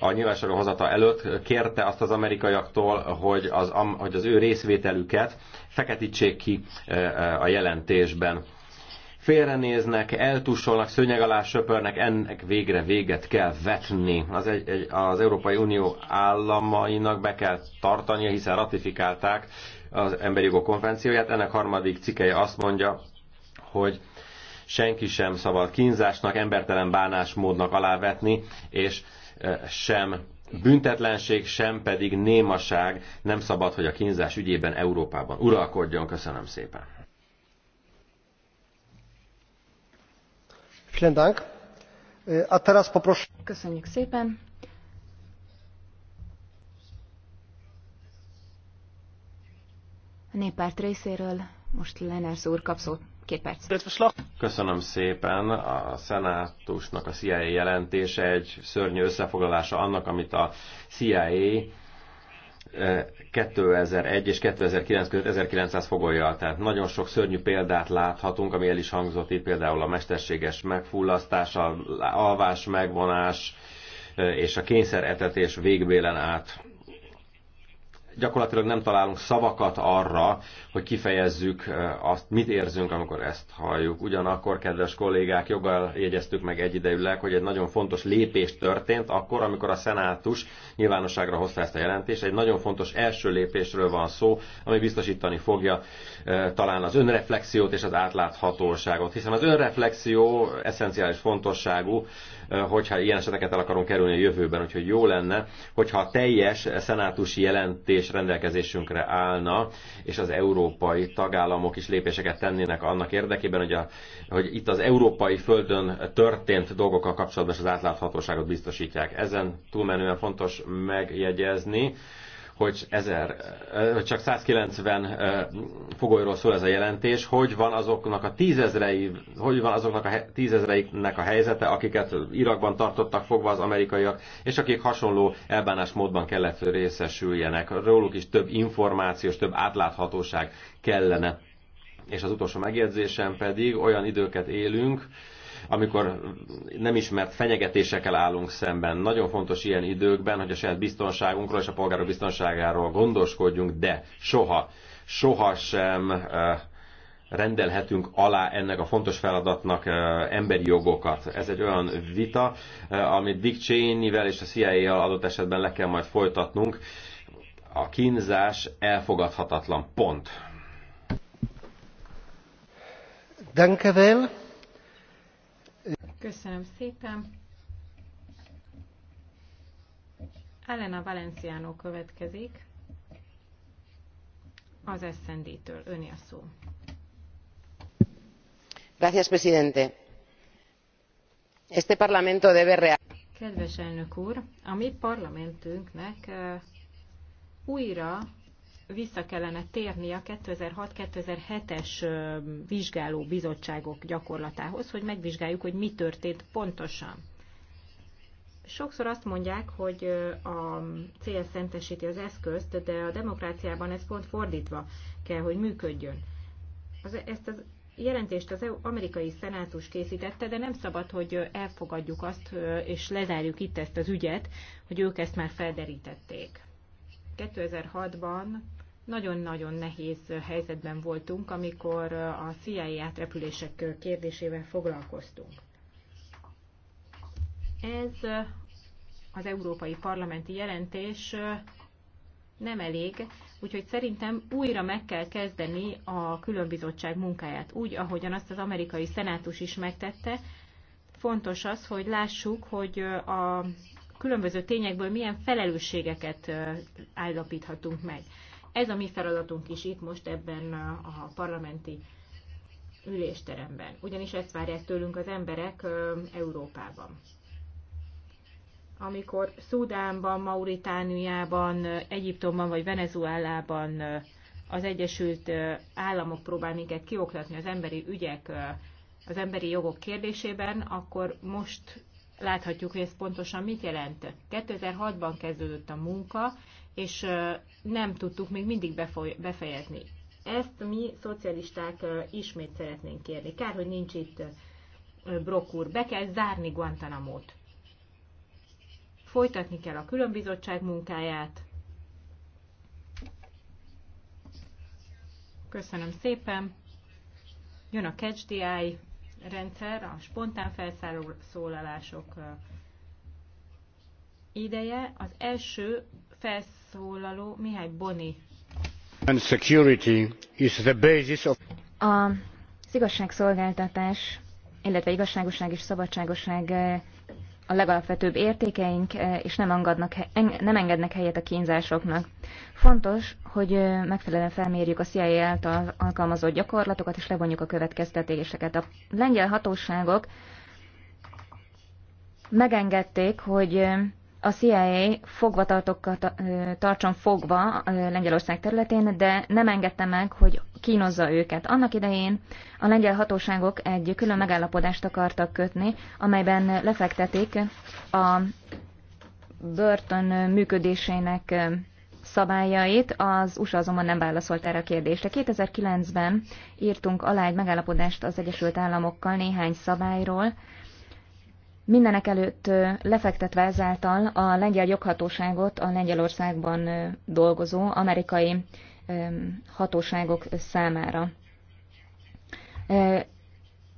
a nyilvánosságra hozata előtt kérte azt az amerikaiaktól, hogy az, hogy az ő részvételüket feketítsék ki a jelentésben félrenéznek, eltussolnak, szőnyeg alá söpörnek, ennek végre véget kell vetni. Az, egy, egy, az Európai Unió államainak be kell tartania, hiszen ratifikálták az emberi jogok konvencióját. Ennek harmadik cikkeje azt mondja, hogy senki sem szabad kínzásnak, embertelen bánásmódnak alávetni, és e, sem büntetlenség, sem pedig némaság nem szabad, hogy a kínzás ügyében Európában uralkodjon. Köszönöm szépen! Äh, Köszönjük szépen. A néppárt részéről most Lenners úr kap szót. Két perc. Köszönöm szépen. A szenátusnak a CIA jelentése egy szörnyű összefoglalása annak, amit a CIA 2001 és 2009 között 1900 fogolja, Tehát nagyon sok szörnyű példát láthatunk, ami el is hangzott itt, például a mesterséges megfullasztás, a alvás megvonás és a kényszeretetés végbélen át gyakorlatilag nem találunk szavakat arra, hogy kifejezzük azt, mit érzünk, amikor ezt halljuk. Ugyanakkor, kedves kollégák, joggal jegyeztük meg egyidejűleg, hogy egy nagyon fontos lépés történt akkor, amikor a szenátus nyilvánosságra hozta ezt a jelentést. Egy nagyon fontos első lépésről van szó, ami biztosítani fogja talán az önreflexiót és az átláthatóságot, hiszen az önreflexió eszenciális fontosságú, Eh, hogyha ilyen eseteket el akarunk kerülni a jövőben, úgyhogy jó lenne, hogyha a teljes szenátusi jelentés rendelkezésünkre állna, és az európai tagállamok is lépéseket tennének annak érdekében, hogy, a, hogy itt az európai földön történt dolgokkal kapcsolatban az átláthatóságot biztosítják. Ezen túlmenően fontos megjegyezni, hogy, ezer, eh, hogy csak 190 eh, fogolyról szól ez a jelentés, hogy van azoknak a tízezrei, hogy van azoknak a tízezreiknek a helyzete, akiket Irakban tartottak fogva az amerikaiak, és akik hasonló elbánásmódban kellett részesüljenek. Róluk is több információs, több átláthatóság kellene. És az utolsó megjegyzésem pedig olyan időket élünk, amikor nem ismert fenyegetésekkel állunk szemben. Nagyon fontos ilyen időkben, hogy a saját biztonságunkról és a polgárok biztonságáról gondoskodjunk, de soha, soha sem rendelhetünk alá ennek a fontos feladatnak emberi jogokat. Ez egy olyan vita, amit Dick Cheney-vel és a CIA-jal adott esetben le kell majd folytatnunk. A kínzás elfogadhatatlan pont. Danke Köszönöm szépen. Elena Valenciano következik az SZND-től. Öné a szó. Gracias, presidente. Este parlamento debe real... Kedves elnök úr, a mi parlamentünknek eh, újra vissza kellene térni a 2006-2007-es vizsgáló bizottságok gyakorlatához, hogy megvizsgáljuk, hogy mi történt pontosan. Sokszor azt mondják, hogy a cél szentesíti az eszközt, de a demokráciában ez pont fordítva kell, hogy működjön. Az, ezt az jelentést az e amerikai szenátus készítette, de nem szabad, hogy elfogadjuk azt, és lezárjuk itt ezt az ügyet, hogy ők ezt már felderítették. 2006-ban nagyon-nagyon nehéz helyzetben voltunk, amikor a CIA átrepülések kérdésével foglalkoztunk. Ez az Európai Parlamenti jelentés nem elég, úgyhogy szerintem újra meg kell kezdeni a különbizottság munkáját, úgy, ahogyan azt az amerikai szenátus is megtette. Fontos az, hogy lássuk, hogy a különböző tényekből milyen felelősségeket állapíthatunk meg. Ez a mi feladatunk is itt most ebben a parlamenti ülésteremben. Ugyanis ezt várják tőlünk az emberek Európában. Amikor Szudánban, Mauritániában, Egyiptomban vagy Venezuelában az Egyesült Államok próbál minket kioklatni az emberi ügyek, az emberi jogok kérdésében, akkor most láthatjuk, hogy ez pontosan mit jelent. 2006-ban kezdődött a munka, és nem tudtuk még mindig befejezni. Ezt mi szocialisták ismét szeretnénk kérni. Kár, hogy nincs itt brokúr. Be kell zárni Guantanamo-t. Folytatni kell a különbizottság munkáját. Köszönöm szépen. Jön a catch rendszer, a spontán felszólalások ideje. Az első felszólaló Mihály Boni. And security is the basis of... A igazságszolgáltatás, illetve igazságosság és szabadságosság a legalapvetőbb értékeink, és nem, angadnak, nem engednek helyet a kínzásoknak. Fontos, hogy megfelelően felmérjük a CIA által alkalmazott gyakorlatokat, és levonjuk a következtetéseket. A lengyel hatóságok megengedték, hogy a CIA fogvatartókat tartson fogva Lengyelország területén, de nem engedte meg, hogy kínozza őket. Annak idején a lengyel hatóságok egy külön megállapodást akartak kötni, amelyben lefektetik a börtön működésének szabályait, az USA azonban nem válaszolt erre a kérdésre. 2009-ben írtunk alá egy megállapodást az Egyesült Államokkal néhány szabályról, mindenek előtt lefektetve ezáltal a lengyel joghatóságot a Lengyelországban dolgozó amerikai hatóságok számára.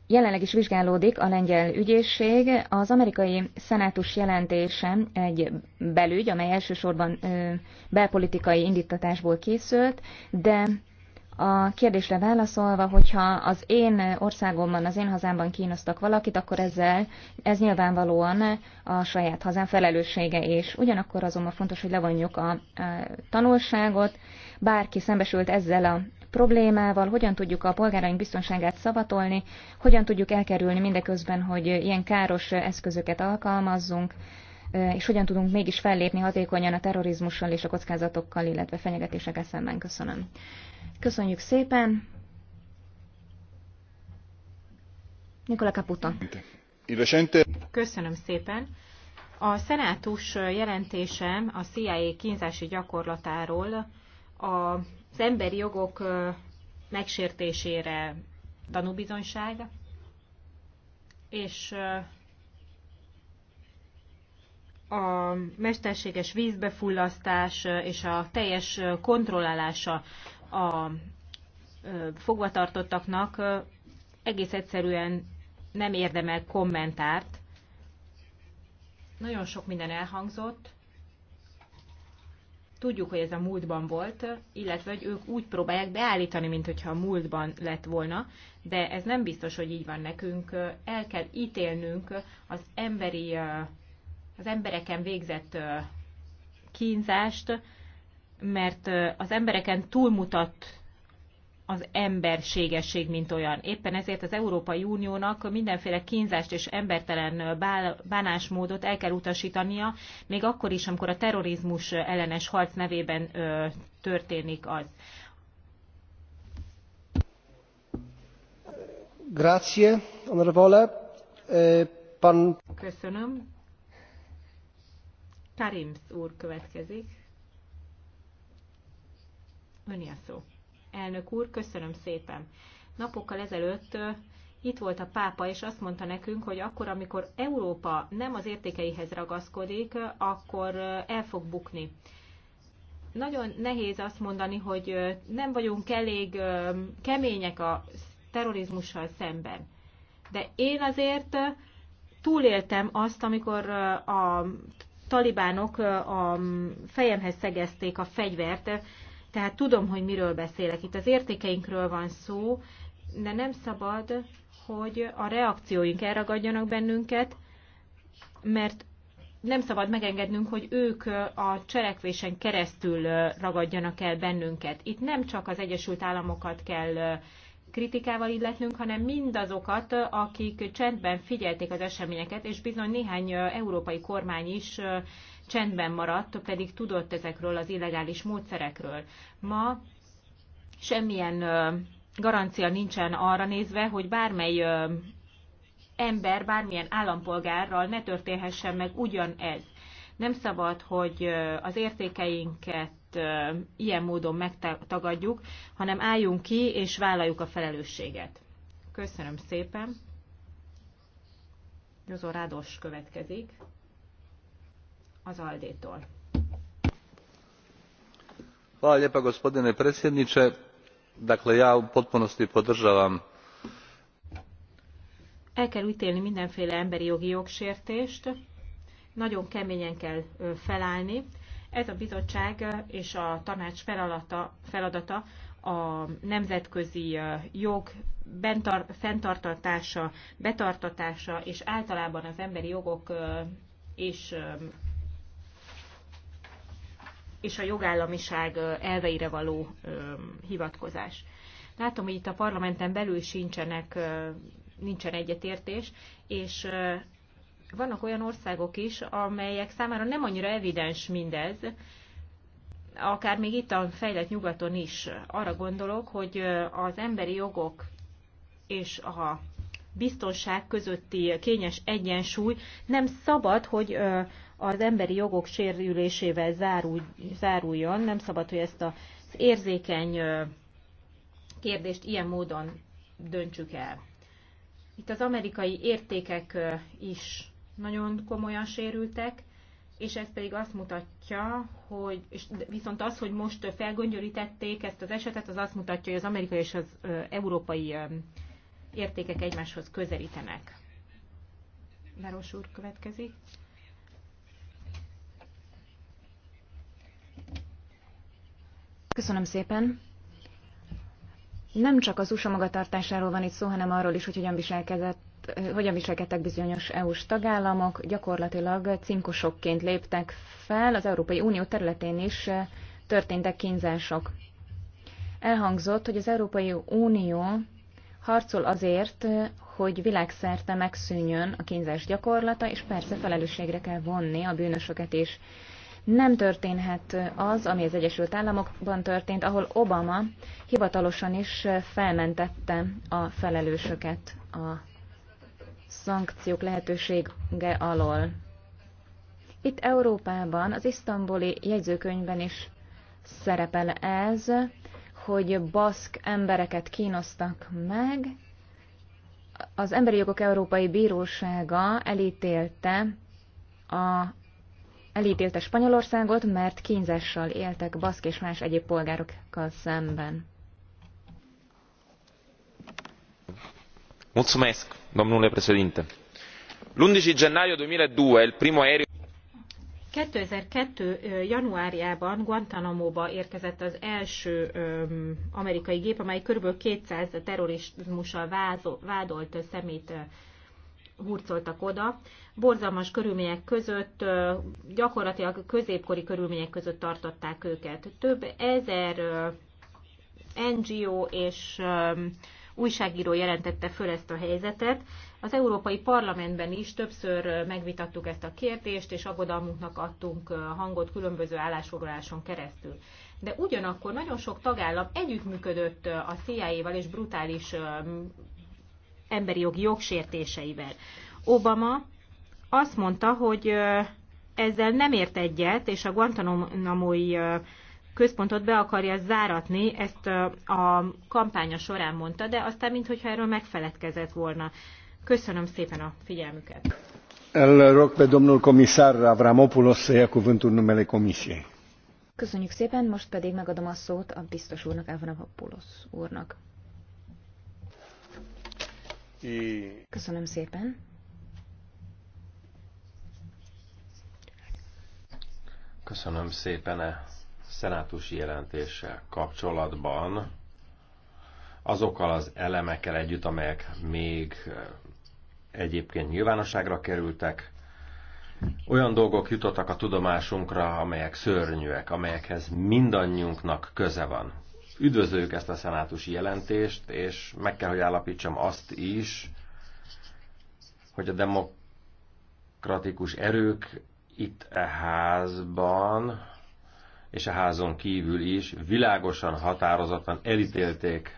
Jelenleg is vizsgálódik a lengyel ügyészség. Az amerikai szenátus jelentése egy belügy, amely elsősorban belpolitikai indítatásból készült, de a kérdésre válaszolva, hogyha az én országomban, az én hazámban kínoztak valakit, akkor ezzel ez nyilvánvalóan a saját hazám felelőssége is. Ugyanakkor azonban fontos, hogy levonjuk a, tanulságot. Bárki szembesült ezzel a problémával, hogyan tudjuk a polgáraink biztonságát szavatolni, hogyan tudjuk elkerülni mindeközben, hogy ilyen káros eszközöket alkalmazzunk, és hogyan tudunk mégis fellépni hatékonyan a terrorizmussal és a kockázatokkal, illetve fenyegetésekkel szemben. Köszönöm. Köszönjük szépen. Nikola Caputo. Köszönöm szépen. A szenátus jelentésem a CIA kínzási gyakorlatáról az emberi jogok megsértésére tanúbizonyság, és a mesterséges vízbefullasztás és a teljes kontrollálása a fogvatartottaknak egész egyszerűen nem érdemel kommentárt. Nagyon sok minden elhangzott. Tudjuk, hogy ez a múltban volt, illetve hogy ők úgy próbálják beállítani, mint hogyha a múltban lett volna, de ez nem biztos, hogy így van nekünk. El kell ítélnünk az emberi, az embereken végzett kínzást, mert az embereken túlmutat az emberségesség, mint olyan. Éppen ezért az Európai Uniónak mindenféle kínzást és embertelen bánásmódot el kell utasítania, még akkor is, amikor a terrorizmus ellenes harc nevében történik az. Grazie, onorevole. Eh, pan... Köszönöm. Karimsz úr következik. Öni a szó. Elnök úr, köszönöm szépen. Napokkal ezelőtt itt volt a pápa, és azt mondta nekünk, hogy akkor, amikor Európa nem az értékeihez ragaszkodik, akkor el fog bukni. Nagyon nehéz azt mondani, hogy nem vagyunk elég kemények a terrorizmussal szemben. De én azért túléltem azt, amikor a talibánok a fejemhez szegezték a fegyvert, tehát tudom, hogy miről beszélek. Itt az értékeinkről van szó, de nem szabad, hogy a reakcióink elragadjanak bennünket, mert nem szabad megengednünk, hogy ők a cselekvésen keresztül ragadjanak el bennünket. Itt nem csak az Egyesült Államokat kell kritikával illetnünk, hanem mindazokat, akik csendben figyelték az eseményeket, és bizony néhány európai kormány is csendben maradt, pedig tudott ezekről az illegális módszerekről. Ma semmilyen garancia nincsen arra nézve, hogy bármely ember, bármilyen állampolgárral ne történhessen meg ugyanez. Nem szabad, hogy az értékeinket ilyen módon megtagadjuk, hanem álljunk ki és vállaljuk a felelősséget. Köszönöm szépen. Józó Rádos következik az Aldétól. Hvala lijepa gospodine predsjedniče. Dakle, ja u potpunosti podržavam el kell ítélni mindenféle emberi jogi jogsértést, nagyon keményen kell felállni. Ez a bizottság és a tanács feladata, feladata a nemzetközi jog bentar, fenntartatása, betartatása és általában az emberi jogok és és a jogállamiság elveire való hivatkozás. Látom, hogy itt a parlamenten belül sincsenek, nincsen egyetértés, és vannak olyan országok is, amelyek számára nem annyira evidens mindez, akár még itt a fejlett nyugaton is arra gondolok, hogy az emberi jogok és a biztonság közötti kényes egyensúly nem szabad, hogy az emberi jogok sérülésével zárul, záruljon. Nem szabad, hogy ezt az érzékeny kérdést ilyen módon döntsük el. Itt az amerikai értékek is nagyon komolyan sérültek, és ez pedig azt mutatja, hogy és viszont az, hogy most felgöngyölítették ezt az esetet, az azt mutatja, hogy az amerikai és az európai értékek egymáshoz közelítenek. Város úr következik. Köszönöm szépen. Nem csak az USA magatartásáról van itt szó, hanem arról is, hogy hogyan viselkedett hogyan viselkedtek bizonyos EU-s tagállamok, gyakorlatilag cinkosokként léptek fel, az Európai Unió területén is eh, történtek kínzások. Elhangzott, hogy az Európai Unió harcol azért, hogy világszerte megszűnjön a kínzás gyakorlata, és persze felelősségre kell vonni a bűnösöket is nem történhet az, ami az Egyesült Államokban történt, ahol Obama hivatalosan is felmentette a felelősöket a szankciók lehetősége alól. Itt Európában, az isztambuli jegyzőkönyvben is szerepel ez, hogy baszk embereket kínoztak meg. Az Emberi Jogok Európai Bírósága elítélte a elítélte Spanyolországot, mert kínzással éltek baszk és más egyéb polgárokkal szemben. Mulțumesc, domnule președinte. L'11 gennaio 2002 il primo aereo 2002. januárjában Guantanamo-ba érkezett az első öm, amerikai gép, amely kb. 200 terrorizmussal vádolt szemét hurcoltak oda. Borzalmas körülmények között, gyakorlatilag középkori körülmények között tartották őket. Több ezer NGO és újságíró jelentette föl ezt a helyzetet. Az Európai Parlamentben is többször megvitattuk ezt a kérdést, és aggodalmunknak adtunk hangot különböző állásfoglaláson keresztül. De ugyanakkor nagyon sok tagállam együttműködött a CIA-val, és brutális emberi jogi jogsértéseivel. Obama azt mondta, hogy ezzel nem ért egyet, és a Guantanamo-i központot be akarja záratni, ezt a kampánya során mondta, de aztán mintha erről megfeledkezett volna. Köszönöm szépen a figyelmüket. El rog pe domnul comisar Avramopoulos să ia cuvântul numele comisiei. Köszönjük szépen, most pedig megadom a szót a biztos úrnak, Avramopoulos úrnak. Köszönöm szépen. Köszönöm szépen a e szenátusi jelentéssel kapcsolatban. Azokkal az elemekkel együtt, amelyek még e, egyébként nyilvánosságra kerültek, olyan dolgok jutottak a tudomásunkra, amelyek szörnyűek, amelyekhez mindannyiunknak köze van. Üdvözöljük ezt a szenátusi jelentést, és meg kell, hogy állapítsam azt is, hogy a demokratikus erők itt a e házban és a e házon kívül is világosan, határozottan elítélték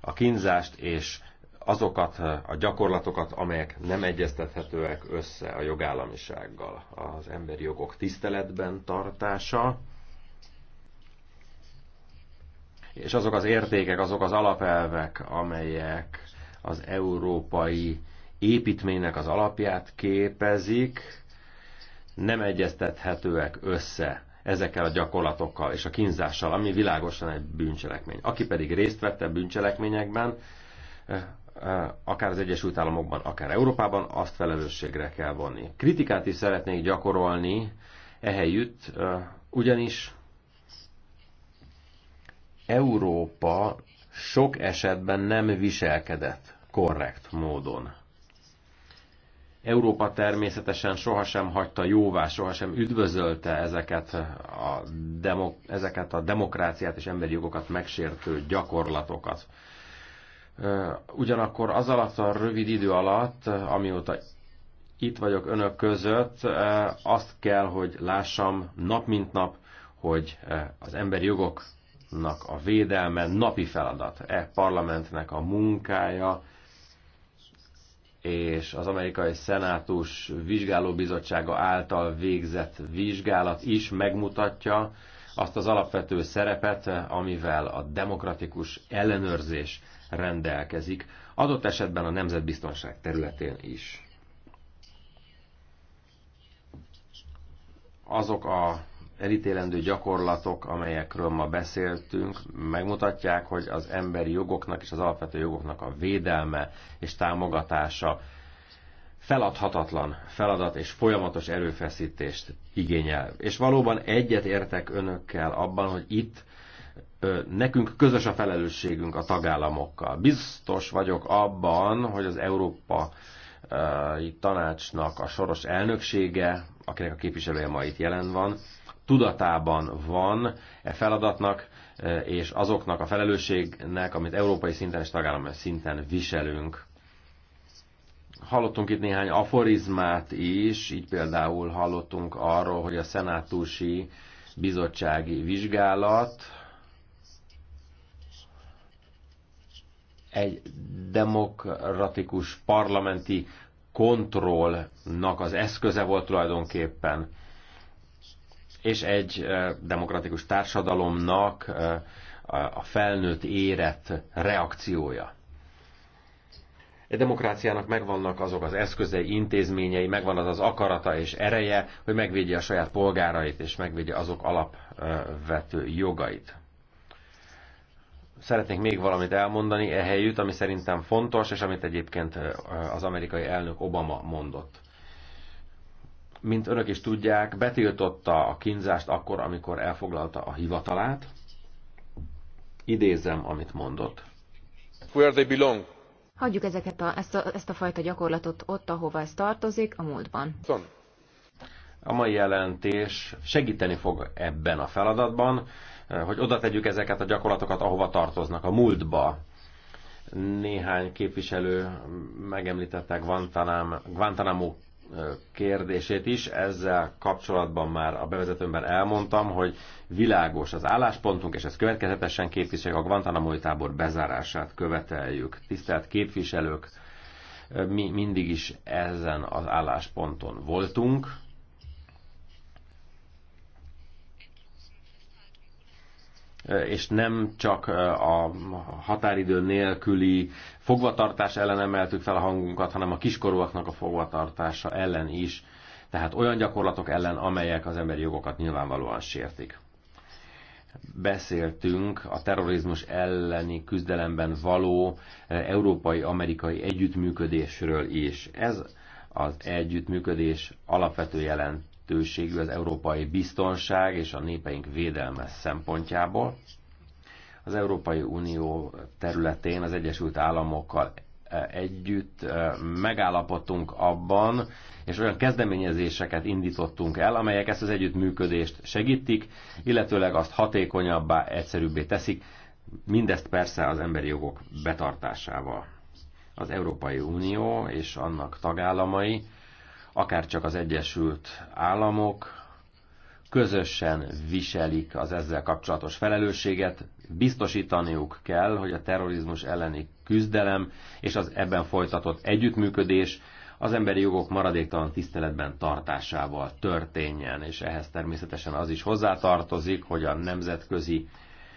a kínzást és azokat a gyakorlatokat, amelyek nem egyeztethetőek össze a jogállamisággal. Az emberi jogok tiszteletben tartása, és azok az értékek, azok az alapelvek, amelyek az európai építménynek az alapját képezik, nem egyeztethetőek össze ezekkel a gyakorlatokkal és a kínzással, ami világosan egy bűncselekmény. Aki pedig részt vette bűncselekményekben, eh, eh, akár az Egyesült Államokban, akár Európában, azt felelősségre kell vonni. Kritikát is szeretnék gyakorolni ehelyütt, eh, ugyanis Európa sok esetben nem viselkedett korrekt módon. Európa természetesen sohasem hagyta jóvá, sohasem üdvözölte ezeket a, demo, ezeket a demokráciát és emberi jogokat megsértő gyakorlatokat. Ugyanakkor az alatt a rövid idő alatt, amióta itt vagyok önök között, azt kell, hogy lássam nap mint nap, hogy az emberi jogok nak a védelme napi feladat. E parlamentnek a munkája és az amerikai szenátus vizsgálóbizottsága által végzett vizsgálat is megmutatja azt az alapvető szerepet, amivel a demokratikus ellenőrzés rendelkezik, adott esetben a nemzetbiztonság területén is. Azok a elítélendő gyakorlatok, amelyekről ma beszéltünk, megmutatják, hogy az emberi jogoknak és az alapvető jogoknak a védelme és támogatása feladhatatlan feladat és folyamatos erőfeszítést igényel. És valóban egyet értek önökkel abban, hogy itt nekünk közös a felelősségünk a tagállamokkal. Biztos vagyok abban, hogy az Európa tanácsnak a soros elnöksége, akinek a képviselője ma itt jelen van, tudatában van e feladatnak, e, és azoknak a felelősségnek, amit európai szinten és tagállami szinten viselünk. Hallottunk itt néhány aforizmát is, így például hallottunk arról, hogy a szenátusi bizottsági vizsgálat egy demokratikus parlamenti kontrollnak az eszköze volt tulajdonképpen és egy demokratikus társadalomnak a felnőtt érett reakciója. Egy demokráciának megvannak azok az eszközei, intézményei, megvan az az akarata és ereje, hogy megvédje a saját polgárait és megvédje azok alapvető jogait. Szeretnék még valamit elmondani ehelyütt, ami szerintem fontos, és amit egyébként az amerikai elnök Obama mondott. Mint önök is tudják, betiltotta a kínzást akkor, amikor elfoglalta a hivatalát. Idézem, amit mondott. Where they belong. Hagyjuk ezeket a, ezt, a, ezt a fajta gyakorlatot ott, ahova ez tartozik, a múltban. A mai jelentés segíteni fog ebben a feladatban, hogy oda tegyük ezeket a gyakorlatokat, ahova tartoznak, a múltba. Néhány képviselő megemlítettek Guantanamo kérdését is. Ezzel kapcsolatban már a bevezetőmben elmondtam, hogy világos az álláspontunk, és ez következetesen képviseljük a Guantanamo tábor bezárását követeljük. Tisztelt képviselők, mi mindig is ezen az állásponton voltunk, és nem csak a határidő nélküli fogvatartás ellen emeltük fel a hangunkat, hanem a kiskorúaknak a fogvatartása ellen is, tehát olyan gyakorlatok ellen, amelyek az emberi jogokat nyilvánvalóan sértik. Beszéltünk a terrorizmus elleni küzdelemben való európai-amerikai együttműködésről is. Ez az együttműködés alapvető jelent jelentőségű az európai biztonság és a népeink védelme szempontjából. Az Európai Unió területén az Egyesült Államokkal együtt megállapodtunk abban, és olyan kezdeményezéseket indítottunk el, amelyek ezt az együttműködést segítik, illetőleg azt hatékonyabbá, egyszerűbbé teszik, mindezt persze az emberi jogok betartásával. Az Európai Unió és annak tagállamai akár csak az Egyesült Államok közösen viselik az ezzel kapcsolatos felelősséget, biztosítaniuk kell, hogy a terrorizmus elleni küzdelem és az ebben folytatott együttműködés az emberi jogok maradéktalan tiszteletben tartásával történjen, és ehhez természetesen az is hozzátartozik, hogy a nemzetközi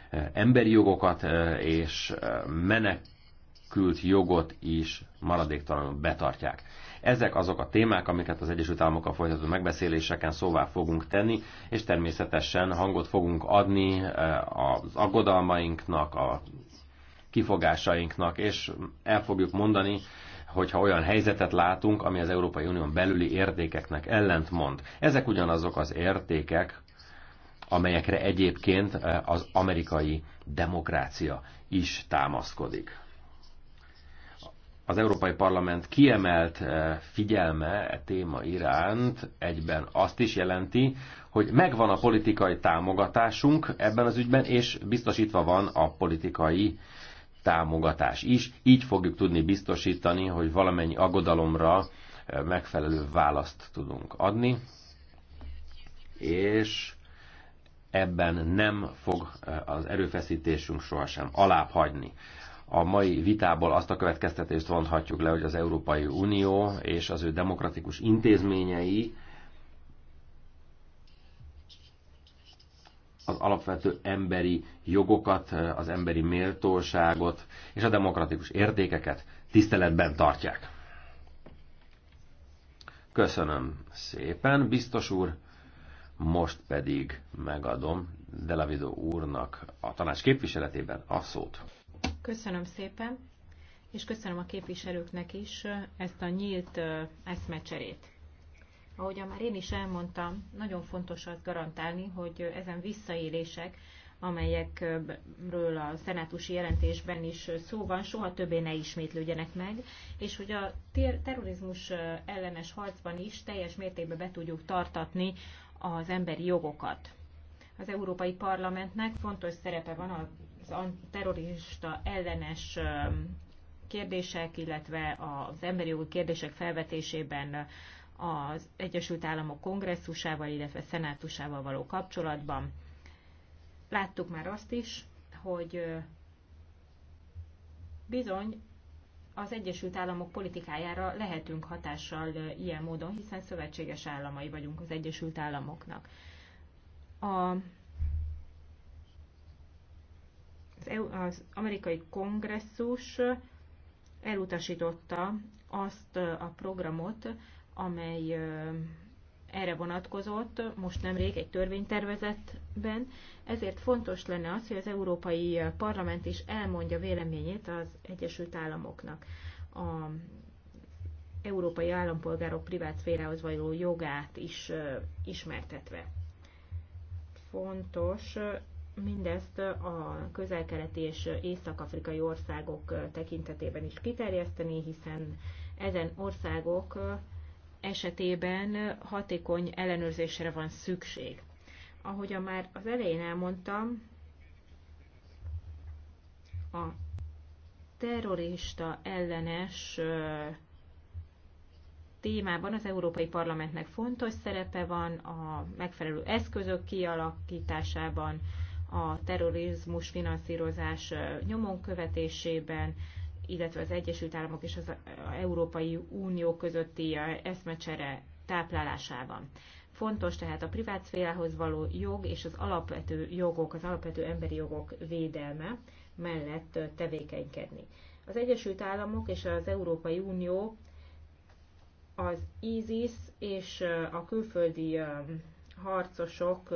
eh, emberi jogokat eh, és eh, menekült jogot is maradéktalanul betartják. Ezek azok a témák, amiket az Egyesült Államokkal folytatott megbeszéléseken szóvá fogunk tenni, és természetesen hangot fogunk adni eh, az aggodalmainknak, a kifogásainknak, és el fogjuk mondani, hogyha olyan helyzetet látunk, ami az Európai Unión belüli értékeknek ellentmond. Ezek ugyanazok az értékek, amelyekre egyébként eh, az amerikai demokrácia is támaszkodik az Európai Parlament kiemelt eh, figyelme e téma iránt egyben azt is jelenti, hogy megvan a politikai támogatásunk ebben az ügyben, és biztosítva van a politikai támogatás is. Így fogjuk tudni biztosítani, hogy valamennyi aggodalomra eh, megfelelő választ tudunk adni, és ebben nem fog eh, az erőfeszítésünk sohasem alább hagyni a mai vitából azt a következtetést vonhatjuk le, hogy az Európai Unió és az ő demokratikus intézményei az alapvető emberi jogokat, az emberi méltóságot és a demokratikus értékeket tiszteletben tartják. Köszönöm szépen, biztos úr. Most pedig megadom Delavido úrnak a tanács képviseletében a szót. Köszönöm szépen, és köszönöm a képviselőknek is ezt a nyílt eszmecserét. Ahogy már én is elmondtam, nagyon fontos az garantálni, hogy ezen visszaélések, amelyekről a szenátusi jelentésben is szó van, soha többé ne ismétlődjenek meg, és hogy a terrorizmus ellenes harcban is teljes mértékben be tudjuk tartatni az emberi jogokat. Az Európai Parlamentnek fontos szerepe van a az terrorista ellenes kérdések, illetve az emberi jogi kérdések felvetésében az Egyesült Államok kongresszusával, illetve szenátusával való kapcsolatban. Láttuk már azt is, hogy bizony az Egyesült Államok politikájára lehetünk hatással ilyen módon, hiszen szövetséges államai vagyunk az Egyesült Államoknak. A E az amerikai kongresszus elutasította azt a programot, amely erre vonatkozott most nemrég egy törvénytervezetben, ezért fontos lenne az, hogy az Európai Parlament is elmondja véleményét az Egyesült Államoknak. A európai állampolgárok privát szférához való jogát is ismertetve. Fontos mindezt a közelkeleti és észak-afrikai országok tekintetében is kiterjeszteni, hiszen ezen országok esetében hatékony ellenőrzésre van szükség. Ahogyan már az elején elmondtam, a terrorista ellenes témában az Európai Parlamentnek fontos szerepe van a megfelelő eszközök kialakításában, a terrorizmus finanszírozás nyomon követésében, illetve az Egyesült Államok és az Európai Unió közötti eszmecsere táplálásában. Fontos tehát a privát szférához való jog és az alapvető jogok, az alapvető emberi jogok védelme mellett tevékenykedni. Az Egyesült Államok és az Európai Unió az ISIS és a külföldi harcosok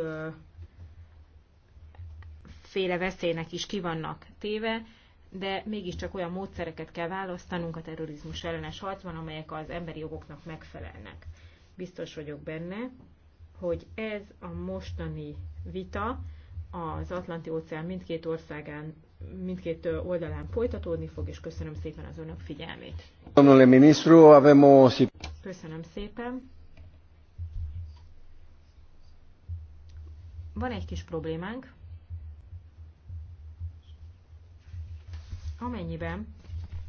féle veszélynek is kivannak téve, de mégiscsak olyan módszereket kell választanunk a terrorizmus ellenes harcban, amelyek az emberi jogoknak megfelelnek. Biztos vagyok benne, hogy ez a mostani vita az Atlanti-óceán mindkét országán, mindkét oldalán folytatódni fog, és köszönöm szépen az önök figyelmét. Köszönöm szépen. Van egy kis problémánk. Amennyiben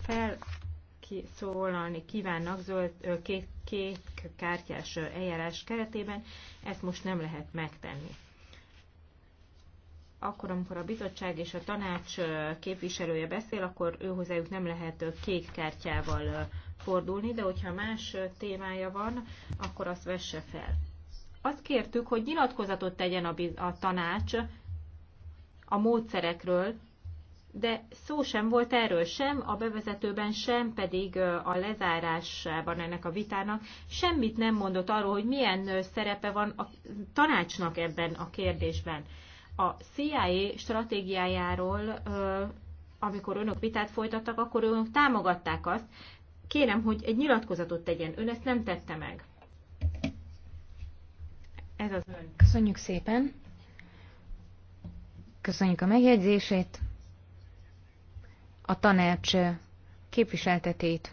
felszólalni kívánnak zöld, kék, kék kártyás eljárás keretében, ezt most nem lehet megtenni akkor, amikor a bizottság és a tanács képviselője beszél, akkor őhozzájuk nem lehet kék kártyával fordulni, de hogyha más témája van, akkor azt vesse fel. Azt kértük, hogy nyilatkozatot tegyen a, a tanács a módszerekről, de szó sem volt erről sem, a bevezetőben sem, pedig a lezárásában ennek a vitának semmit nem mondott arról, hogy milyen szerepe van a tanácsnak ebben a kérdésben. A CIA stratégiájáról, amikor önök vitát folytattak, akkor önök támogatták azt, kérem, hogy egy nyilatkozatot tegyen. Ön ezt nem tette meg. Ez az ön. Köszönjük szépen. Köszönjük a megjegyzését a tanács képviseltetét